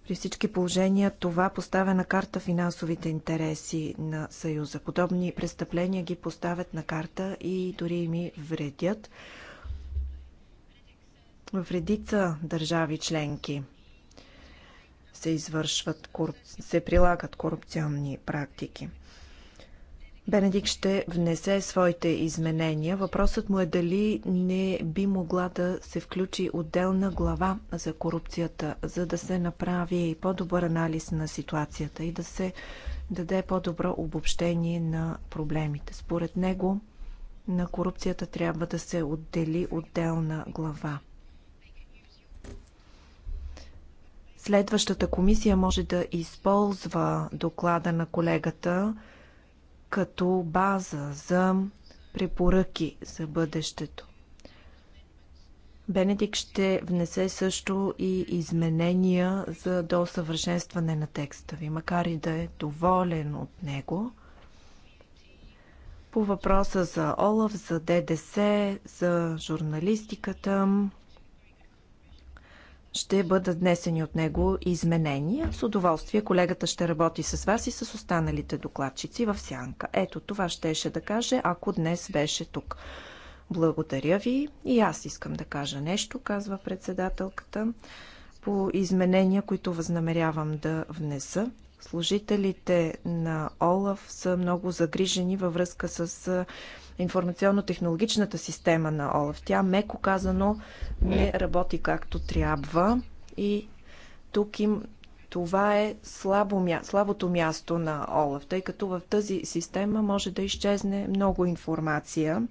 при всички положения това поставя на карта финансовите интереси на Съюза. Подобни престъпления ги поставят на карта и дори ми вредят в редица държави членки се извършват, се прилагат корупционни практики. Бенедик ще внесе своите изменения. Въпросът му е дали не би могла да се включи отделна глава за корупцията, за да се направи по-добър анализ на ситуацията и да се даде по-добро обобщение на проблемите. Според него на корупцията трябва да се отдели отделна глава. Следващата комисия може да използва доклада на колегата – като база за препоръки за бъдещето. Бенедик ще внесе също и изменения за досъвършенстване на текста ви, макар и да е доволен от него. По въпроса за Олаф, за ДДС, за журналистиката, ще бъдат внесени от него изменения. С удоволствие колегата ще работи с вас и с останалите докладчици в сянка. Ето това щеше да каже, ако днес беше тук. Благодаря ви и аз искам да кажа нещо, казва председателката, по изменения, които възнамерявам да внеса. Служителите на ОЛАФ са много загрижени във връзка с информационно-технологичната система на ОЛАФ. Тя, меко казано, не работи както трябва и тук им това е слабо, слабото място на ОЛАФ, тъй като в тази система може да изчезне много информация.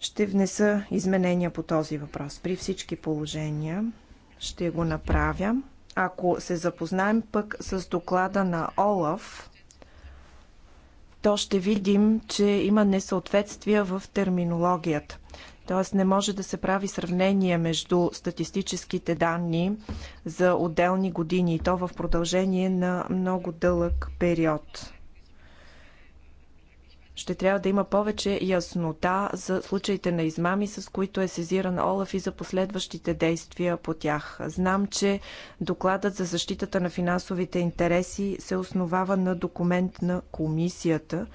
Ще внеса изменения по този въпрос. При всички положения ще го направя. Ако се запознаем пък с доклада на ОЛАФ, то ще видим, че има несъответствия в терминологията. Тоест не може да се прави сравнение между статистическите данни за отделни години и то в продължение на много дълъг период. Ще трябва да има повече яснота за случаите на измами, с които е сезиран Олаф и за последващите действия по тях. Знам, че докладът за защитата на финансовите интереси се основава на документ на комисията,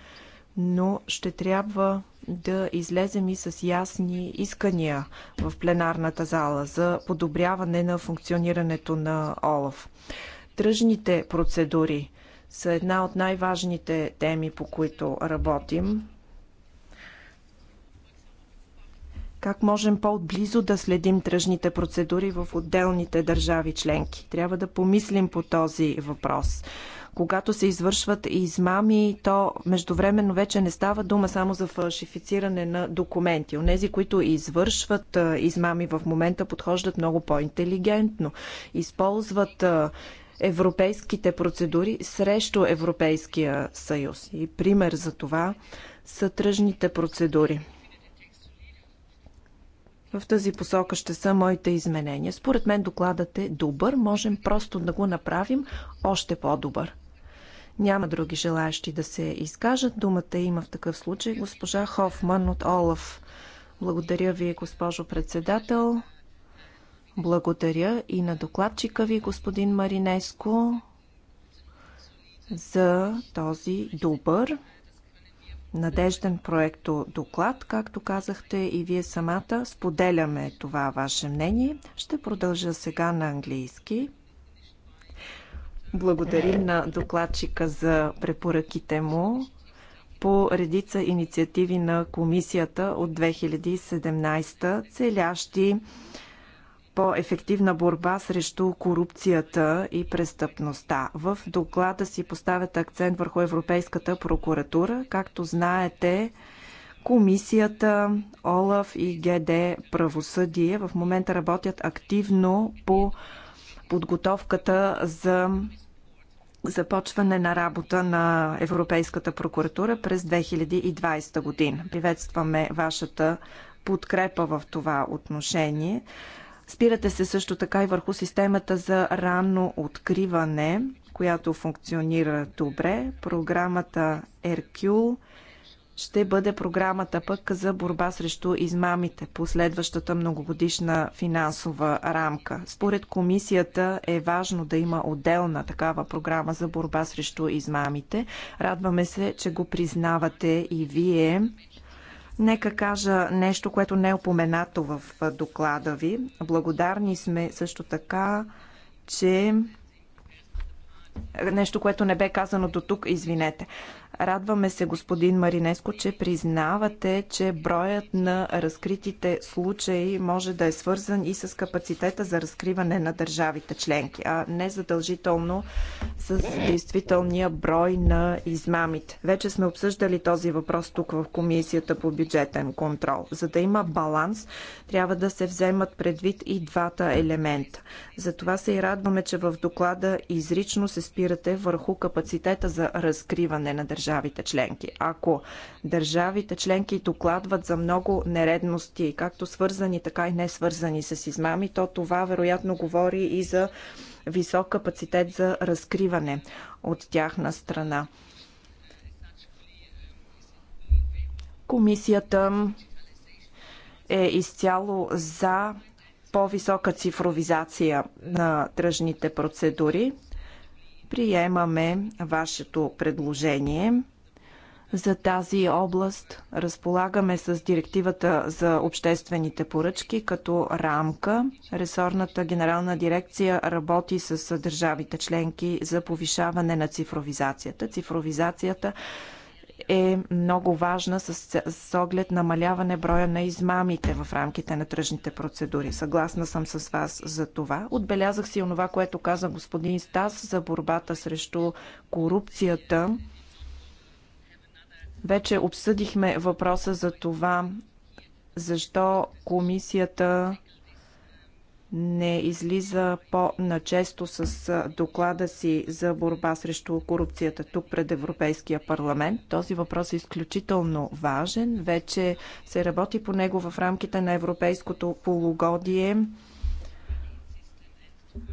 но ще трябва да излезем и с ясни искания в пленарната зала за подобряване на функционирането на Олаф. Тръжните процедури – са една от най-важните теми, по които работим. Как можем по-отблизо да следим тръжните процедури в отделните държави членки? Трябва да помислим по този въпрос когато се извършват измами, то междувременно вече не става дума само за фалшифициране на документи. Онези, които извършват измами в момента, подхождат много по-интелигентно. Използват европейските процедури срещу Европейския съюз. И пример за това са тръжните процедури. В тази посока ще са моите изменения. Според мен докладът е добър, можем просто да го направим още по-добър. Няма други желаящи да се изкажат. Думата има в такъв случай госпожа Хофман от Олаф. Благодаря ви, госпожо председател. Благодаря и на докладчика ви, господин Маринеско, за този добър, надежден проекто доклад. Както казахте и вие самата, споделяме това ваше мнение. Ще продължа сега на английски. Благодарим на докладчика за препоръките му по редица инициативи на комисията от 2017, целящи по-ефективна борба срещу корупцията и престъпността. В доклада си поставят акцент върху Европейската прокуратура. Както знаете, Комисията, ОЛАФ и ГД Правосъдие в момента работят активно по подготовката за започване на работа на Европейската прокуратура през 2020 година. Приветстваме вашата подкрепа в това отношение. Спирате се също така и върху системата за ранно откриване, която функционира добре. Програмата Еркюл ще бъде програмата пък за борба срещу измамите по следващата многогодишна финансова рамка. Според комисията е важно да има отделна такава програма за борба срещу измамите. Радваме се, че го признавате и вие. Нека кажа нещо, което не е упоменато в доклада ви. Благодарни сме също така, че нещо, което не бе казано до тук, извинете. Радваме се, господин Маринеско, че признавате, че броят на разкритите случаи може да е свързан и с капацитета за разкриване на държавите членки, а не задължително с действителния брой на измамите. Вече сме обсъждали този въпрос тук в Комисията по бюджетен контрол. За да има баланс, трябва да се вземат предвид и двата елемента. Затова се и радваме, че в доклада изрично се спирате върху капацитета за разкриване на държавите държавите членки. Ако държавите членки докладват за много нередности, както свързани, така и не свързани с измами, то това вероятно говори и за висок капацитет за разкриване от тяхна страна. Комисията е изцяло за по-висока цифровизация на тръжните процедури. Приемаме вашето предложение за тази област. Разполагаме с директивата за обществените поръчки като рамка. Ресорната генерална дирекция работи с държавите членки за повишаване на цифровизацията. Цифровизацията е много важна с, с оглед намаляване броя на измамите в рамките на тръжните процедури. Съгласна съм с вас за това. Отбелязах си онова, което каза господин Стас за борбата срещу корупцията. Вече обсъдихме въпроса за това, защо комисията не излиза по-начесто с доклада си за борба срещу корупцията тук пред Европейския парламент. Този въпрос е изключително важен. Вече се работи по него в рамките на европейското полугодие.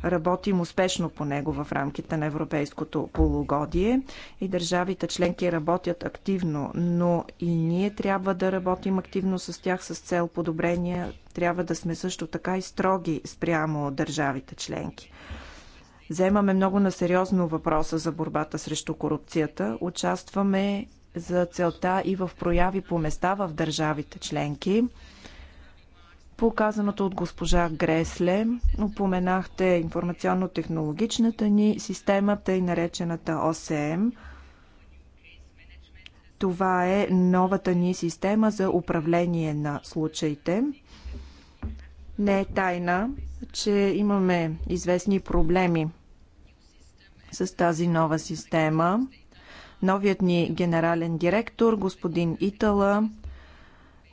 Работим успешно по него в рамките на европейското полугодие и държавите членки работят активно, но и ние трябва да работим активно с тях с цел подобрения. Трябва да сме също така и строги спрямо държавите членки. Вземаме много на сериозно въпроса за борбата срещу корупцията. Участваме за целта и в прояви по места в държавите членки. По казаното от госпожа Гресле, упоменахте информационно-технологичната ни система, тъй наречената ОСМ. Това е новата ни система за управление на случаите. Не е тайна, че имаме известни проблеми с тази нова система. Новият ни генерален директор, господин Итала,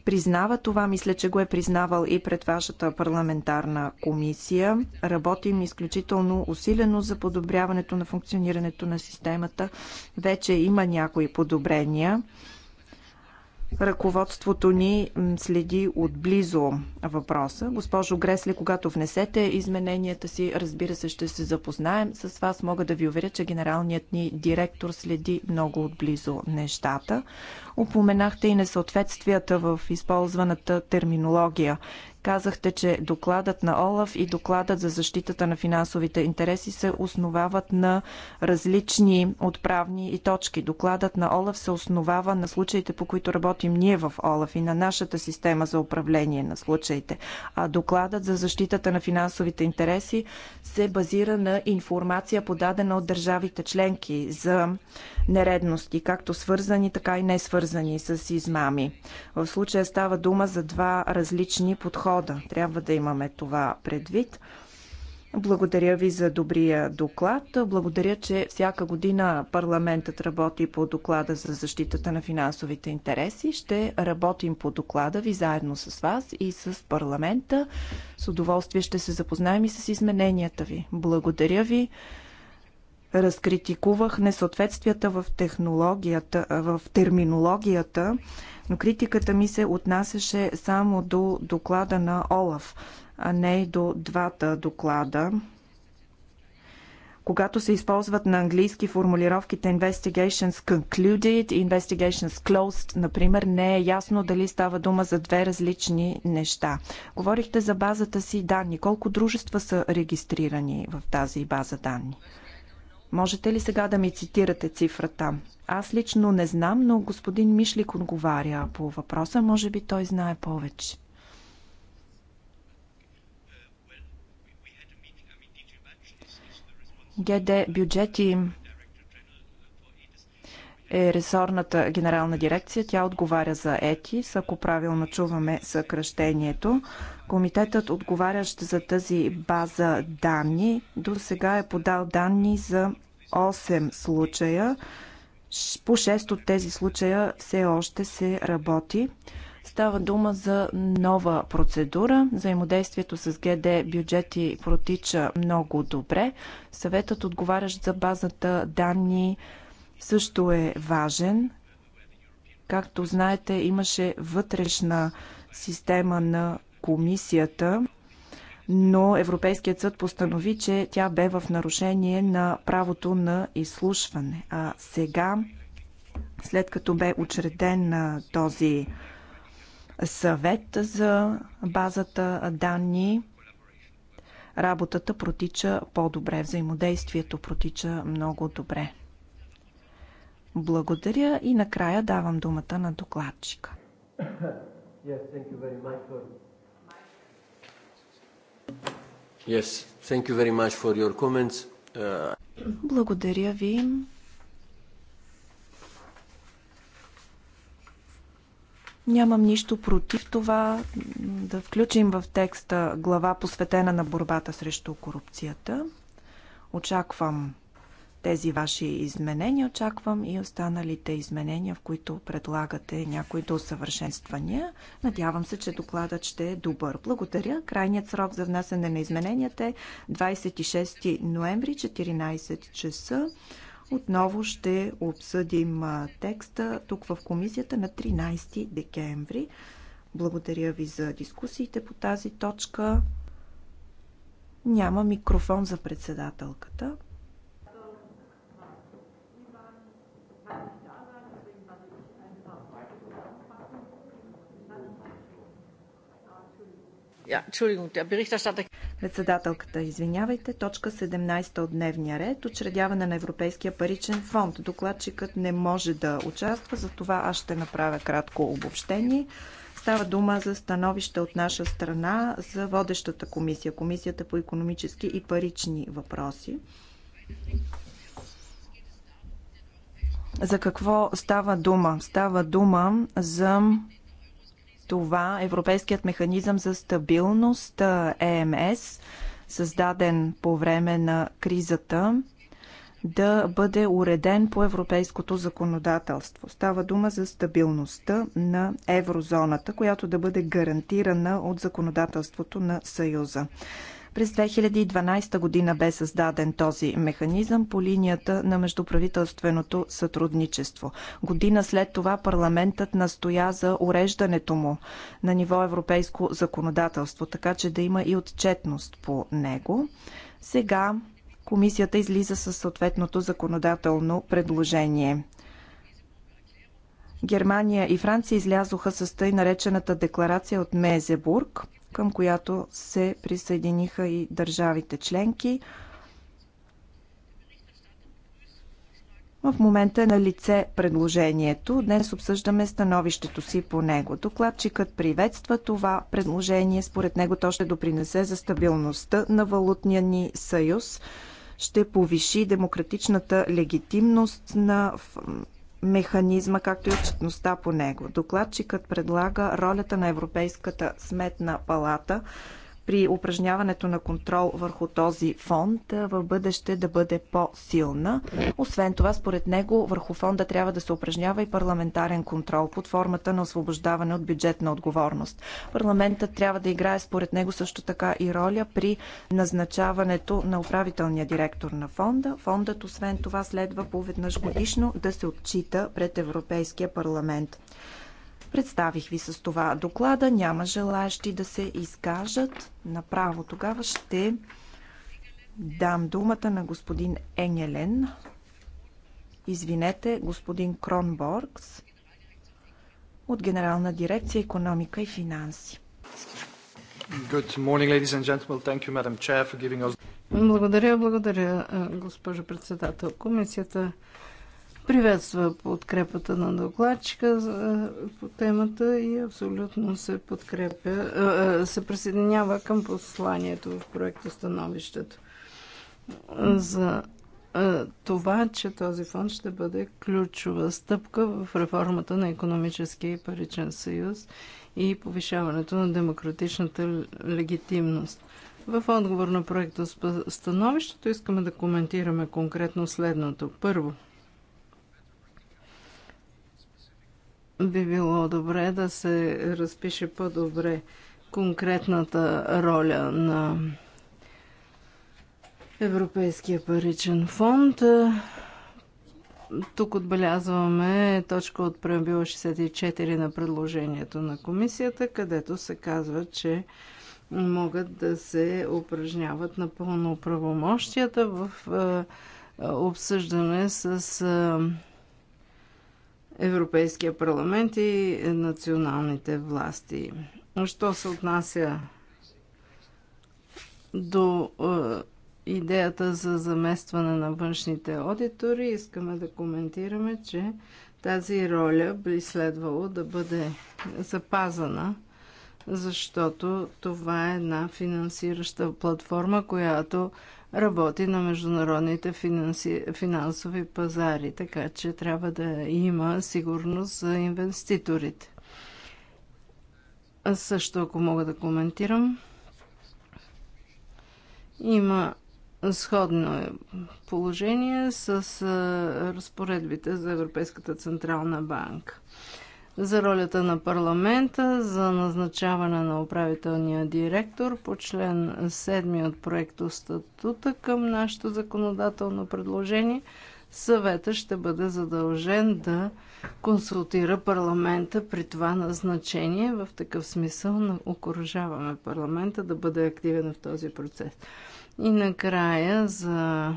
признава това, мисля, че го е признавал и пред вашата парламентарна комисия. Работим изключително усилено за подобряването на функционирането на системата. Вече има някои подобрения. Ръководството ни следи отблизо въпроса. Госпожо Гресли, когато внесете измененията си, разбира се, ще се запознаем с вас. Мога да ви уверя, че генералният ни директор следи много отблизо нещата. Упоменахте и несъответствията в използваната терминология. Казахте, че докладът на ОЛАФ и докладът за защитата на финансовите интереси се основават на различни отправни и точки. Докладът на ОЛАФ се основава на случаите, по които работим ние в ОЛАФ и на нашата система за управление на случаите. А докладът за защитата на финансовите интереси се базира на информация, подадена от държавите членки за нередности, както свързани, така и не свързани с измами. В случая става дума за два различни подхода подхода. Трябва да имаме това предвид. Благодаря ви за добрия доклад. Благодаря, че всяка година парламентът работи по доклада за защитата на финансовите интереси. Ще работим по доклада ви заедно с вас и с парламента. С удоволствие ще се запознаем и с измененията ви. Благодаря ви разкритикувах несъответствията в технологията, в терминологията, но критиката ми се отнасяше само до доклада на Олаф, а не до двата доклада. Когато се използват на английски формулировките investigations concluded, investigations closed, например, не е ясно дали става дума за две различни неща. Говорихте за базата си данни. Колко дружества са регистрирани в тази база данни? Можете ли сега да ми цитирате цифрата? Аз лично не знам, но господин Мишлик отговаря по въпроса. Може би той знае повече. ГД бюджети е ресорната генерална дирекция. Тя отговаря за ЕТИС, ако правилно чуваме съкръщението. Комитетът, отговарящ за тази база данни, до сега е подал данни за 8 случая. По 6 от тези случая все още се работи. Става дума за нова процедура. Взаимодействието с ГД бюджети протича много добре. Съветът, отговарящ за базата данни, също е важен. Както знаете, имаше вътрешна система на комисията, но Европейският съд постанови, че тя бе в нарушение на правото на изслушване. А сега, след като бе учреден на този съвет за базата данни, работата протича по-добре, взаимодействието протича много добре. Благодаря и накрая давам думата на докладчика. Благодаря ви. Нямам нищо против това да включим в текста глава посветена на борбата срещу корупцията. Очаквам тези ваши изменения. Очаквам и останалите изменения, в които предлагате някои досъвършенствания. Надявам се, че докладът ще е добър. Благодаря. Крайният срок за внасяне на измененията е 26 ноември, 14 часа. Отново ще обсъдим текста тук в комисията на 13 декември. Благодаря ви за дискусиите по тази точка. Няма микрофон за председателката. Председателката, извинявайте, точка 17 от дневния ред, учредяване на Европейския паричен фонд. Докладчикът не може да участва, за това аз ще направя кратко обобщение. Става дума за становище от наша страна за водещата комисия, Комисията по економически и парични въпроси. За какво става дума? Става дума за това Европейският механизъм за стабилност ЕМС, създаден по време на кризата, да бъде уреден по европейското законодателство. Става дума за стабилността на еврозоната, която да бъде гарантирана от законодателството на Съюза. През 2012 година бе създаден този механизъм по линията на междуправителственото сътрудничество. Година след това парламентът настоя за уреждането му на ниво европейско законодателство, така че да има и отчетност по него. Сега комисията излиза със съответното законодателно предложение. Германия и Франция излязоха с тъй наречената декларация от Мезебург, към която се присъединиха и държавите членки. В момента е на лице предложението. Днес обсъждаме становището си по него. Докладчикът приветства това предложение. Според него то ще допринесе за стабилността на валутния ни съюз, ще повиши демократичната легитимност на механизма, както и отчетността по него. Докладчикът предлага ролята на Европейската сметна палата при упражняването на контрол върху този фонд в бъдеще да бъде по-силна. Освен това, според него, върху фонда трябва да се упражнява и парламентарен контрол под формата на освобождаване от бюджетна отговорност. Парламентът трябва да играе, според него, също така и роля при назначаването на управителния директор на фонда. Фондът, освен това, следва поведнъж годишно да се отчита пред Европейския парламент. Представих ви с това доклада. Няма желаящи да се изкажат. Направо тогава ще дам думата на господин Енгелен. Извинете, господин Кронборгс от Генерална дирекция економика и финанси. Благодаря, благодаря, госпожо председател. Комисията приветства подкрепата на докладчика е, по темата и абсолютно се подкрепя, е, е, се присъединява към посланието в проекта Становището за това, че този фонд ще бъде ключова стъпка в реформата на економическия и паричен съюз и повишаването на демократичната легитимност. В отговор на проекта становището искаме да коментираме конкретно следното. Първо – би било добре да се разпише по-добре конкретната роля на Европейския паричен фонд. Тук отбелязваме точка от преамбила 64 на предложението на комисията, където се казва, че могат да се упражняват напълно правомощията в е, обсъждане с е, Европейския парламент и националните власти. Що се отнася до е, идеята за заместване на външните аудитори, искаме да коментираме, че тази роля би следвало да бъде запазена, защото това е една финансираща платформа, която работи на международните финанси, финансови пазари, така че трябва да има сигурност за инвеститорите. също, ако мога да коментирам, има сходно положение с разпоредбите за Европейската централна банка за ролята на парламента, за назначаване на управителния директор по член 7 от проекто статута към нашето законодателно предложение. Съвета ще бъде задължен да консултира парламента при това назначение. В такъв смисъл окоръжаваме парламента да бъде активен в този процес. И накрая за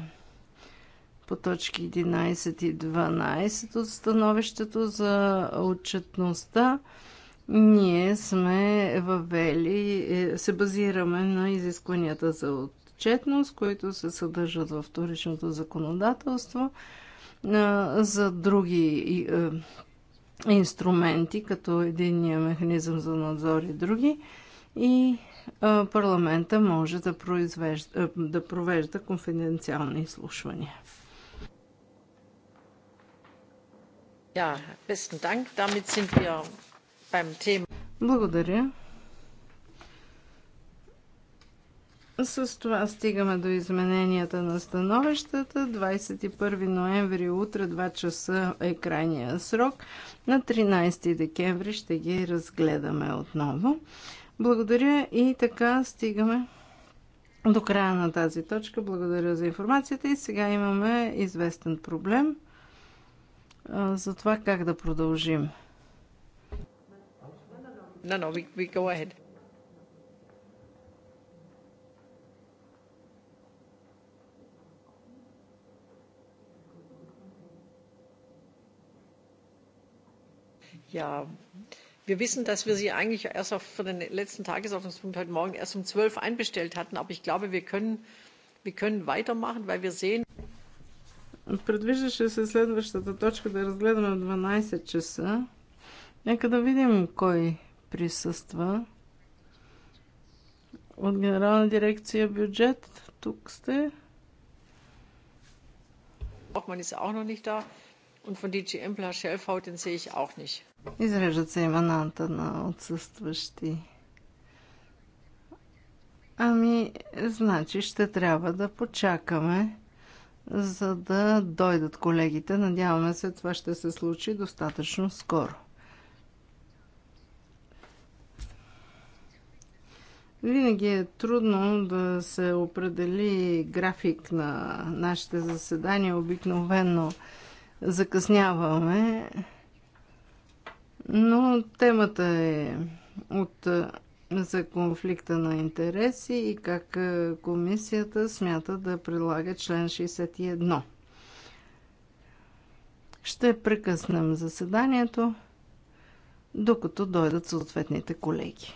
по точки 11 и 12 от становището за отчетността. Ние сме въвели, е, се базираме на изискванията за отчетност, които се съдържат във вторичното законодателство за други е, инструменти, като единния механизъм за надзор и други. И парламента може да, е, да провежда конфиденциални изслушвания. Благодаря. С това стигаме до измененията на становищата. 21 ноември утре 2 часа е крайния срок. На 13 декември ще ги разгледаме отново. Благодаря и така стигаме до края на тази точка. Благодаря за информацията и сега имаме известен проблем – за това как да продължим. No, no, we, we go ahead. Ja, wir wissen, dass wir Sie eigentlich erst auf, für den letzten Tagesordnungspunkt heute Morgen erst um zwölf einbestellt hatten, aber ich glaube, wir können, wir können weitermachen, weil wir sehen. Предвиждаше се следващата точка да разгледаме в 12 часа. Нека да видим кой присъства. От Генерална дирекция бюджет тук сте. Охмани са auch noch nicht da. Und von DG Empla Shellfout, den sehe ich auch nicht. Изреждат се имената на отсъстващи. Ами, значи ще трябва да почакаме за да дойдат колегите. Надяваме се, това ще се случи достатъчно скоро. Винаги е трудно да се определи график на нашите заседания. Обикновено закъсняваме, но темата е от за конфликта на интереси и как комисията смята да прилага член 61. Ще прекъснем заседанието, докато дойдат съответните колеги.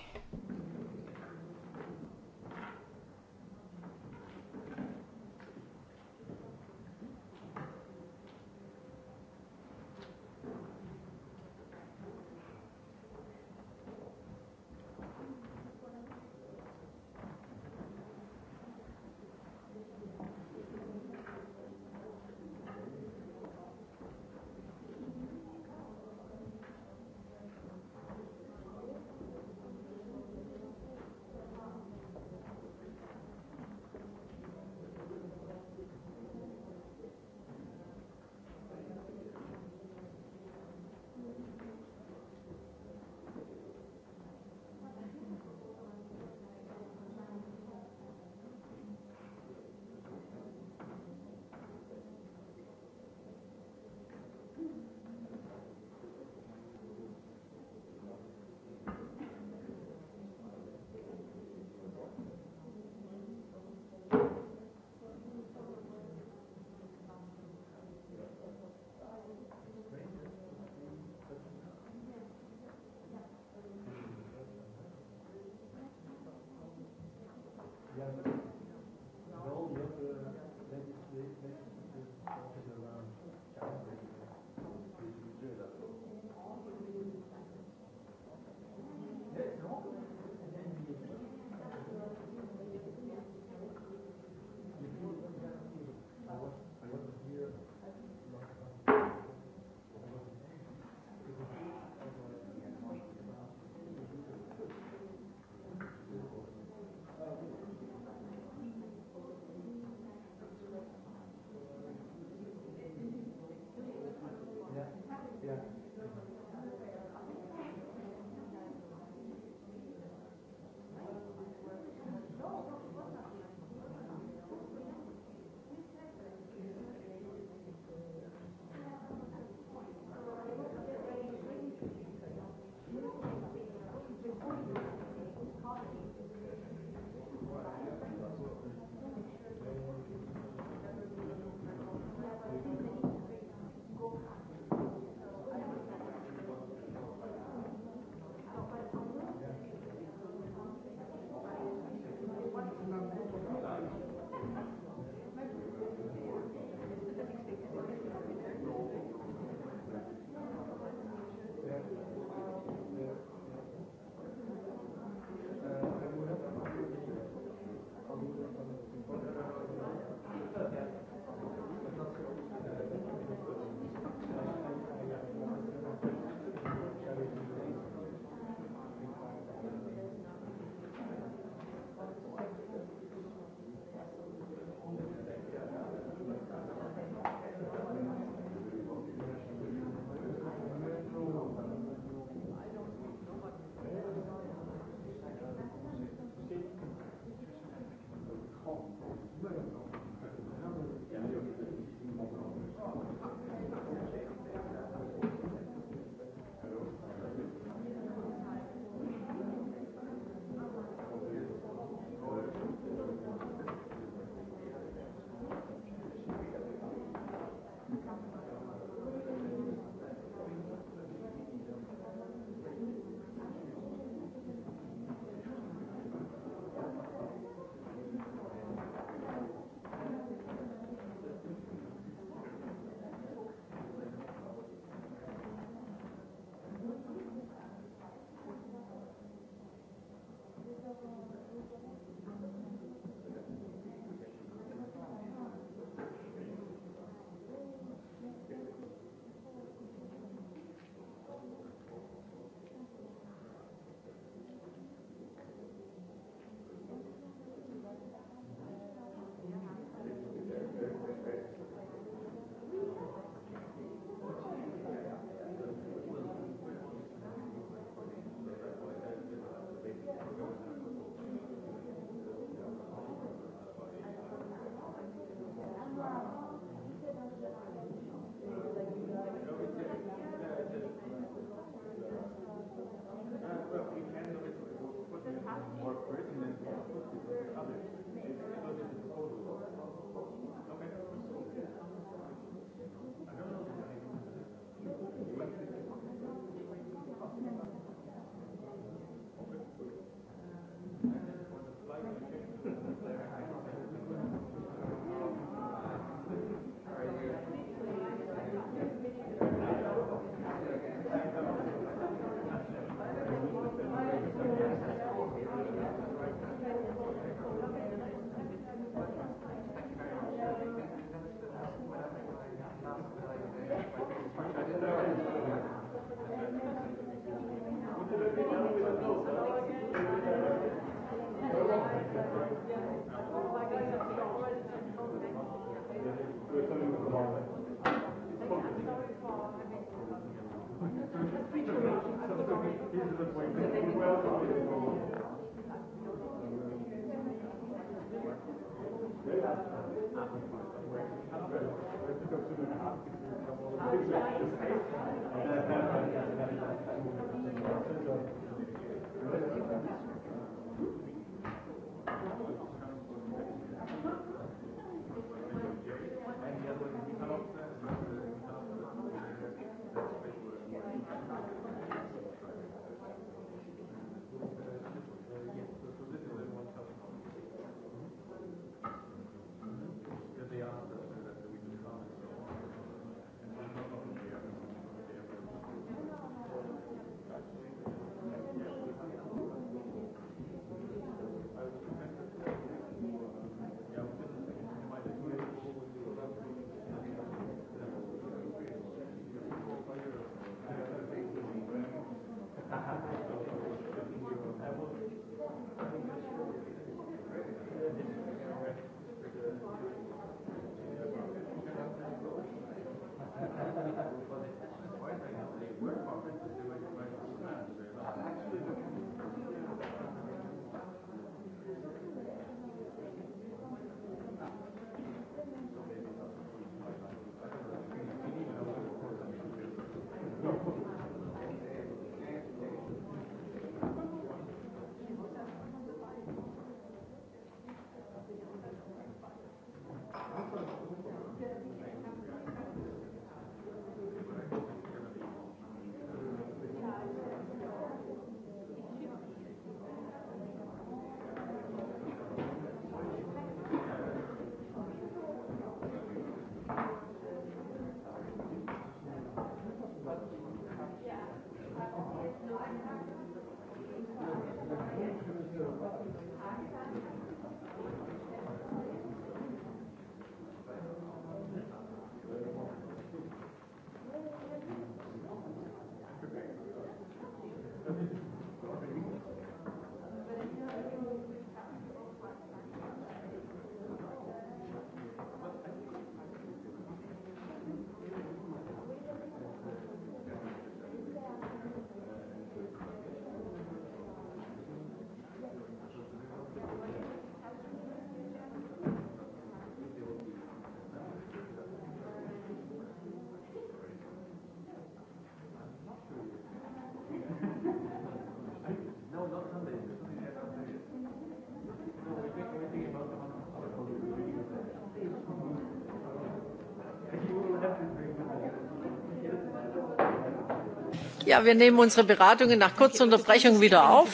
Ja, wir nehmen unsere Beratungen nach kurzer Unterbrechung wieder auf.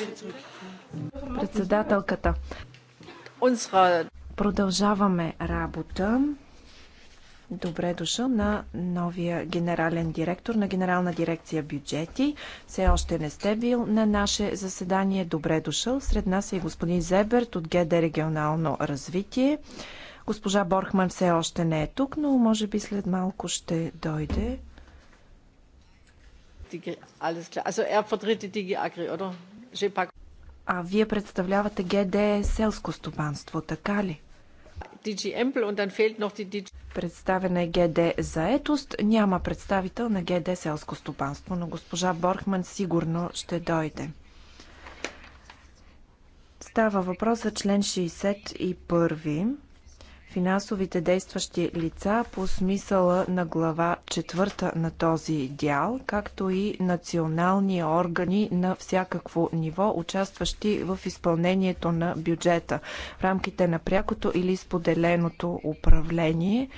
Председателката. Продължаваме работа. Добре е дошъл на новия генерален директор на Генерална дирекция бюджети. Все още не сте бил на наше заседание. Добре е дошъл. Сред нас е господин Зеберт от ГД регионално развитие. Госпожа Борхман все още не е тук, но може би след малко ще дойде alles klar. Also er vertritt die Digi oder? А вие представлявате ГД селско стопанство, така ли? Представена е ГД заетост, няма представител на ГД селско стопанство, но госпожа Борхман сигурно ще дойде. Става въпрос за член 61 финансовите действащи лица по смисъла на глава четвърта, на този дял, както и национални органи на всякакво ниво, участващи в изпълнението на бюджета в рамките на прякото или споделеното управление,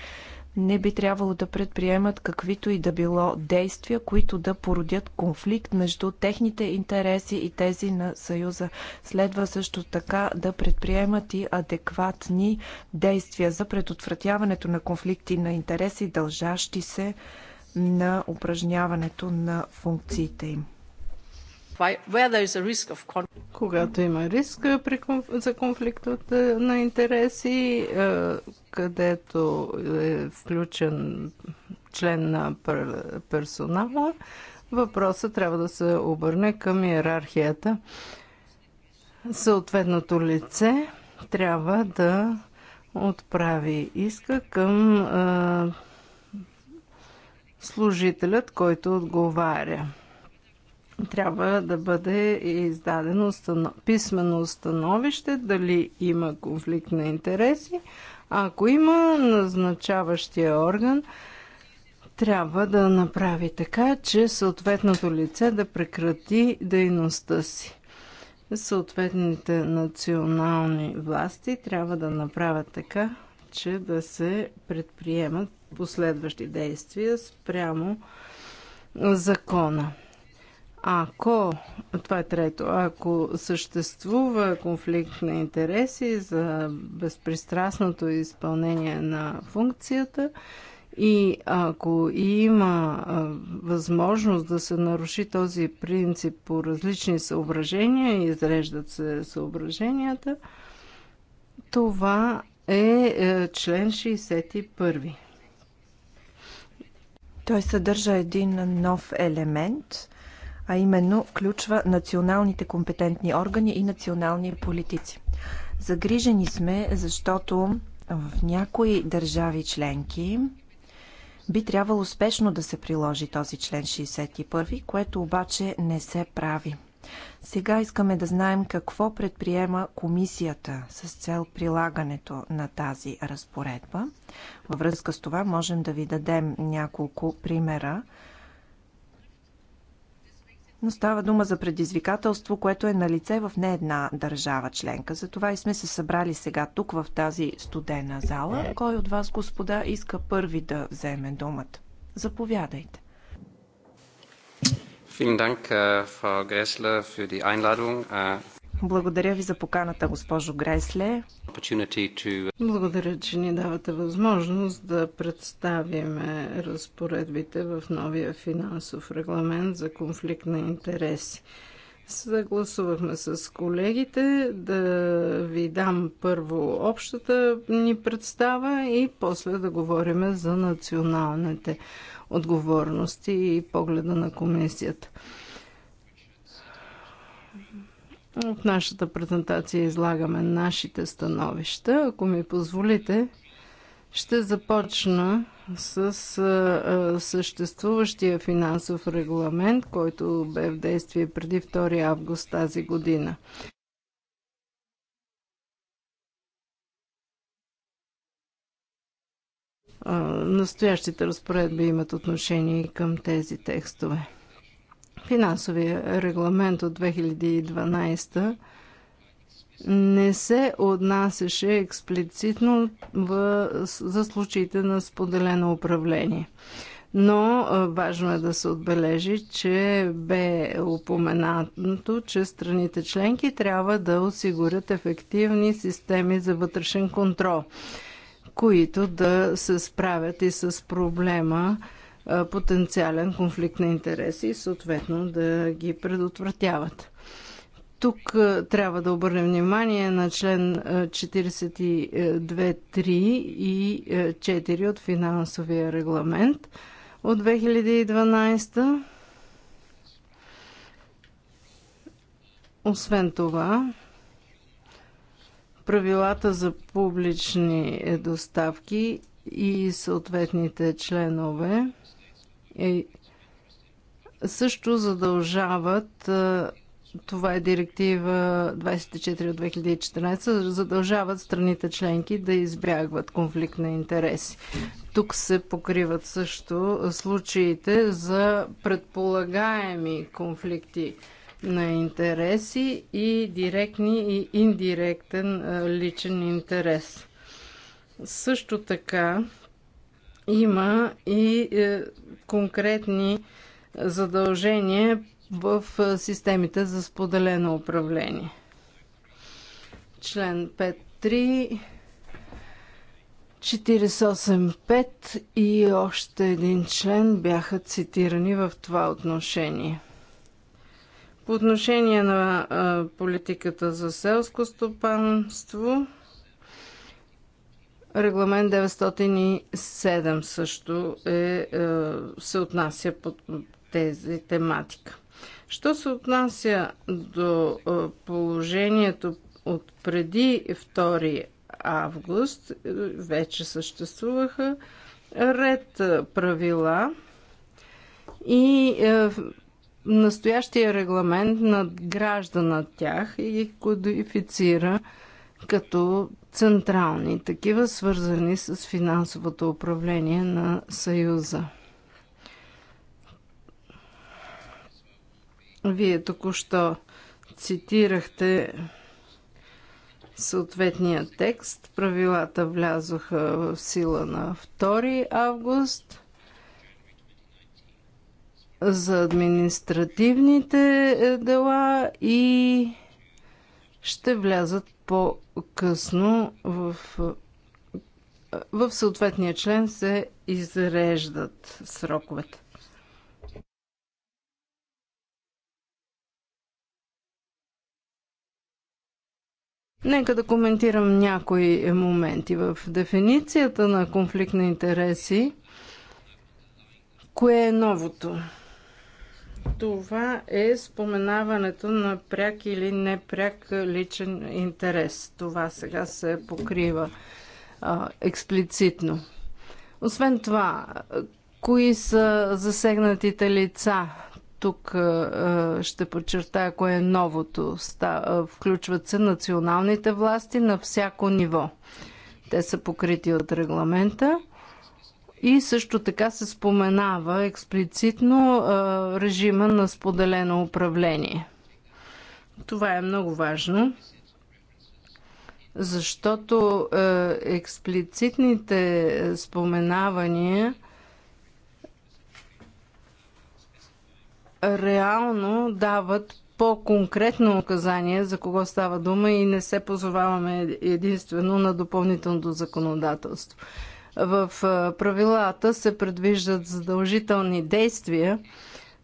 не би трябвало да предприемат каквито и да било действия, които да породят конфликт между техните интереси и тези на Съюза. Следва също така да предприемат и адекватни действия за предотвратяването на конфликти на интереси, дължащи се на упражняването на функциите им. Когато има риск е, за конфликт е, на интереси, е, където е включен член на персонала, въпросът трябва да се обърне към иерархията. Съответното лице трябва да отправи иска към служителят, който отговаря трябва да бъде издадено писмено становище дали има конфликт на интереси. А ако има назначаващия орган, трябва да направи така, че съответното лице да прекрати дейността си. Съответните национални власти трябва да направят така, че да се предприемат последващи действия спрямо закона. Ако, това е трето, ако съществува конфликт на интереси за безпристрастното изпълнение на функцията и ако има възможност да се наруши този принцип по различни съображения, изреждат се съображенията, това е, е член 61. Той съдържа един нов елемент – а именно включва националните компетентни органи и национални политици. Загрижени сме, защото в някои държави членки би трябвало успешно да се приложи този член 61, което обаче не се прави. Сега искаме да знаем какво предприема комисията с цел прилагането на тази разпоредба. Във връзка с това можем да ви дадем няколко примера но става дума за предизвикателство, което е на лице в не една държава членка. Затова и сме се събрали сега тук в тази студена зала. Кой от вас, господа, иска първи да вземе думата? Заповядайте. Vielen Dank, äh, Frau Gressler, für die Einladung. Äh, благодаря ви за поканата, госпожо Гресле. Благодаря, че ни давате възможност да представим разпоредбите в новия финансов регламент за конфликт на интереси. Съгласувахме с колегите да ви дам първо общата ни представа и после да говорим за националните отговорности и погледа на комисията. В нашата презентация излагаме нашите становища. Ако ми позволите, ще започна с съществуващия финансов регламент, който бе в действие преди 2 август тази година. настоящите разпоредби имат отношение и към тези текстове финансовия регламент от 2012 не се отнасяше експлицитно в, за случаите на споделено управление. Но важно е да се отбележи, че бе упоменато, че страните членки трябва да осигурят ефективни системи за вътрешен контрол, които да се справят и с проблема потенциален конфликт на интереси и съответно да ги предотвратяват. Тук трябва да обърнем внимание на член 42.3 и 4 от финансовия регламент от 2012. Освен това, правилата за публични доставки и съответните членове и е, също задължават, е, това е директива 24 от 2014, задължават страните членки да избягват конфликт на интереси. Тук се покриват също случаите за предполагаеми конфликти на интереси и директни и индиректен е, личен интерес. Също така има и е, конкретни задължения в е, системите за споделено управление. Член 5.3, 48.5 и още един член бяха цитирани в това отношение. По отношение на е, политиката за селско стопанство – Регламент 907 също е, е, се отнася под тези тематика. Що се отнася до е, положението от преди 2 август, е, вече съществуваха ред правила и настоящия регламент надгражда над тях и кодифицира като централни такива, свързани с финансовото управление на Съюза. Вие току-що цитирахте съответния текст. Правилата влязоха в сила на 2 август. За административните дела и ще влязат по-късно в, в съответния член се изреждат сроковете. Нека да коментирам някои моменти в дефиницията на конфликт на интереси. Кое е новото? Това е споменаването на пряк или непряк личен интерес. Това сега се покрива а, експлицитно. Освен това, кои са засегнатите лица? Тук а, ще подчертая кое е новото. Ста, а, включват се националните власти на всяко ниво. Те са покрити от регламента и също така се споменава експлицитно режима на споделено управление. Това е много важно, защото експлицитните споменавания реално дават по-конкретно указание за кого става дума и не се позоваваме единствено на допълнителното законодателство. В правилата се предвиждат задължителни действия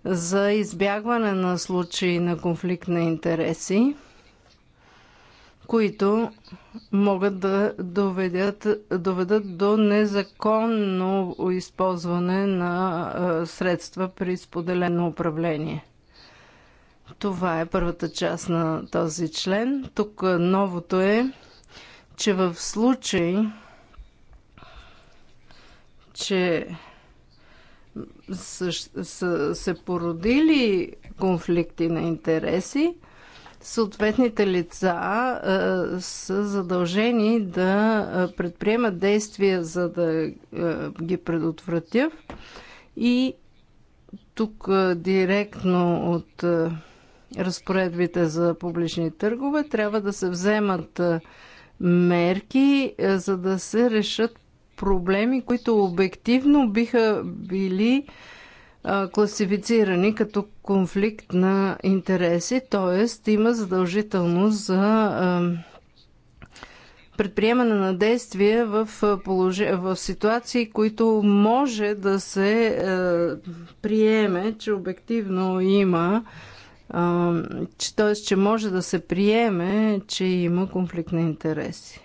за избягване на случаи на конфликт на интереси, които могат да доведят, доведат до незаконно използване на средства при споделено управление. Това е първата част на този член. Тук новото е, че в случай че са се породили конфликти на интереси, съответните лица са задължени да предприемат действия, за да ги предотвратят. И тук директно от разпоредбите за публични търгове трябва да се вземат мерки, за да се решат проблеми, които обективно биха били класифицирани като конфликт на интереси, т.е. има задължителност за предприемане на действия в, положи... в ситуации, които може да се а, приеме, че обективно има, че, т.е. че може да се приеме, че има конфликт на интереси.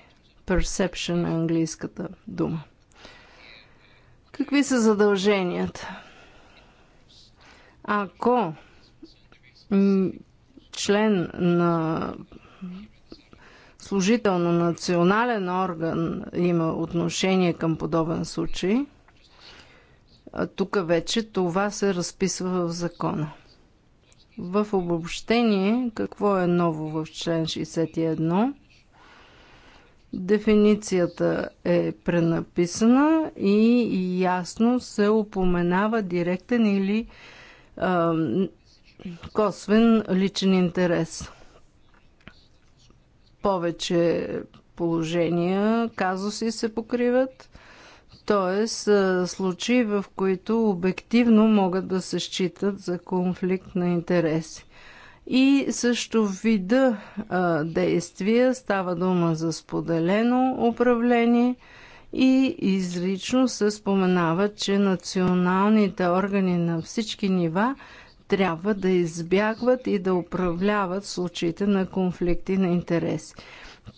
Perception е английската дума. Какви са задълженията? Ако член на служител на национален орган има отношение към подобен случай, тук вече това се разписва в закона. В обобщение, какво е ново в член 61? Дефиницията е пренаписана и ясно се упоменава директен или а, косвен личен интерес. Повече положения, казуси се покриват, т.е. случаи, в които обективно могат да се считат за конфликт на интереси и също вида а, действия. Става дума за споделено управление и изрично се споменава, че националните органи на всички нива трябва да избягват и да управляват случаите на конфликти на интереси.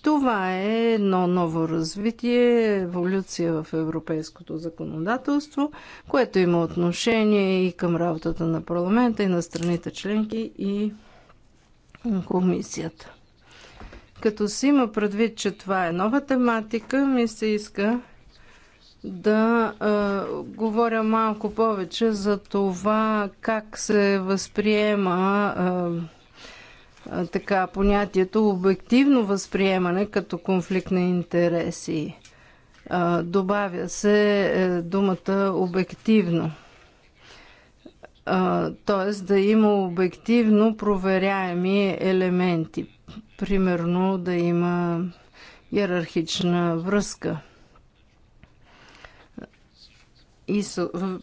Това е едно ново развитие, еволюция в европейското законодателство, което има отношение и към работата на парламента, и на страните членки, и комисията. Като си има предвид, че това е нова тематика, ми се иска да а, говоря малко повече за това как се възприема а, а, така понятието обективно възприемане като конфликт на интереси. А, добавя се е, думата обективно т.е. да има обективно проверяеми елементи. Примерно да има иерархична връзка. И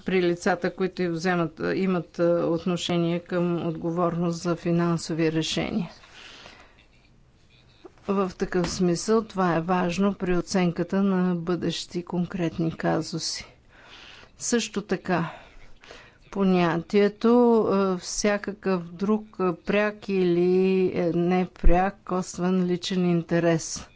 при лицата, които вземат, имат отношение към отговорност за финансови решения. В такъв смисъл това е важно при оценката на бъдещи конкретни казуси. Също така, понятието е, всякакъв друг пряк или е, непряк косвен личен интерес.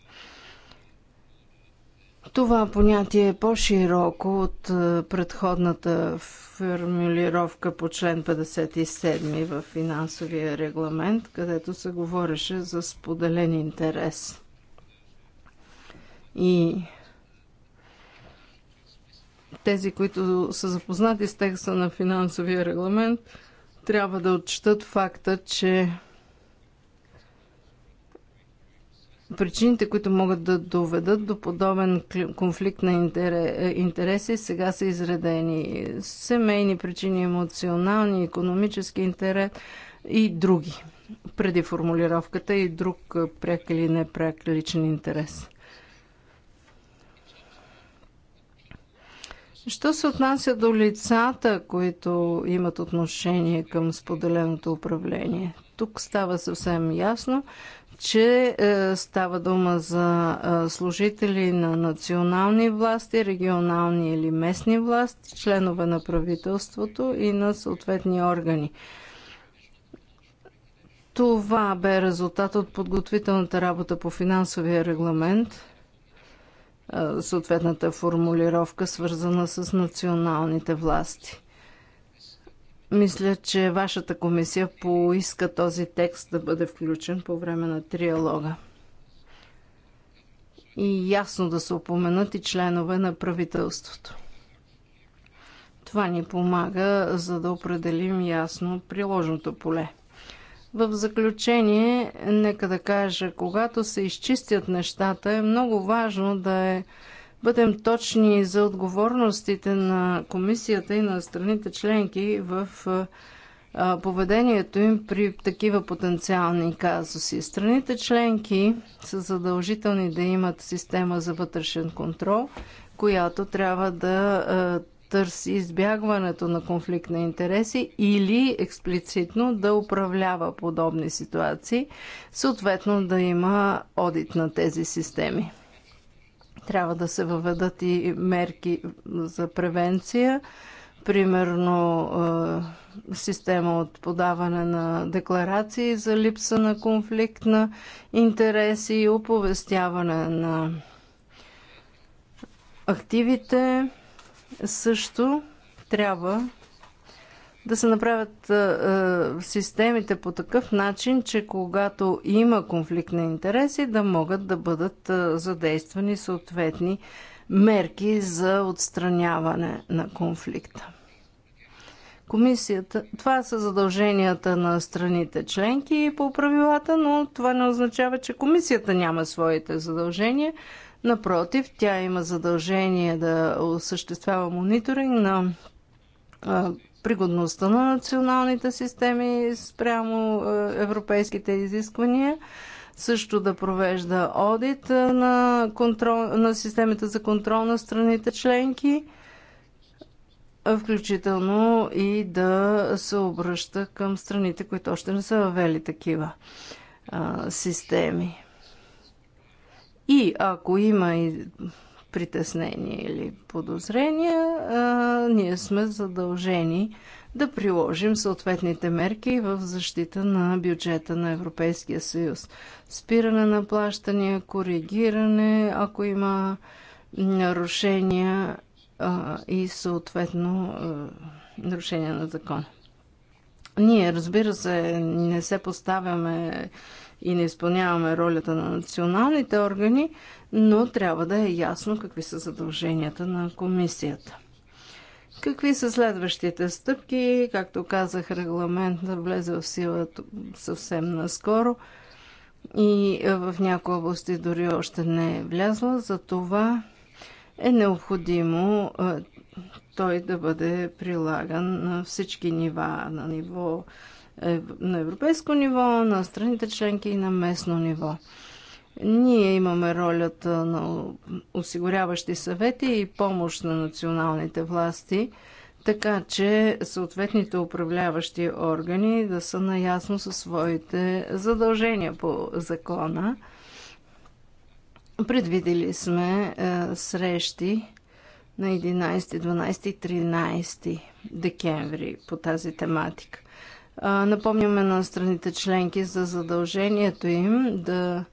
Това понятие е по-широко от е, предходната формулировка по член 57 в финансовия регламент, където се говореше за споделен интерес. И тези, които са запознати с текста на финансовия регламент, трябва да отчитат факта, че Причините, които могат да доведат до подобен конфликт на е, интереси, сега са изредени. Семейни причини, емоционални, економически интерес и други. Преди формулировката и друг е, пряк или непряк личен интерес. Що се отнася до лицата, които имат отношение към споделеното управление? Тук става съвсем ясно, че е, става дума за е, служители на национални власти, регионални или местни власти, членове на правителството и на съответни органи. Това бе резултат от подготвителната работа по финансовия регламент – съответната формулировка, свързана с националните власти. Мисля, че вашата комисия поиска този текст да бъде включен по време на триалога. И ясно да се упоменат и членове на правителството. Това ни помага, за да определим ясно приложното поле. В заключение, нека да кажа, когато се изчистят нещата, е много важно да е, бъдем точни за отговорностите на комисията и на страните членки в поведението им при такива потенциални казуси. Страните членки са задължителни да имат система за вътрешен контрол, която трябва да търси избягването на конфликт на интереси или експлицитно да управлява подобни ситуации, съответно да има одит на тези системи. Трябва да се въведат и мерки за превенция, примерно е, система от подаване на декларации за липса на конфликт на интереси и оповестяване на активите, също трябва да се направят е, системите по такъв начин, че когато има конфликт на интереси, да могат да бъдат е, задействани съответни мерки за отстраняване на конфликта. Комисията, това са задълженията на страните членки по правилата, но това не означава, че комисията няма своите задължения. Напротив, тя има задължение да осъществява мониторинг на пригодността на националните системи спрямо европейските изисквания, също да провежда одит на, контрол, на системите за контрол на страните членки, включително и да се обръща към страните, които още не са въвели такива а, системи. И ако има и притеснение или подозрения, ние сме задължени да приложим съответните мерки в защита на бюджета на Европейския съюз. Спиране на плащания, коригиране, ако има нарушения и съответно нарушения на закона. Ние, разбира се, не се поставяме и не изпълняваме ролята на националните органи, но трябва да е ясно какви са задълженията на комисията. Какви са следващите стъпки? Както казах, регламент да влезе в сила съвсем наскоро и в някои области дори още не е влязла. За това е необходимо той да бъде прилаган на всички нива, на ниво е, на европейско ниво, на страните членки и на местно ниво. Ние имаме ролята на осигуряващи съвети и помощ на националните власти, така че съответните управляващи органи да са наясно със своите задължения по закона. Предвидели сме е, срещи на 11, 12 и 13 декември по тази тематика. Напомняме на страните членки за задължението им да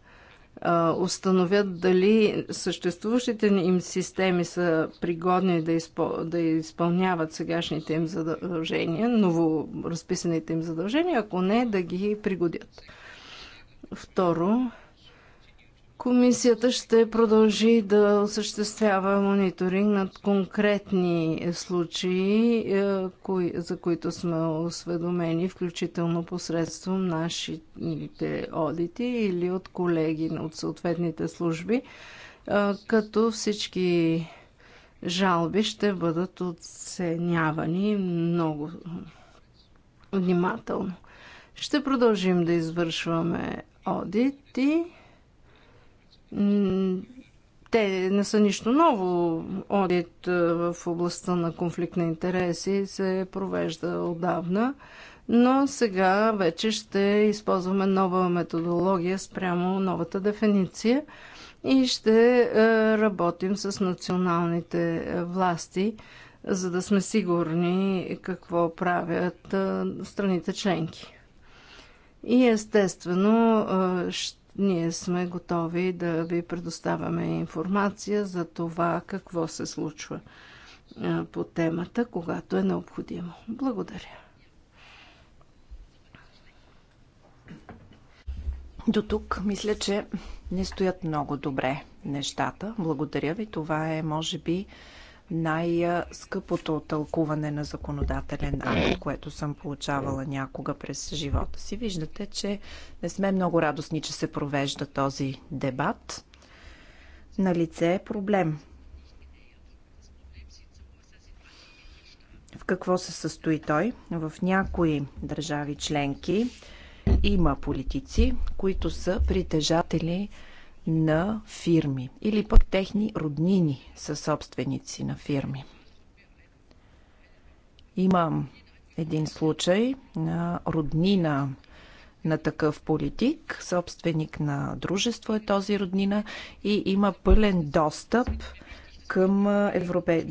установят дали съществуващите им системи са пригодни да, изпъл... да изпълняват сегашните им задължения, ново разписаните им задължения, ако не, да ги пригодят. Второ, Комисията ще продължи да осъществява мониторинг над конкретни случаи, е, за които сме осведомени, включително посредством нашите одити или от колеги от съответните служби, е, като всички жалби ще бъдат оценявани много внимателно. Ще продължим да извършваме одити те не са нищо ново. Одит е, в областта на конфликт на интереси се провежда отдавна, но сега вече ще използваме нова методология спрямо новата дефиниция и ще е, работим с националните е, власти, за да сме сигурни какво правят страните членки. И естествено ще ние сме готови да ви предоставяме информация за това какво се случва по темата, когато е необходимо. Благодаря. До тук мисля, че не стоят много добре нещата. Благодаря ви. Това е, може би, най-скъпото тълкуване на законодателен акт, което съм получавала някога през живота си. Виждате, че не сме много радостни, че се провежда този дебат. На лице е проблем. В какво се състои той? В някои държави членки има политици, които са притежатели на фирми или пък техни роднини са собственици на фирми. Имам един случай на роднина на такъв политик, собственик на дружество е този роднина и има пълен достъп към, европе...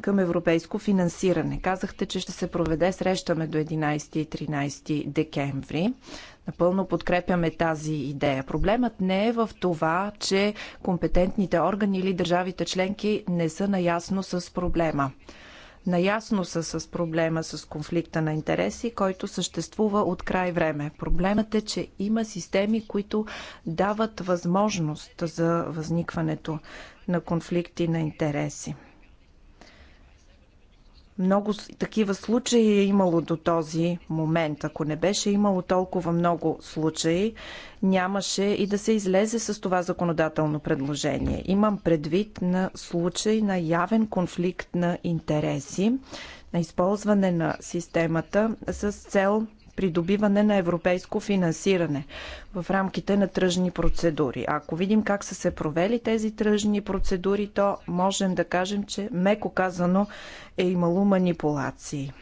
към европейско финансиране. Казахте, че ще се проведе среща между 11 и 13 декември. Напълно подкрепяме тази идея. Проблемът не е в това, че компетентните органи или държавите членки не са наясно с проблема. Наясно са с проблема с конфликта на интереси, който съществува от край време. Проблемът е, че има системи, които дават възможност за възникването на конфликти на интереси. Много такива случаи е имало до този момент. Ако не беше имало толкова много случаи, нямаше и да се излезе с това законодателно предложение. Имам предвид на случай на явен конфликт на интереси, на използване на системата с цел придобиване на европейско финансиране в рамките на тръжни процедури. Ако видим как са се провели тези тръжни процедури, то можем да кажем, че меко казано е имало манипулации.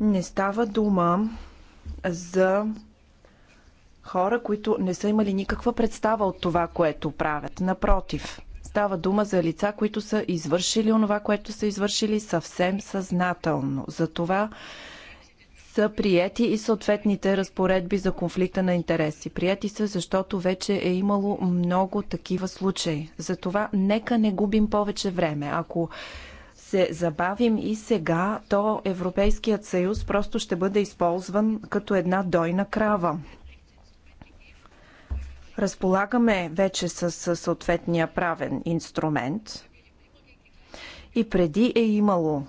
Не става дума за хора, които не са имали никаква представа от това, което правят. Напротив, Става дума за лица, които са извършили онова, което са извършили съвсем съзнателно. Затова са прияти и съответните разпоредби за конфликта на интереси. Прияти са, защото вече е имало много такива случаи. Затова нека не губим повече време. Ако се забавим и сега, то Европейският съюз просто ще бъде използван като една дойна крава. Разполагаме вече с съответния правен инструмент. И преди е имало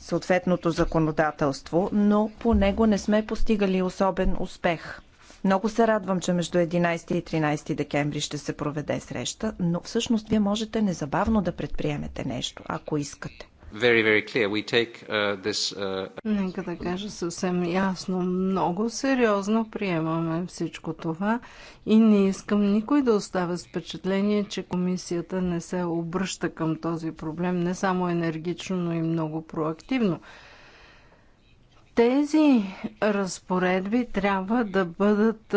съответното законодателство, но по него не сме постигали особен успех. Много се радвам, че между 11 и 13 декември ще се проведе среща, но всъщност вие можете незабавно да предприемете нещо, ако искате. Uh, uh, Нека да кажа съвсем ясно. Много сериозно приемаме всичко това и не искам никой да оставя с впечатление, че комисията не се обръща към този проблем не само енергично, но и много проактивно тези разпоредби трябва да бъдат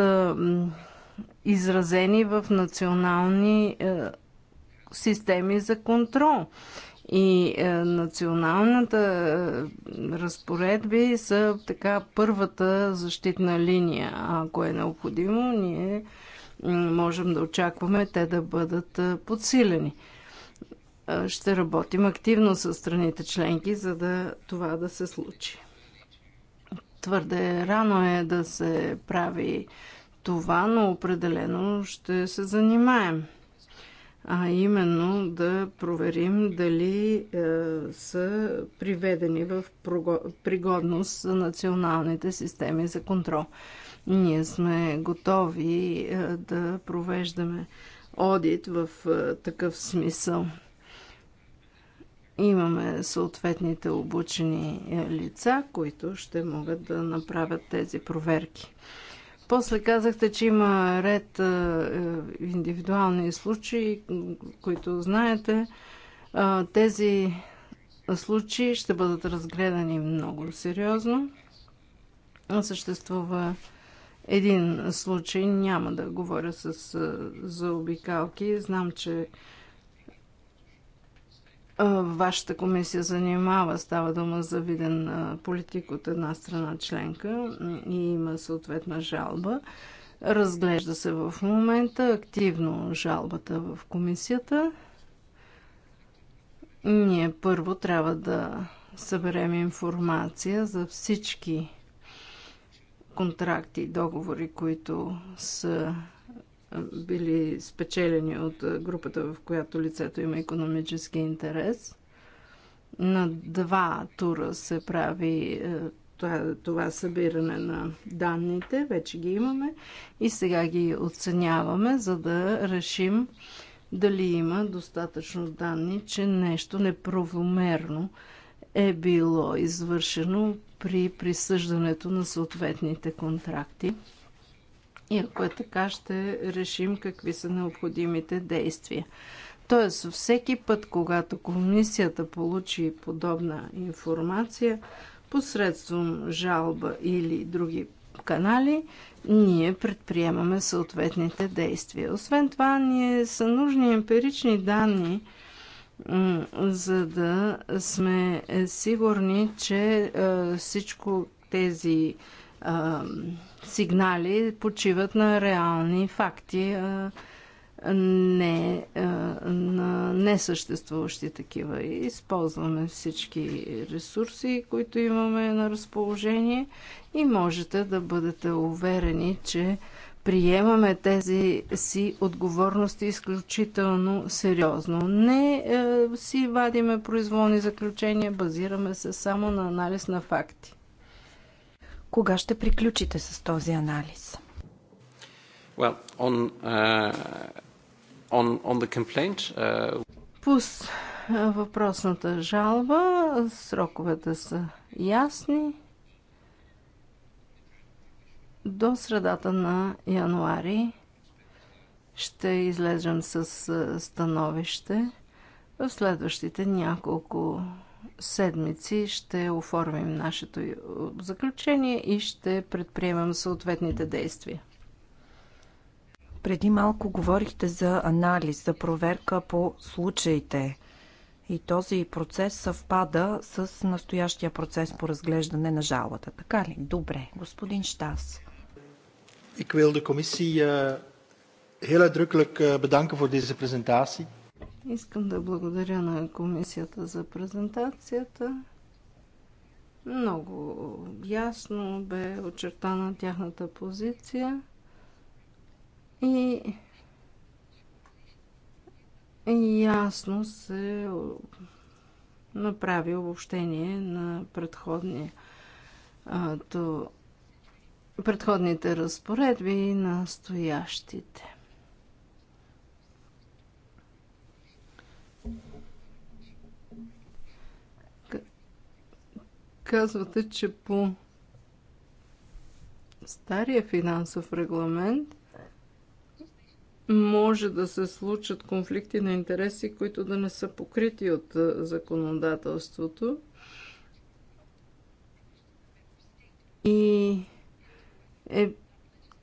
изразени в национални системи за контрол. И е, националната е, разпоредби са така първата защитна линия. Ако е необходимо, ние можем да очакваме те да бъдат е, подсилени. Е, ще работим активно с страните членки, за да това да се случи. Твърде рано е да се прави това, но определено ще се занимаем а именно да проверим дали е, са приведени в пригодност националните системи за контрол. Ние сме готови е, да провеждаме одит в е, такъв смисъл. Имаме съответните обучени е, лица, които ще могат да направят тези проверки. После казахте, че има ред е, индивидуални случаи, които знаете. Тези случаи ще бъдат разгледани много сериозно. Съществува един случай, няма да говоря с заобикалки. Знам, че вашата комисия занимава. Става дума за виден политик от една страна членка и има съответна жалба. Разглежда се в момента активно жалбата в комисията. Ние първо трябва да съберем информация за всички контракти и договори, които са били спечелени от групата, в която лицето има економически интерес. На два тура се прави е, това, това събиране на данните, вече ги имаме и сега ги оценяваме, за да решим дали има достатъчно данни, че нещо неправомерно е било извършено при присъждането на съответните контракти. И ако е така, ще решим какви са необходимите действия. Тоест, всеки път, когато комисията получи подобна информация, посредством жалба или други канали, ние предприемаме съответните действия. Освен това, ние са нужни емпирични данни, за да сме сигурни, че е, всичко тези сигнали почиват на реални факти, а не на несъществуващи такива. И използваме всички ресурси, които имаме на разположение и можете да бъдете уверени, че приемаме тези си отговорности изключително сериозно. Не си вадиме произволни заключения, базираме се само на анализ на факти. Кога ще приключите с този анализ? Well, on, uh, on, on the complaint, uh... Пус въпросната жалба, сроковете са ясни. До средата на януари ще излезем с становище в следващите няколко седмици ще оформим нашето заключение и ще предприемем съответните действия. Преди малко говорихте за анализ, за проверка по случаите. И този процес съвпада с настоящия процес по разглеждане на жалбата. Така ли? Добре, господин Штас. Ik wil de commissie eh, heel uitdrukkelijk eh, bedanken voor deze presentatie. Искам да благодаря на комисията за презентацията. Много ясно бе очертана тяхната позиция и ясно се направи обобщение на предходния предходните разпоредби и настоящите. казвате, че по стария финансов регламент може да се случат конфликти на интереси, които да не са покрити от законодателството. И е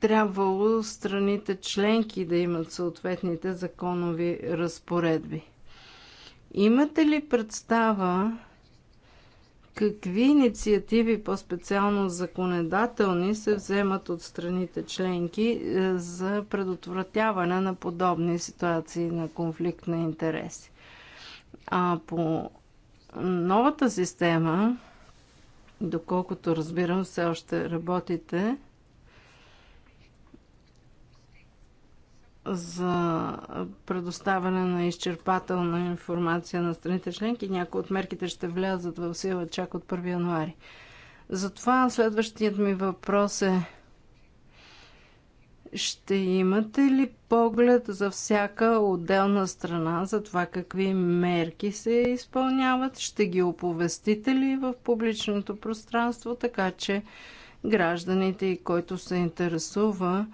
трябвало страните членки да имат съответните законови разпоредби. Имате ли представа Какви инициативи, по-специално законодателни, се вземат от страните членки е, за предотвратяване на подобни ситуации на конфликт на интереси? А по новата система, доколкото разбирам, все още работите за предоставяне на изчерпателна информация на страните членки. Някои от мерките ще влязат в сила чак от 1 януари. Затова следващият ми въпрос е ще имате ли поглед за всяка отделна страна за това какви мерки се изпълняват? Ще ги оповестите ли в публичното пространство, така че гражданите, който се интересува,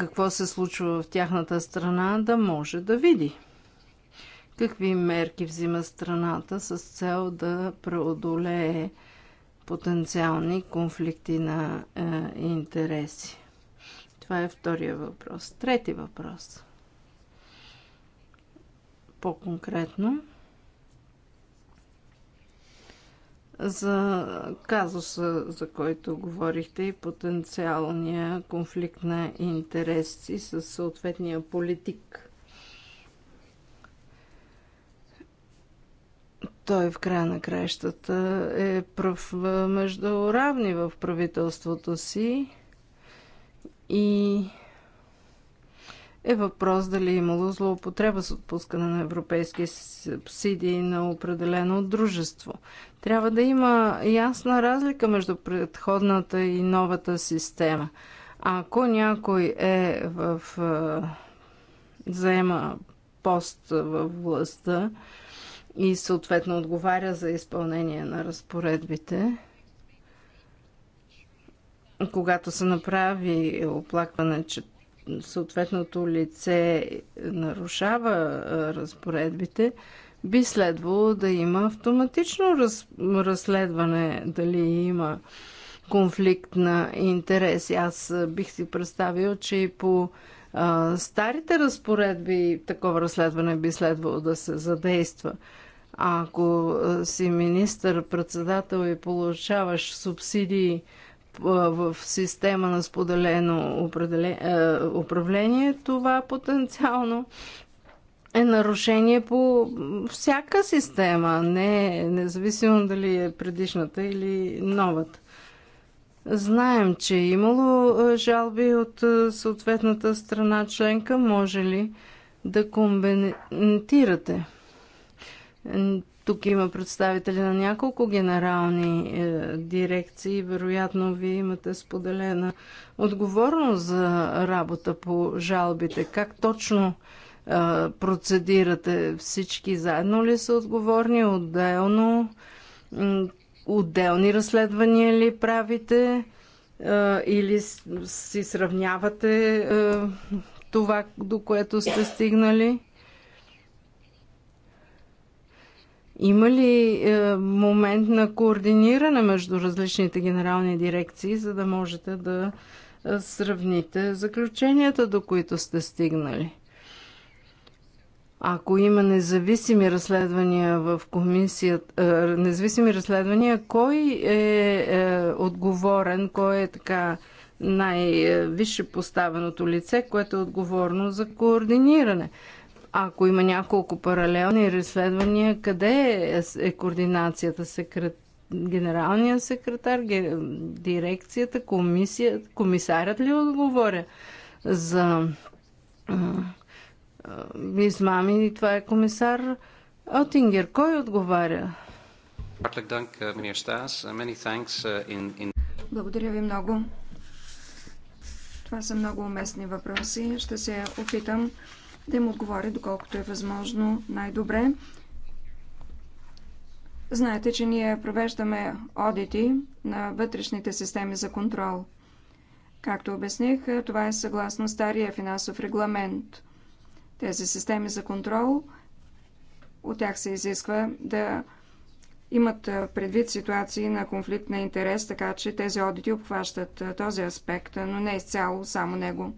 какво се случва в тяхната страна, да може да види. Какви мерки взима страната с цел да преодолее потенциални конфликти на е, интереси? Това е втория въпрос. Трети въпрос. По-конкретно. за казуса, за който говорихте и потенциалния конфликт на интереси с съответния политик. Той в края на краищата е пръв между равни в правителството си и е въпрос дали е имало злоупотреба с отпускане на европейски субсидии на определено дружество. Трябва да има ясна разлика между предходната и новата система. Ако някой е в е, заема пост в властта и съответно отговаря за изпълнение на разпоредбите, когато се направи оплакване, че съответното лице нарушава разпоредбите, би следвало да има автоматично раз, разследване дали има конфликт на интереси. Аз бих си представил, че и по а, старите разпоредби такова разследване би следвало да се задейства. А ако си министър-председател и получаваш субсидии в система на споделено управление, това потенциално е нарушение по всяка система, не, независимо дали е предишната или новата. Знаем, че е имало жалби от съответната страна членка. Може ли да коментирате? Тук има представители на няколко генерални е, дирекции. Вероятно, вие имате споделена отговорност за работа по жалбите. Как точно е, процедирате? Всички заедно ли са отговорни? Отделно? Отделни разследвания ли правите? Е, или си сравнявате е, това, до което сте стигнали? Има ли е, момент на координиране между различните генерални дирекции, за да можете да е, сравните заключенията, до които сте стигнали? Ако има независими разследвания в комисията, е, независими разследвания, кой е, е отговорен, кой е така най-висше е, поставеното лице, което е отговорно за координиране? Ако има няколко паралелни разследвания, къде е координацията? Секрет... Генералния секретар, дирекцията, комисия, комисарят ли отговоря за измами? Това е комисар Отингер. Кой отговаря? Eh, eh, eh, Благодаря ви много. Това са много уместни въпроси. Ще се опитам да им отговоря доколкото е възможно най-добре. Знаете, че ние провеждаме одити на вътрешните системи за контрол. Както обясних, това е съгласно стария финансов регламент. Тези системи за контрол, от тях се изисква да имат предвид ситуации на конфликт на интерес, така че тези одити обхващат този аспект, но не изцяло само него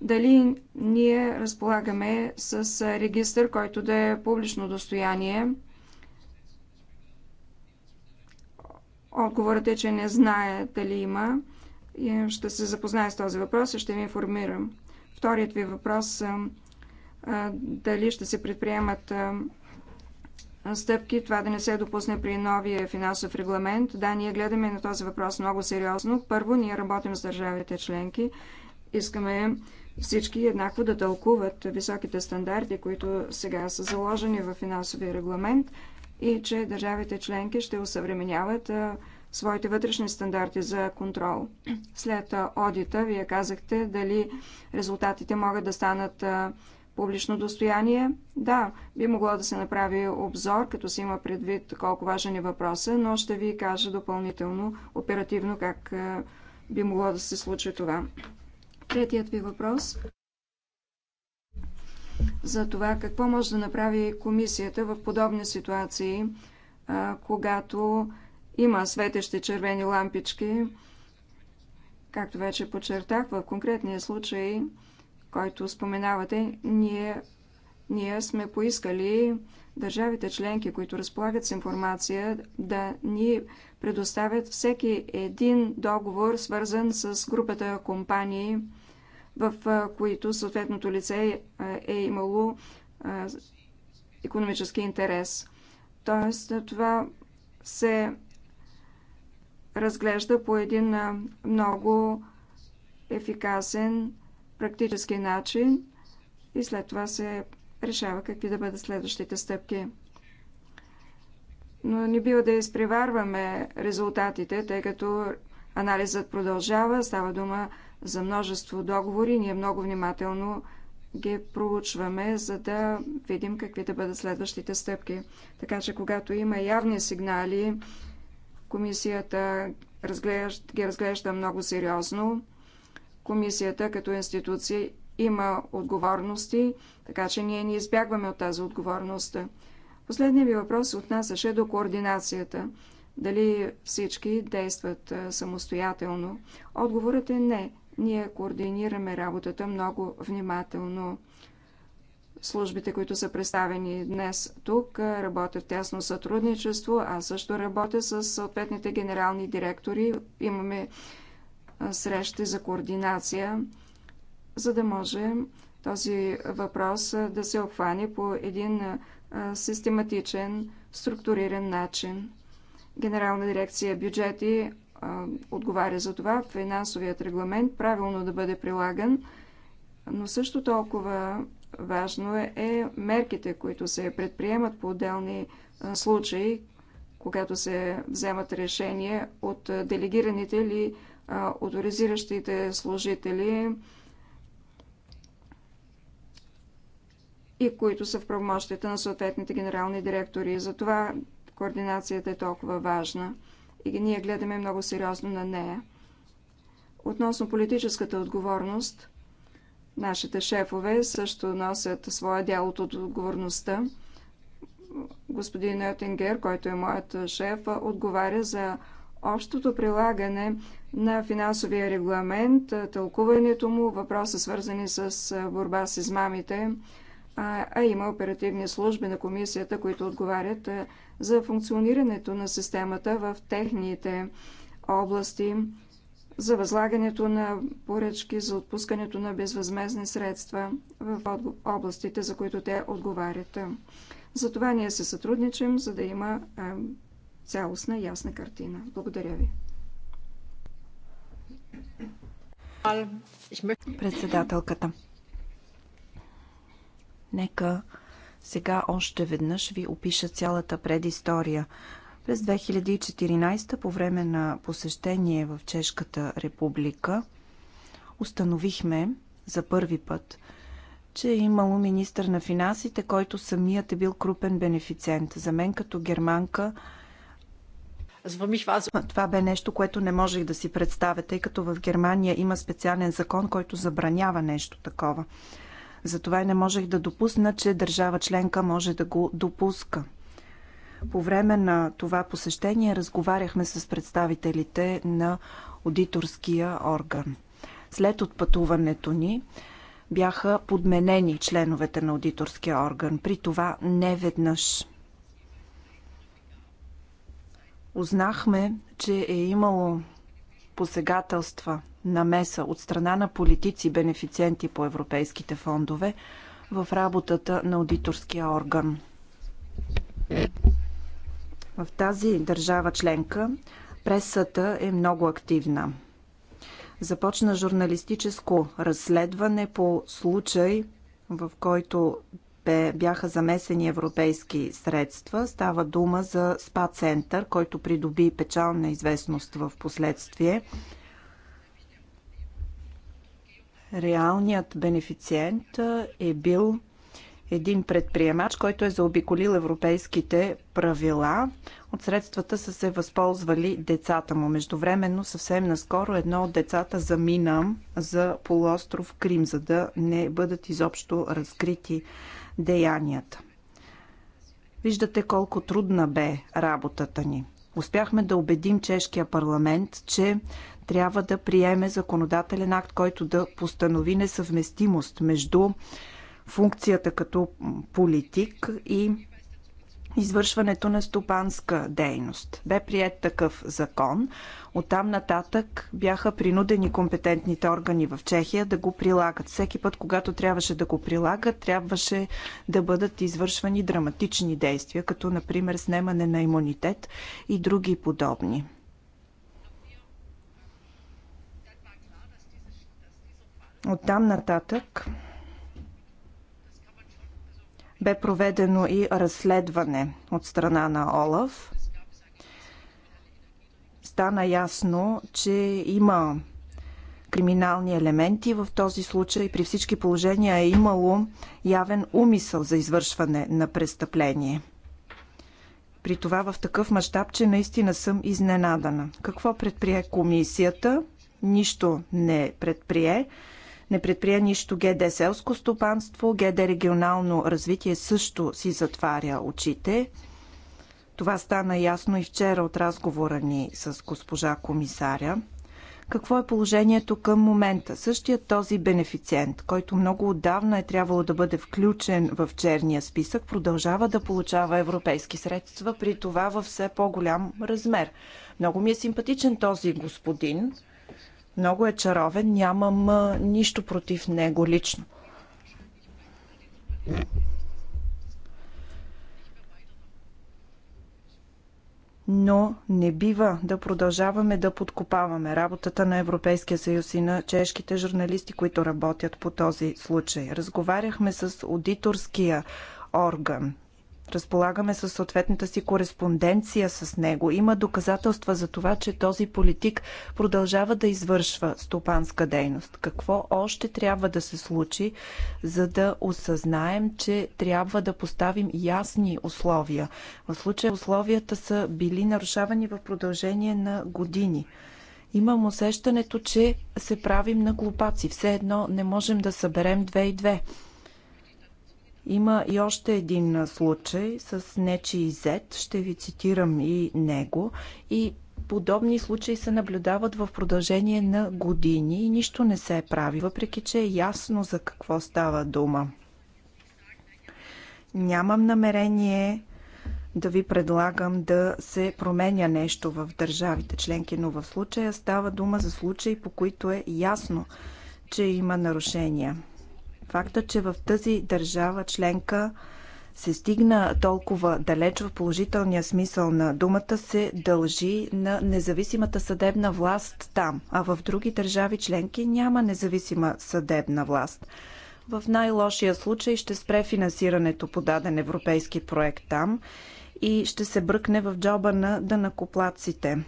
дали ние разполагаме с регистър, който да е публично достояние. Отговорът е, че не знае дали има. и Ще се запозная с този въпрос и ще ви информирам. Вторият ви въпрос дали ще се предприемат стъпки, това да не се допусне при новия финансов регламент. Да, ние гледаме на този въпрос много сериозно. Първо, ние работим с държавите членки. Искаме всички еднакво да тълкуват високите стандарти, които сега са заложени в финансовия регламент и че държавите членки ще усъвременяват своите вътрешни стандарти за контрол. След одита, вие казахте дали резултатите могат да станат публично достояние. Да, би могло да се направи обзор, като се има предвид колко важен е въпроса, но ще ви кажа допълнително оперативно как би могло да се случи това. Третият ви въпрос за това какво може да направи комисията в подобни ситуации, когато има светещи червени лампички. Както вече подчертах, в конкретния случай, който споменавате, ние, ние сме поискали държавите членки, които разполагат с информация, да ни предоставят всеки един договор, свързан с групата компании, в които съответното лице е, е имало економически интерес. Тоест, това се разглежда по един много ефикасен, практически начин и след това се решава какви да бъдат следващите стъпки но не бива да изпреварваме резултатите, тъй като анализът продължава, става дума за множество договори, ние много внимателно ги проучваме, за да видим какви да бъдат следващите стъпки. Така че, когато има явни сигнали, комисията ги разглежда много сериозно. Комисията като институция има отговорности, така че ние не избягваме от тази отговорност. Последният ви въпрос отнасяше до координацията. Дали всички действат самостоятелно? Отговорът е не. Ние координираме работата много внимателно. Службите, които са представени днес тук, работят в тясно сътрудничество. а също работя с съответните генерални директори. Имаме срещи за координация, за да може този въпрос да се обхване по един систематичен, структуриран начин. Генерална дирекция бюджети отговаря за това, финансовият регламент правилно да бъде прилаган, но също толкова важно е, е мерките, които се предприемат по отделни случаи, когато се вземат решения от делегираните или авторизиращите служители и които са в правомощите на съответните генерални директори. Затова координацията е толкова важна и ние гледаме много сериозно на нея. Относно политическата отговорност, нашите шефове също носят своя дял от отговорността. Господин Йотингер, който е моят шеф, отговаря за общото прилагане на финансовия регламент, тълкуването му, въпроса свързани с борба с измамите, а има оперативни служби на комисията, които отговарят за функционирането на системата в техните области, за възлагането на поръчки, за отпускането на безвъзмезни средства в областите, за които те отговарят. Затова ние се сътрудничим, за да има цялостна ясна картина. Благодаря ви. Председателката. Нека сега още веднъж ви опиша цялата предистория. През 2014 по време на посещение в Чешката република установихме за първи път, че е имало министър на финансите, който самият е бил крупен бенефициент. За мен като германка това бе нещо, което не можех да си представя, тъй като в Германия има специален закон, който забранява нещо такова. Затова и не можех да допусна, че държава членка може да го допуска. По време на това посещение разговаряхме с представителите на аудиторския орган. След отпътуването ни бяха подменени членовете на аудиторския орган, при това не веднъж. Узнахме, че е имало посегателства намеса от страна на политици, бенефициенти по европейските фондове в работата на аудиторския орган. В тази държава членка пресата е много активна. Започна журналистическо разследване по случай, в който бяха замесени европейски средства. Става дума за СПА център, който придоби печална известност в последствие реалният бенефициент е бил един предприемач, който е заобиколил европейските правила. От средствата са се възползвали децата му. Междувременно, съвсем наскоро, едно от децата замина за полуостров Крим, за да не бъдат изобщо разкрити деянията. Виждате колко трудна бе работата ни. Успяхме да убедим чешкия парламент, че трябва да приеме законодателен акт, който да постанови несъвместимост между функцията като политик и извършването на стопанска дейност. Бе прият такъв закон. Оттам нататък бяха принудени компетентните органи в Чехия да го прилагат. Всеки път, когато трябваше да го прилагат, трябваше да бъдат извършвани драматични действия, като например снемане на имунитет и други подобни. От там нататък бе проведено и разследване от страна на Олаф. Стана ясно, че има криминални елементи в този случай. При всички положения е имало явен умисъл за извършване на престъпление. При това в такъв мащаб, че наистина съм изненадана. Какво предприе комисията? Нищо не предприе не предприе нищо ГД селско стопанство, ГД регионално развитие също си затваря очите. Това стана ясно и вчера от разговора ни с госпожа комисаря. Какво е положението към момента? Същият този бенефициент, който много отдавна е трябвало да бъде включен в черния списък, продължава да получава европейски средства, при това във все по-голям размер. Много ми е симпатичен този господин, много е чаровен, нямам нищо против него лично. но не бива да продължаваме да подкопаваме работата на Европейския съюз и на чешките журналисти, които работят по този случай. Разговаряхме с аудиторския орган разполагаме със съответната си кореспонденция с него. Има доказателства за това, че този политик продължава да извършва стопанска дейност. Какво още трябва да се случи, за да осъзнаем, че трябва да поставим ясни условия? В случая условията са били нарушавани в продължение на години имам усещането, че се правим на глупаци. Все едно не можем да съберем две и две. Има и още един случай с нечи зет. Ще ви цитирам и него. И подобни случаи се наблюдават в продължение на години и нищо не се прави, въпреки че е ясно за какво става дума. Нямам намерение да ви предлагам да се променя нещо в държавите членки, но в случая става дума за случаи, по които е ясно, че има нарушения. Факта, че в тази държава членка се стигна толкова далеч в положителния смисъл на думата се дължи на независимата съдебна власт там, а в други държави членки няма независима съдебна власт. В най-лошия случай ще спре финансирането по даден европейски проект там и ще се бръкне в джоба на дънакоплаците.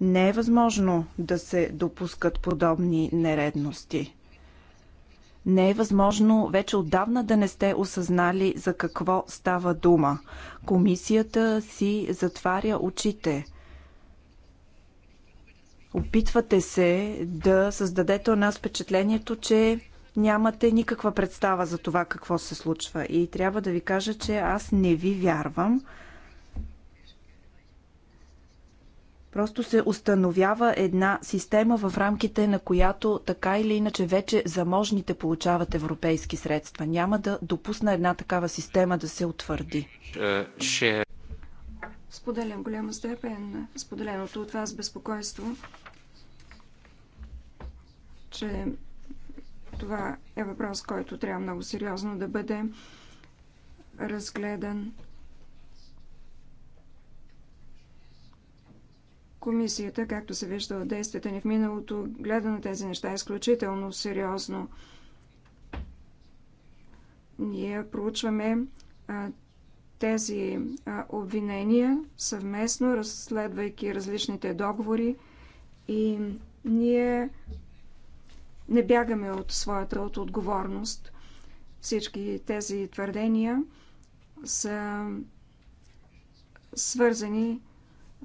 Не е възможно да се допускат подобни нередности. Не е възможно вече отдавна да не сте осъзнали за какво става дума. Комисията си затваря очите. Опитвате се да създадете у нас впечатлението, че нямате никаква представа за това какво се случва. И трябва да ви кажа, че аз не ви вярвам. Просто се установява една система в рамките на която така или иначе вече заможните получават европейски средства. Няма да допусна една такава система да се утвърди. Споделям голяма степен споделеното от вас безпокойство, че това е въпрос, който трябва много сериозно да бъде разгледан. Комисията, както се вижда от действията ни в миналото, гледа на тези неща изключително сериозно. Ние проучваме а, тези а, обвинения съвместно, разследвайки различните договори и ние не бягаме от своята от отговорност. Всички тези твърдения са свързани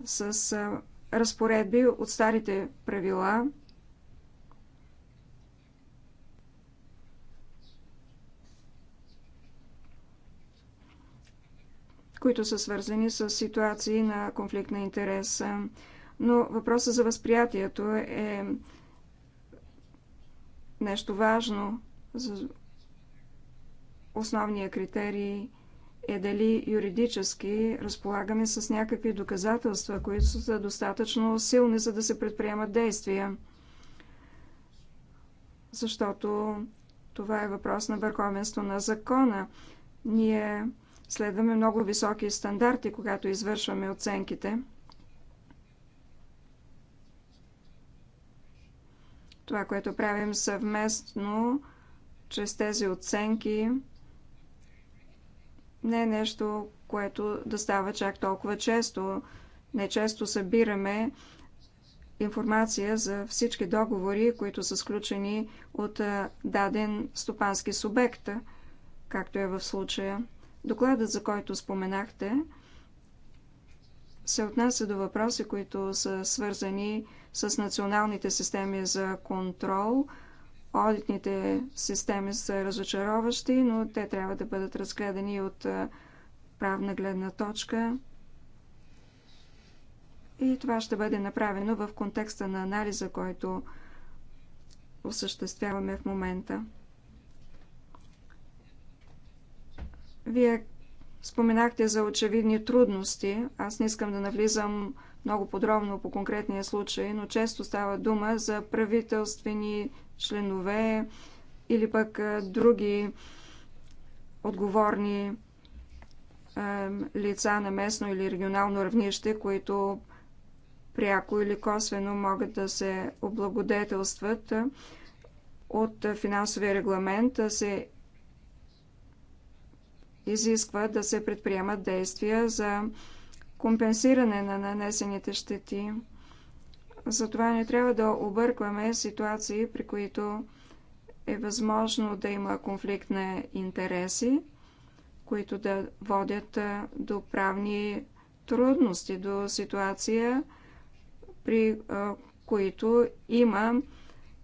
с разпоредби от старите правила. които са свързани с ситуации на конфликт на интерес. Но въпросът за възприятието е нещо важно за основния критерий – е дали юридически разполагаме с някакви доказателства, които са достатъчно силни, за да се предприемат действия. Защото това е въпрос на върховенство на закона. Ние следваме много високи стандарти, когато извършваме оценките. Това, което правим съвместно, чрез тези оценки, не е нещо, което да става чак толкова често. Не често събираме информация за всички договори, които са сключени от даден стопански субект, както е в случая. Докладът, за който споменахте, се отнася до въпроси, които са свързани с националните системи за контрол – Одитните системи са разочароващи, но те трябва да бъдат разгледани от правна гледна точка. И това ще бъде направено в контекста на анализа, който осъществяваме в момента. Вие споменахте за очевидни трудности. Аз не искам да навлизам много подробно по конкретния случай, но често става дума за правителствени членове или пък други отговорни лица на местно или регионално равнище, които пряко или косвено могат да се облагодетелстват от финансовия регламент, се изисква да се предприемат действия за компенсиране на нанесените щети. Затова не трябва да объркваме ситуации, при които е възможно да има конфликт на интереси, които да водят до правни трудности, до ситуация, при които има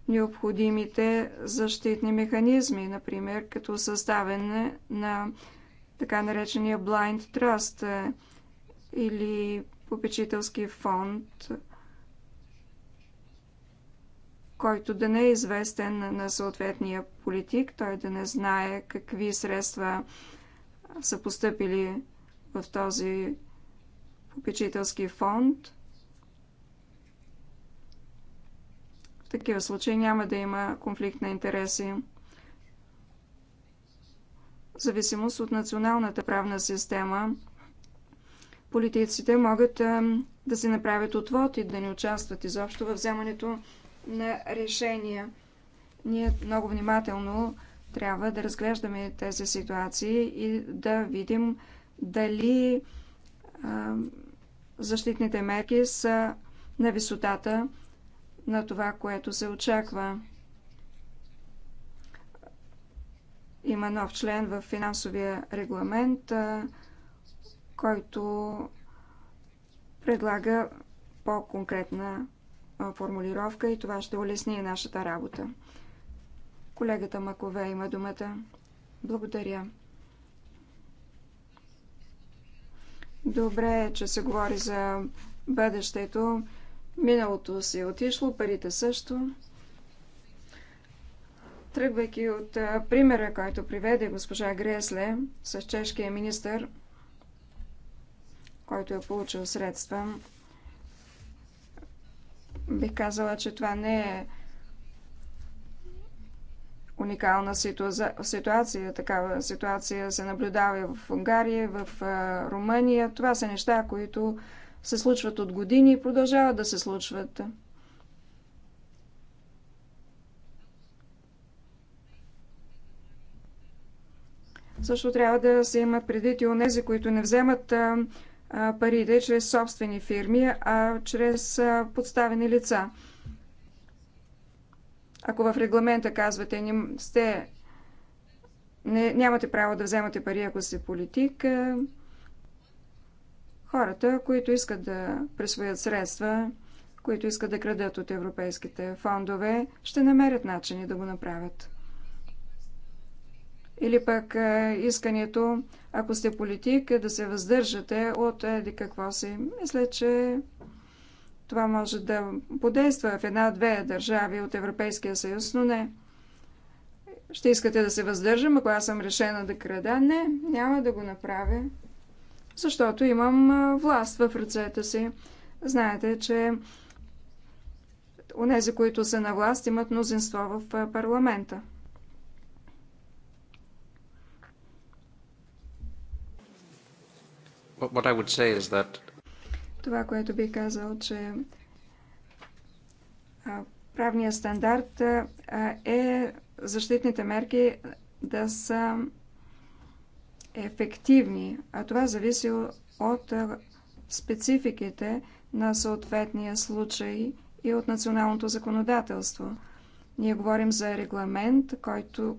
необходимите защитни механизми, например като съставяне на така наречения blind trust или попечителски фонд който да не е известен на съответния политик, той да не знае какви средства са поступили в този попечителски фонд. В такива случаи няма да има конфликт на интереси. В зависимост от националната правна система, политиците могат да си направят отвод и да не участват изобщо във вземането на решения. Ние много внимателно трябва да разглеждаме тези ситуации и да видим дали а, защитните мерки са на висотата на това, което се очаква. Има нов член в финансовия регламент, а, който предлага по-конкретна формулировка и това ще улесни нашата работа. Колегата Макове има думата. Благодаря. Добре е, че се говори за бъдещето. Миналото си е отишло, парите също. Тръгвайки от примера, който приведе госпожа Гресле с чешкия министър, който е получил средства Бих казала, че това не е уникална ситуация. Такава ситуация се наблюдава и в Унгария, в Румъния. Това са неща, които се случват от години и продължават да се случват. Също трябва да се имат предвид и онези, които не вземат парите чрез собствени фирми, а чрез подставени лица. Ако в регламента казвате, не сте, не, нямате право да вземате пари, ако сте политик, хората, които искат да присвоят средства, които искат да крадат от европейските фондове, ще намерят начини да го направят или пък е, искането, ако сте политик, да се въздържате от е, еди какво си. Мисля, че това може да подейства в една-две държави от Европейския съюз, но не. Ще искате да се въздържам, ако аз съм решена да крада? Не, няма да го направя, защото имам е, власт в ръцете си. Знаете, че онези, които са на власт, имат мнозинство в парламента. What I would say is that... Това, което би казал, че правният стандарт е защитните мерки да са ефективни, а това зависи от спецификите на съответния случай и от националното законодателство. Ние говорим за регламент, който,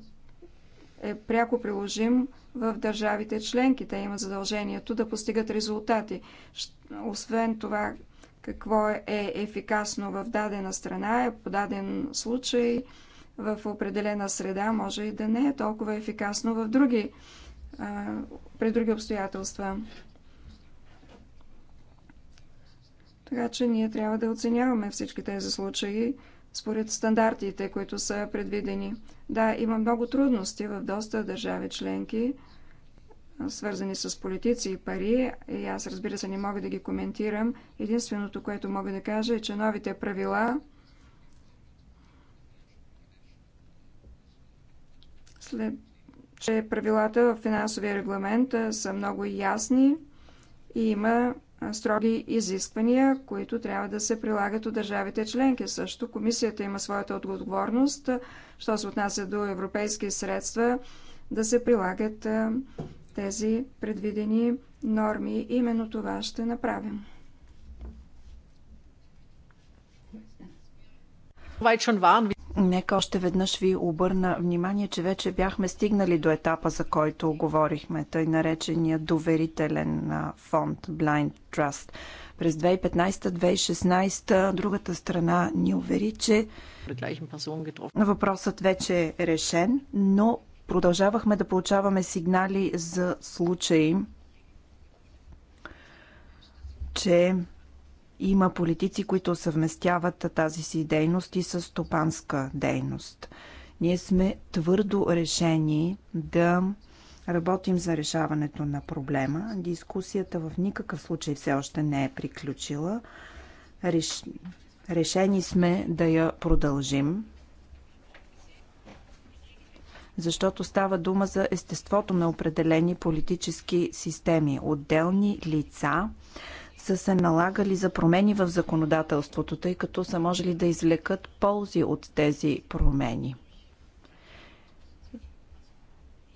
е пряко приложим в държавите членки. Те имат задължението да постигат резултати. Освен това, какво е, е ефикасно в дадена страна, е по даден случай в определена среда, може и да не е толкова ефикасно в други, а, при други обстоятелства. Така че ние трябва да оценяваме всички тези случаи според стандартите, които са предвидени. Да, има много трудности в доста държави членки, свързани с политици и пари. И аз, разбира се, не мога да ги коментирам. Единственото, което мога да кажа е, че новите правила след че правилата в финансовия регламент са много ясни и има строги изисквания, които трябва да се прилагат от държавите членки. Също комисията има своята отговорност, що се отнася до европейски средства, да се прилагат тези предвидени норми. Именно това ще направим. Нека още веднъж ви обърна внимание, че вече бяхме стигнали до етапа, за който говорихме, тъй наречения доверителен фонд Blind Trust. През 2015-2016 другата страна ни увери, че въпросът вече е решен, но продължавахме да получаваме сигнали за случаи, че има политици, които съвместяват тази си дейност и с стопанска дейност. Ние сме твърдо решени да работим за решаването на проблема. Дискусията в никакъв случай все още не е приключила. Реш... Решени сме да я продължим, защото става дума за естеството на определени политически системи, отделни лица, са се налагали за промени в законодателството, тъй като са можели да извлекат ползи от тези промени.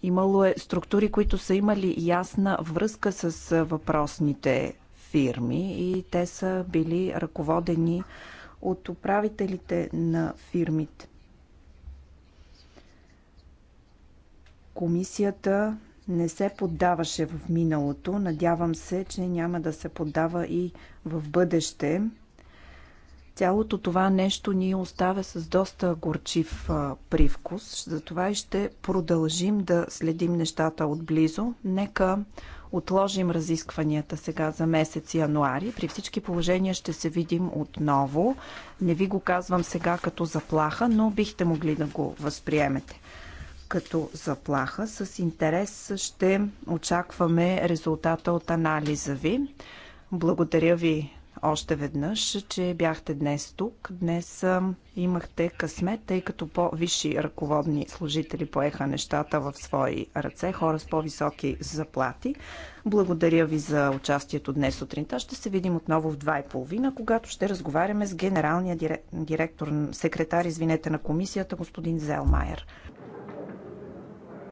Имало е структури, които са имали ясна връзка с въпросните фирми и те са били ръководени от управителите на фирмите. Комисията не се поддаваше в миналото. Надявам се, че няма да се поддава и в бъдеще. Цялото това нещо ни оставя с доста горчив привкус, затова и ще продължим да следим нещата отблизо. Нека отложим разискванията сега за месец януари. При всички положения ще се видим отново. Не ви го казвам сега като заплаха, но бихте могли да го възприемете като заплаха. С интерес ще очакваме резултата от анализа ви. Благодаря ви още веднъж, че бяхте днес тук. Днес имахте късмет, тъй като по-висши ръководни служители поеха нещата в свои ръце, хора с по-високи заплати. Благодаря ви за участието днес сутринта. Ще се видим отново в 2.30, когато ще разговаряме с генералния директор, секретар, извинете, на комисията, господин Зелмайер.